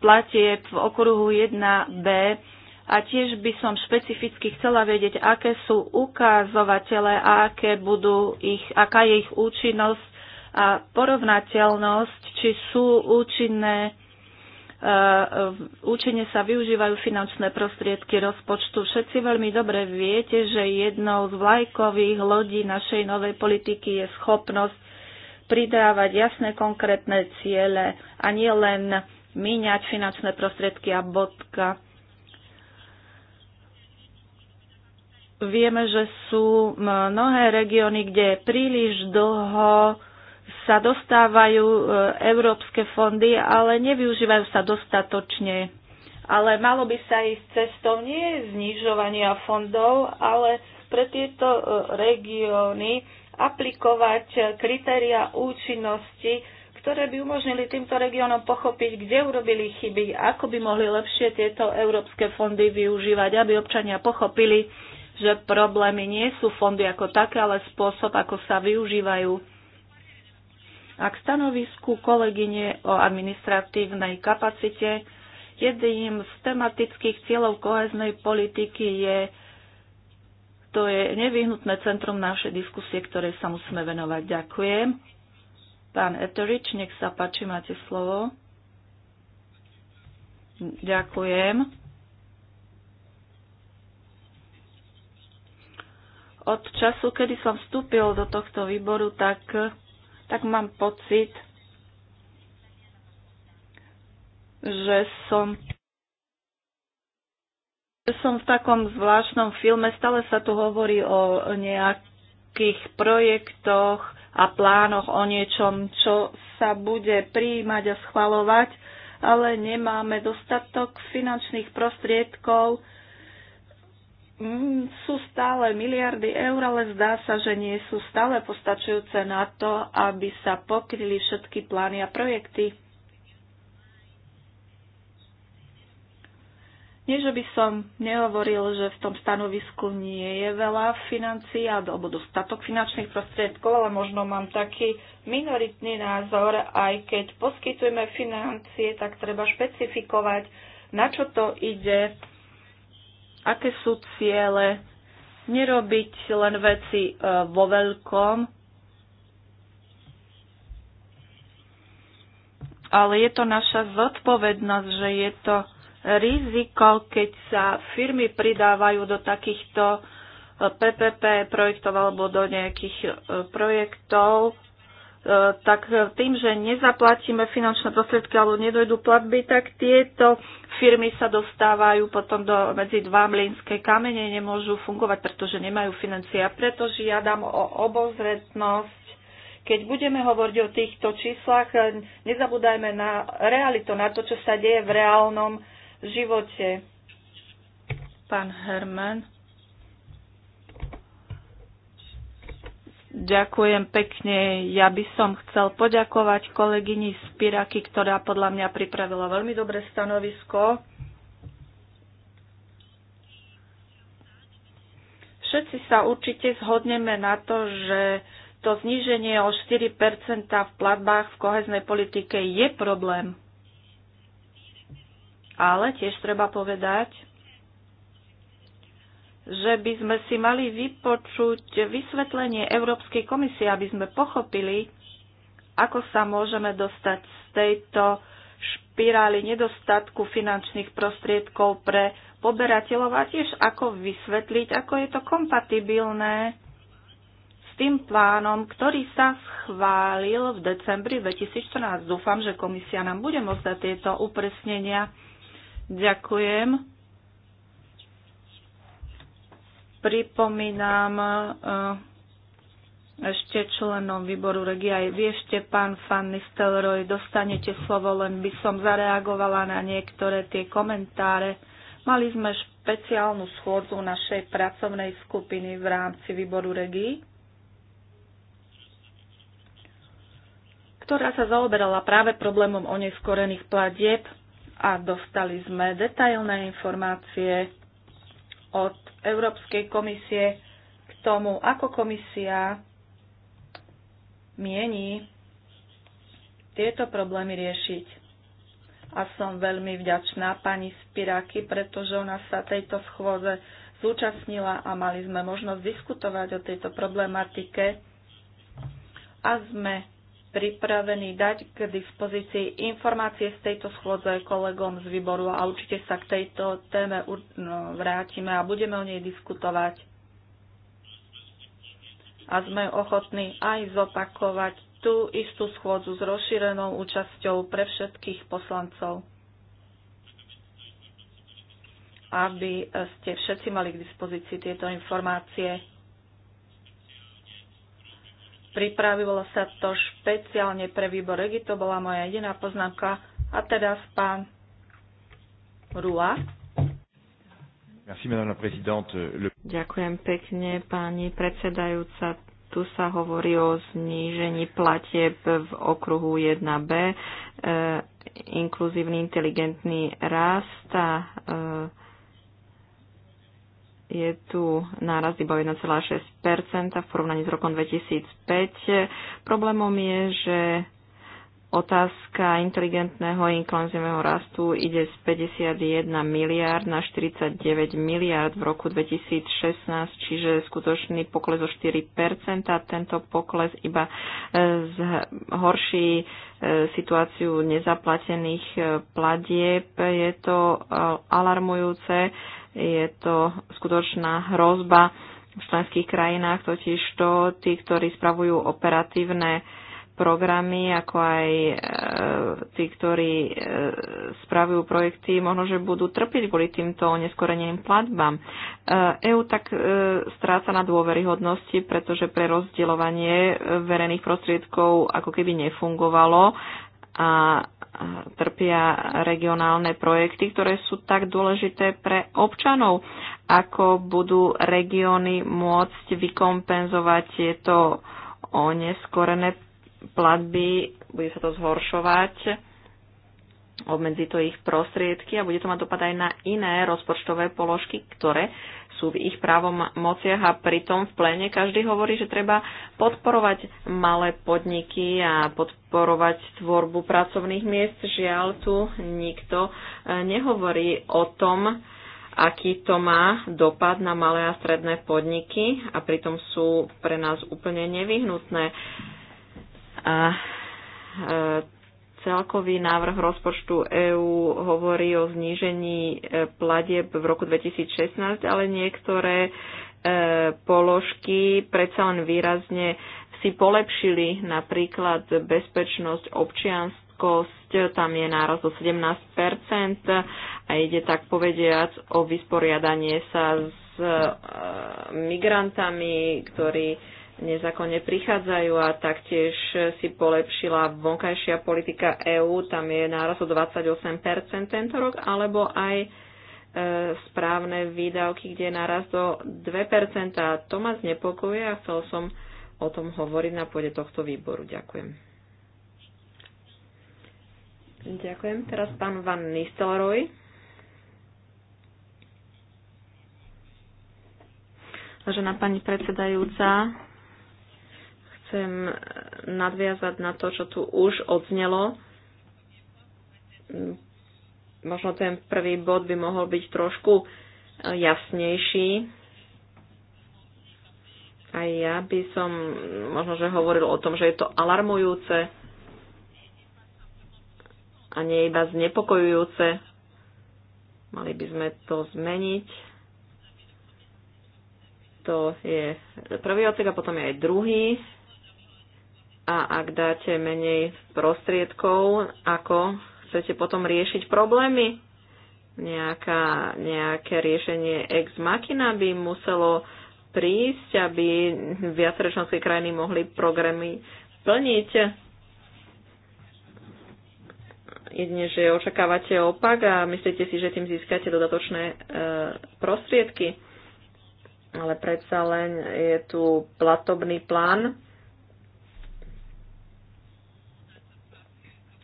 platieb v okruhu 1b a tiež by som špecificky chcela vedieť, aké sú ukazovatele a aké budú ich, aká je ich účinnosť a porovnateľnosť, či sú účinné e, e, účinne sa využívajú finančné prostriedky rozpočtu. Všetci veľmi dobre viete, že jednou z vlajkových lodí našej novej politiky je schopnosť pridávať jasné konkrétne ciele a nielen len míňať finančné prostriedky a bodka. vieme, že sú mnohé regióny, kde príliš dlho sa dostávajú e, európske fondy, ale nevyužívajú sa dostatočne. Ale malo by sa ísť cestou nie znižovania fondov, ale pre tieto e, regióny aplikovať kritéria účinnosti, ktoré by umožnili týmto regiónom pochopiť, kde urobili chyby, ako by mohli lepšie tieto európske fondy využívať, aby občania pochopili, že problémy nie sú fondy ako také, ale spôsob, ako sa využívajú. A k stanovisku kolegyne o administratívnej kapacite jedným z tematických cieľov koheznej politiky je to je nevyhnutné centrum našej diskusie, ktoré sa musíme venovať. Ďakujem. Pán Eterič, nech sa páči, máte slovo. Ďakujem. Od času, kedy som vstúpil do tohto výboru, tak, tak mám pocit, že som som v takom zvláštnom filme, stále sa tu hovorí o nejakých projektoch a plánoch, o niečom, čo sa bude prijímať a schvalovať, ale nemáme dostatok finančných prostriedkov Mm, sú stále miliardy eur, ale zdá sa, že nie sú stále postačujúce na to, aby sa pokryli všetky plány a projekty. Nie, že by som nehovoril, že v tom stanovisku nie je veľa financií alebo dostatok finančných prostriedkov, ale možno mám taký minoritný názor, aj keď poskytujeme financie, tak treba špecifikovať, na čo to ide, aké sú ciele, nerobiť len veci e, vo veľkom, ale je to naša zodpovednosť, že je to riziko, keď sa firmy pridávajú do takýchto PPP e, projektov alebo do nejakých e, projektov, E, tak tým, že nezaplatíme finančné prostriedky alebo nedojdú platby, tak tieto firmy sa dostávajú potom do, medzi dva mlínske kamene, nemôžu fungovať, pretože nemajú financie. A preto žiadam o obozretnosť. Keď budeme hovoriť o týchto číslach, nezabúdajme na realitu, na to, čo sa deje v reálnom živote. Pán Herman. Ďakujem pekne. Ja by som chcel poďakovať kolegyni Spiraky, ktorá podľa mňa pripravila veľmi dobré stanovisko. Všetci sa určite zhodneme na to, že to zníženie o 4 v platbách v koheznej politike je problém. Ale tiež treba povedať, že by sme si mali vypočuť vysvetlenie Európskej komisie, aby sme pochopili, ako sa môžeme dostať z tejto špirály nedostatku finančných prostriedkov pre poberateľov a tiež ako vysvetliť, ako je to kompatibilné s tým plánom, ktorý sa schválil v decembri 2014. Dúfam, že komisia nám bude môcť dať tieto upresnenia. Ďakujem. Pripomínam e, ešte členom výboru regia. Vy ešte, pán Fan Nistelroj, dostanete slovo, len by som zareagovala na niektoré tie komentáre. Mali sme špeciálnu schôdzu našej pracovnej skupiny v rámci výboru regí, ktorá sa zaoberala práve problémom oneskorených platieb a dostali sme detailné informácie od Európskej komisie k tomu, ako komisia mieni tieto problémy riešiť. A som veľmi vďačná pani Spiráky, pretože ona sa tejto schôze zúčastnila a mali sme možnosť diskutovať o tejto problematike a sme pripravení dať k dispozícii informácie z tejto schôdze kolegom z výboru a určite sa k tejto téme no, vrátime a budeme o nej diskutovať. A sme ochotní aj zopakovať tú istú schôdzu s rozšírenou účasťou pre všetkých poslancov, aby ste všetci mali k dispozícii tieto informácie. Pripravilo sa to špeciálne pre výbor regi, to bola moja jediná poznámka. A teraz pán Rula. Ďakujem pekne, pani predsedajúca. Tu sa hovorí o znížení platieb v okruhu 1b, e, eh, inkluzívny inteligentný rast a e, je tu náraz iba 1,6 v porovnaní s rokom 2005. Problémom je, že otázka inteligentného inkluzívneho rastu ide z 51 miliard na 49 miliard v roku 2016, čiže skutočný pokles o 4 a tento pokles iba e, zhorší e, situáciu nezaplatených e, platieb. Je to alarmujúce je to skutočná hrozba v členských krajinách, totiž to tí, ktorí spravujú operatívne programy, ako aj e, tí, ktorí e, spravujú projekty, možno, že budú trpiť kvôli týmto neskoreným platbám. EÚ e tak e, stráca na dôveryhodnosti, pretože pre rozdielovanie verejných prostriedkov ako keby nefungovalo a trpia regionálne projekty, ktoré sú tak dôležité pre občanov, ako budú regióny môcť vykompenzovať tieto oneskorené platby, bude sa to zhoršovať obmedzí to ich prostriedky a bude to mať dopad aj na iné rozpočtové položky, ktoré sú v ich právom mociach. a pritom v plene každý hovorí, že treba podporovať malé podniky a podporovať tvorbu pracovných miest. Žiaľ, tu nikto e, nehovorí o tom, aký to má dopad na malé a stredné podniky a pritom sú pre nás úplne nevyhnutné. A e, Celkový návrh rozpočtu EÚ hovorí o znížení e, platieb v roku 2016, ale niektoré e, položky predsa len výrazne si polepšili, napríklad bezpečnosť, občianskosť, tam je náraz o 17% a ide tak povediac o vysporiadanie sa s e, migrantami, ktorí nezákonne prichádzajú a taktiež si polepšila vonkajšia politika EÚ, tam je náraz o 28% tento rok, alebo aj e, správne výdavky, kde je náraz do 2%. To ma znepokojuje a chcel som o tom hovoriť na pôde tohto výboru. Ďakujem. Ďakujem. Teraz pán Van Nistelrooy. Vážená pani predsedajúca, chcem nadviazať na to, čo tu už odznelo. Možno ten prvý bod by mohol byť trošku eh, jasnejší. Aj ja by som možno, že hovoril o tom, že je to alarmujúce a nie iba znepokojujúce. Mali by sme to zmeniť to je prvý otec a potom je aj druhý a ak dáte menej prostriedkov, ako chcete potom riešiť problémy? Nejaká, nejaké riešenie ex machina by muselo prísť, aby viaceré členské krajiny mohli programy plniť. Jedne, že očakávate opak a myslíte si, že tým získate dodatočné e, prostriedky. Ale predsa len je tu platobný plán,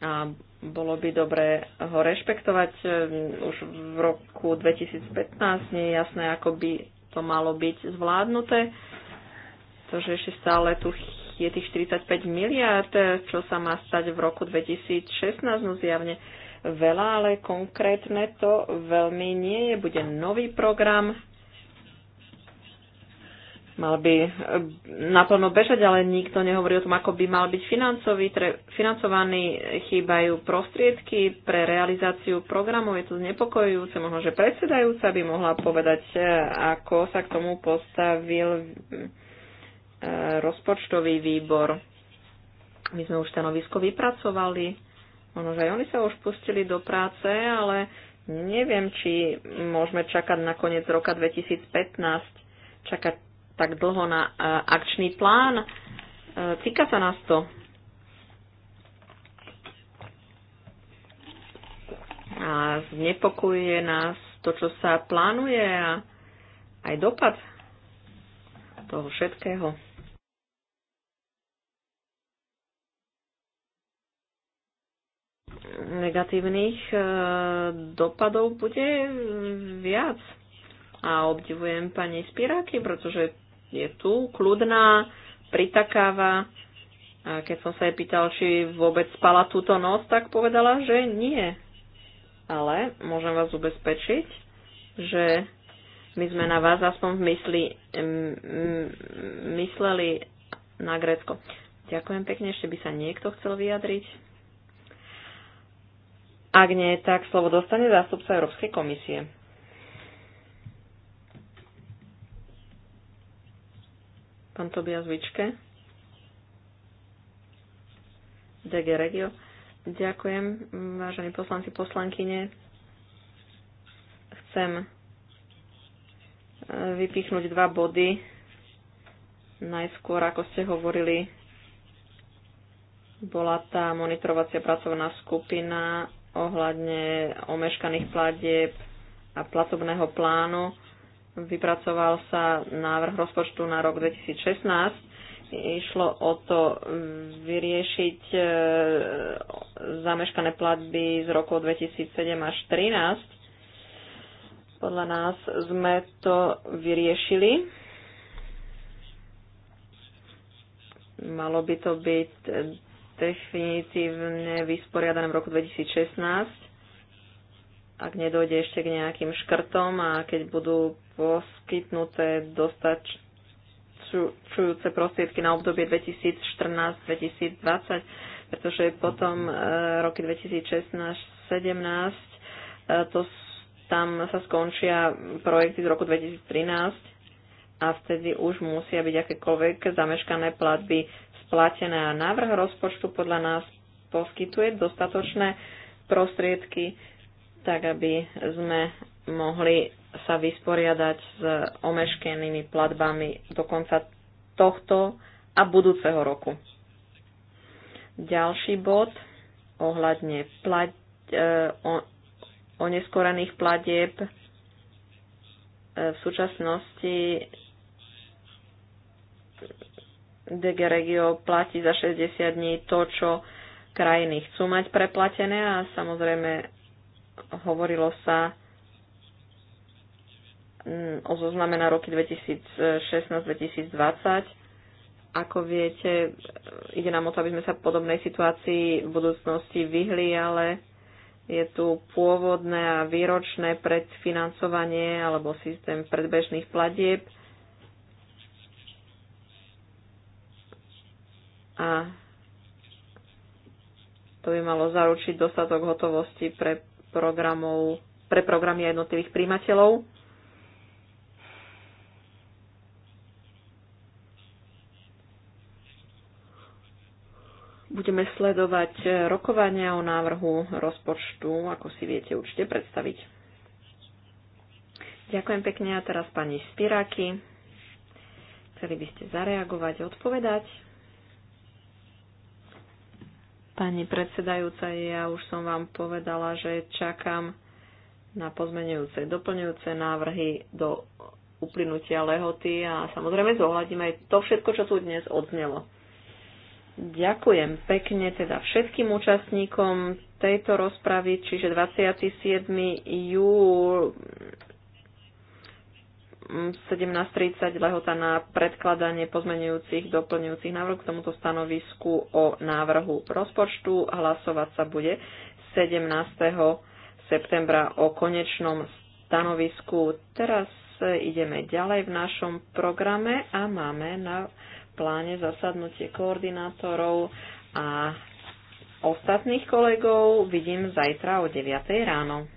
a bolo by dobre ho rešpektovať. Ehm, už v roku 2015 nie je jasné, ako by to malo byť zvládnuté. To, že ešte stále tu je tých 45 miliard, čo sa má stať v roku 2016, no zjavne veľa, ale konkrétne to veľmi nie je. Bude nový program, mal by eh, naplno bežať, ale nikto nehovorí o tom, ako by mal byť financový, tre, financovaný. Chýbajú prostriedky pre realizáciu programov. Je to znepokojujúce. Možno, že predsedajúca by mohla povedať, eh, ako sa k tomu postavil eh, rozpočtový výbor. My sme už stanovisko vypracovali. Možno, že aj oni sa už pustili do práce, ale neviem, či môžeme čakať na koniec roka 2015 čakať tak dlho na e, akčný plán. E, týka sa nás to. A znepokojuje nás to, čo sa plánuje a aj dopad toho všetkého. Negatívnych e, dopadov bude viac. A obdivujem pani Spiráky, pretože je tu, kľudná, pritakáva. A keď som sa jej pýtal, či vôbec spala túto noc, tak povedala, že nie. Ale môžem vás ubezpečiť, že my sme na vás aspoň v mysli, mysleli na Grécko. Ďakujem pekne, ešte by sa niekto chcel vyjadriť. Ak nie, tak slovo dostane zástupca Európskej komisie. Pán Tobias Vičke. DG Regio. Ďakujem, vážení poslanci, poslankyne. Chcem e, vypichnúť dva body. Najskôr, ako ste hovorili, bola tá monitorovacia pracovná skupina ohľadne omeškaných platieb a platobného plánu vypracoval sa návrh rozpočtu na rok 2016. Išlo o to vyriešiť e, zameškané platby z roku 2007 až 2013. Podľa nás sme to vyriešili. Malo by to byť definitívne vysporiadané v roku 2016 ak nedojde ešte k nejakým škrtom a keď budú poskytnuté dostačujúce prostriedky na obdobie 2014-2020, pretože potom e, roky 2016-2017 e, to tam sa skončia projekty z roku 2013 a vtedy už musia byť akékoľvek zameškané platby splatené a návrh rozpočtu podľa nás poskytuje dostatočné prostriedky tak aby sme mohli sa vysporiadať s omeškenými platbami do konca tohto a budúceho roku. Ďalší bod ohľadne plať, e, o, oneskorených platieb e, v súčasnosti DG Regio platí za 60 dní to, čo krajiny chcú mať preplatené a samozrejme hovorilo sa mm, o zozname na roky 2016-2020. Ako viete, ide nám o to, aby sme sa v podobnej situácii v budúcnosti vyhli, ale je tu pôvodné a výročné predfinancovanie alebo systém predbežných platieb. A to by malo zaručiť dostatok hotovosti pre programov, pre programy jednotlivých príjimateľov. Budeme sledovať eh, rokovania o návrhu rozpočtu, ako si viete určite predstaviť. Ďakujem pekne a teraz pani Spiráky. Chceli by ste zareagovať, odpovedať? Pani predsedajúca, ja už som vám povedala, že čakám na pozmenujúce, doplňujúce návrhy do uplynutia lehoty a samozrejme zohľadím aj to všetko, čo tu dnes odznelo. Ďakujem pekne teda všetkým účastníkom tejto rozpravy, čiže 27. júl 17.30 mm, lehota na predkladanie pozmenujúcich, doplňujúcich návrhov k tomuto stanovisku o návrhu rozpočtu. Hlasovať sa bude 17. septembra o konečnom stanovisku. Teraz e, ideme ďalej v našom programe a máme na pláne zasadnutie koordinátorov a ostatných kolegov vidím zajtra o 9. ráno.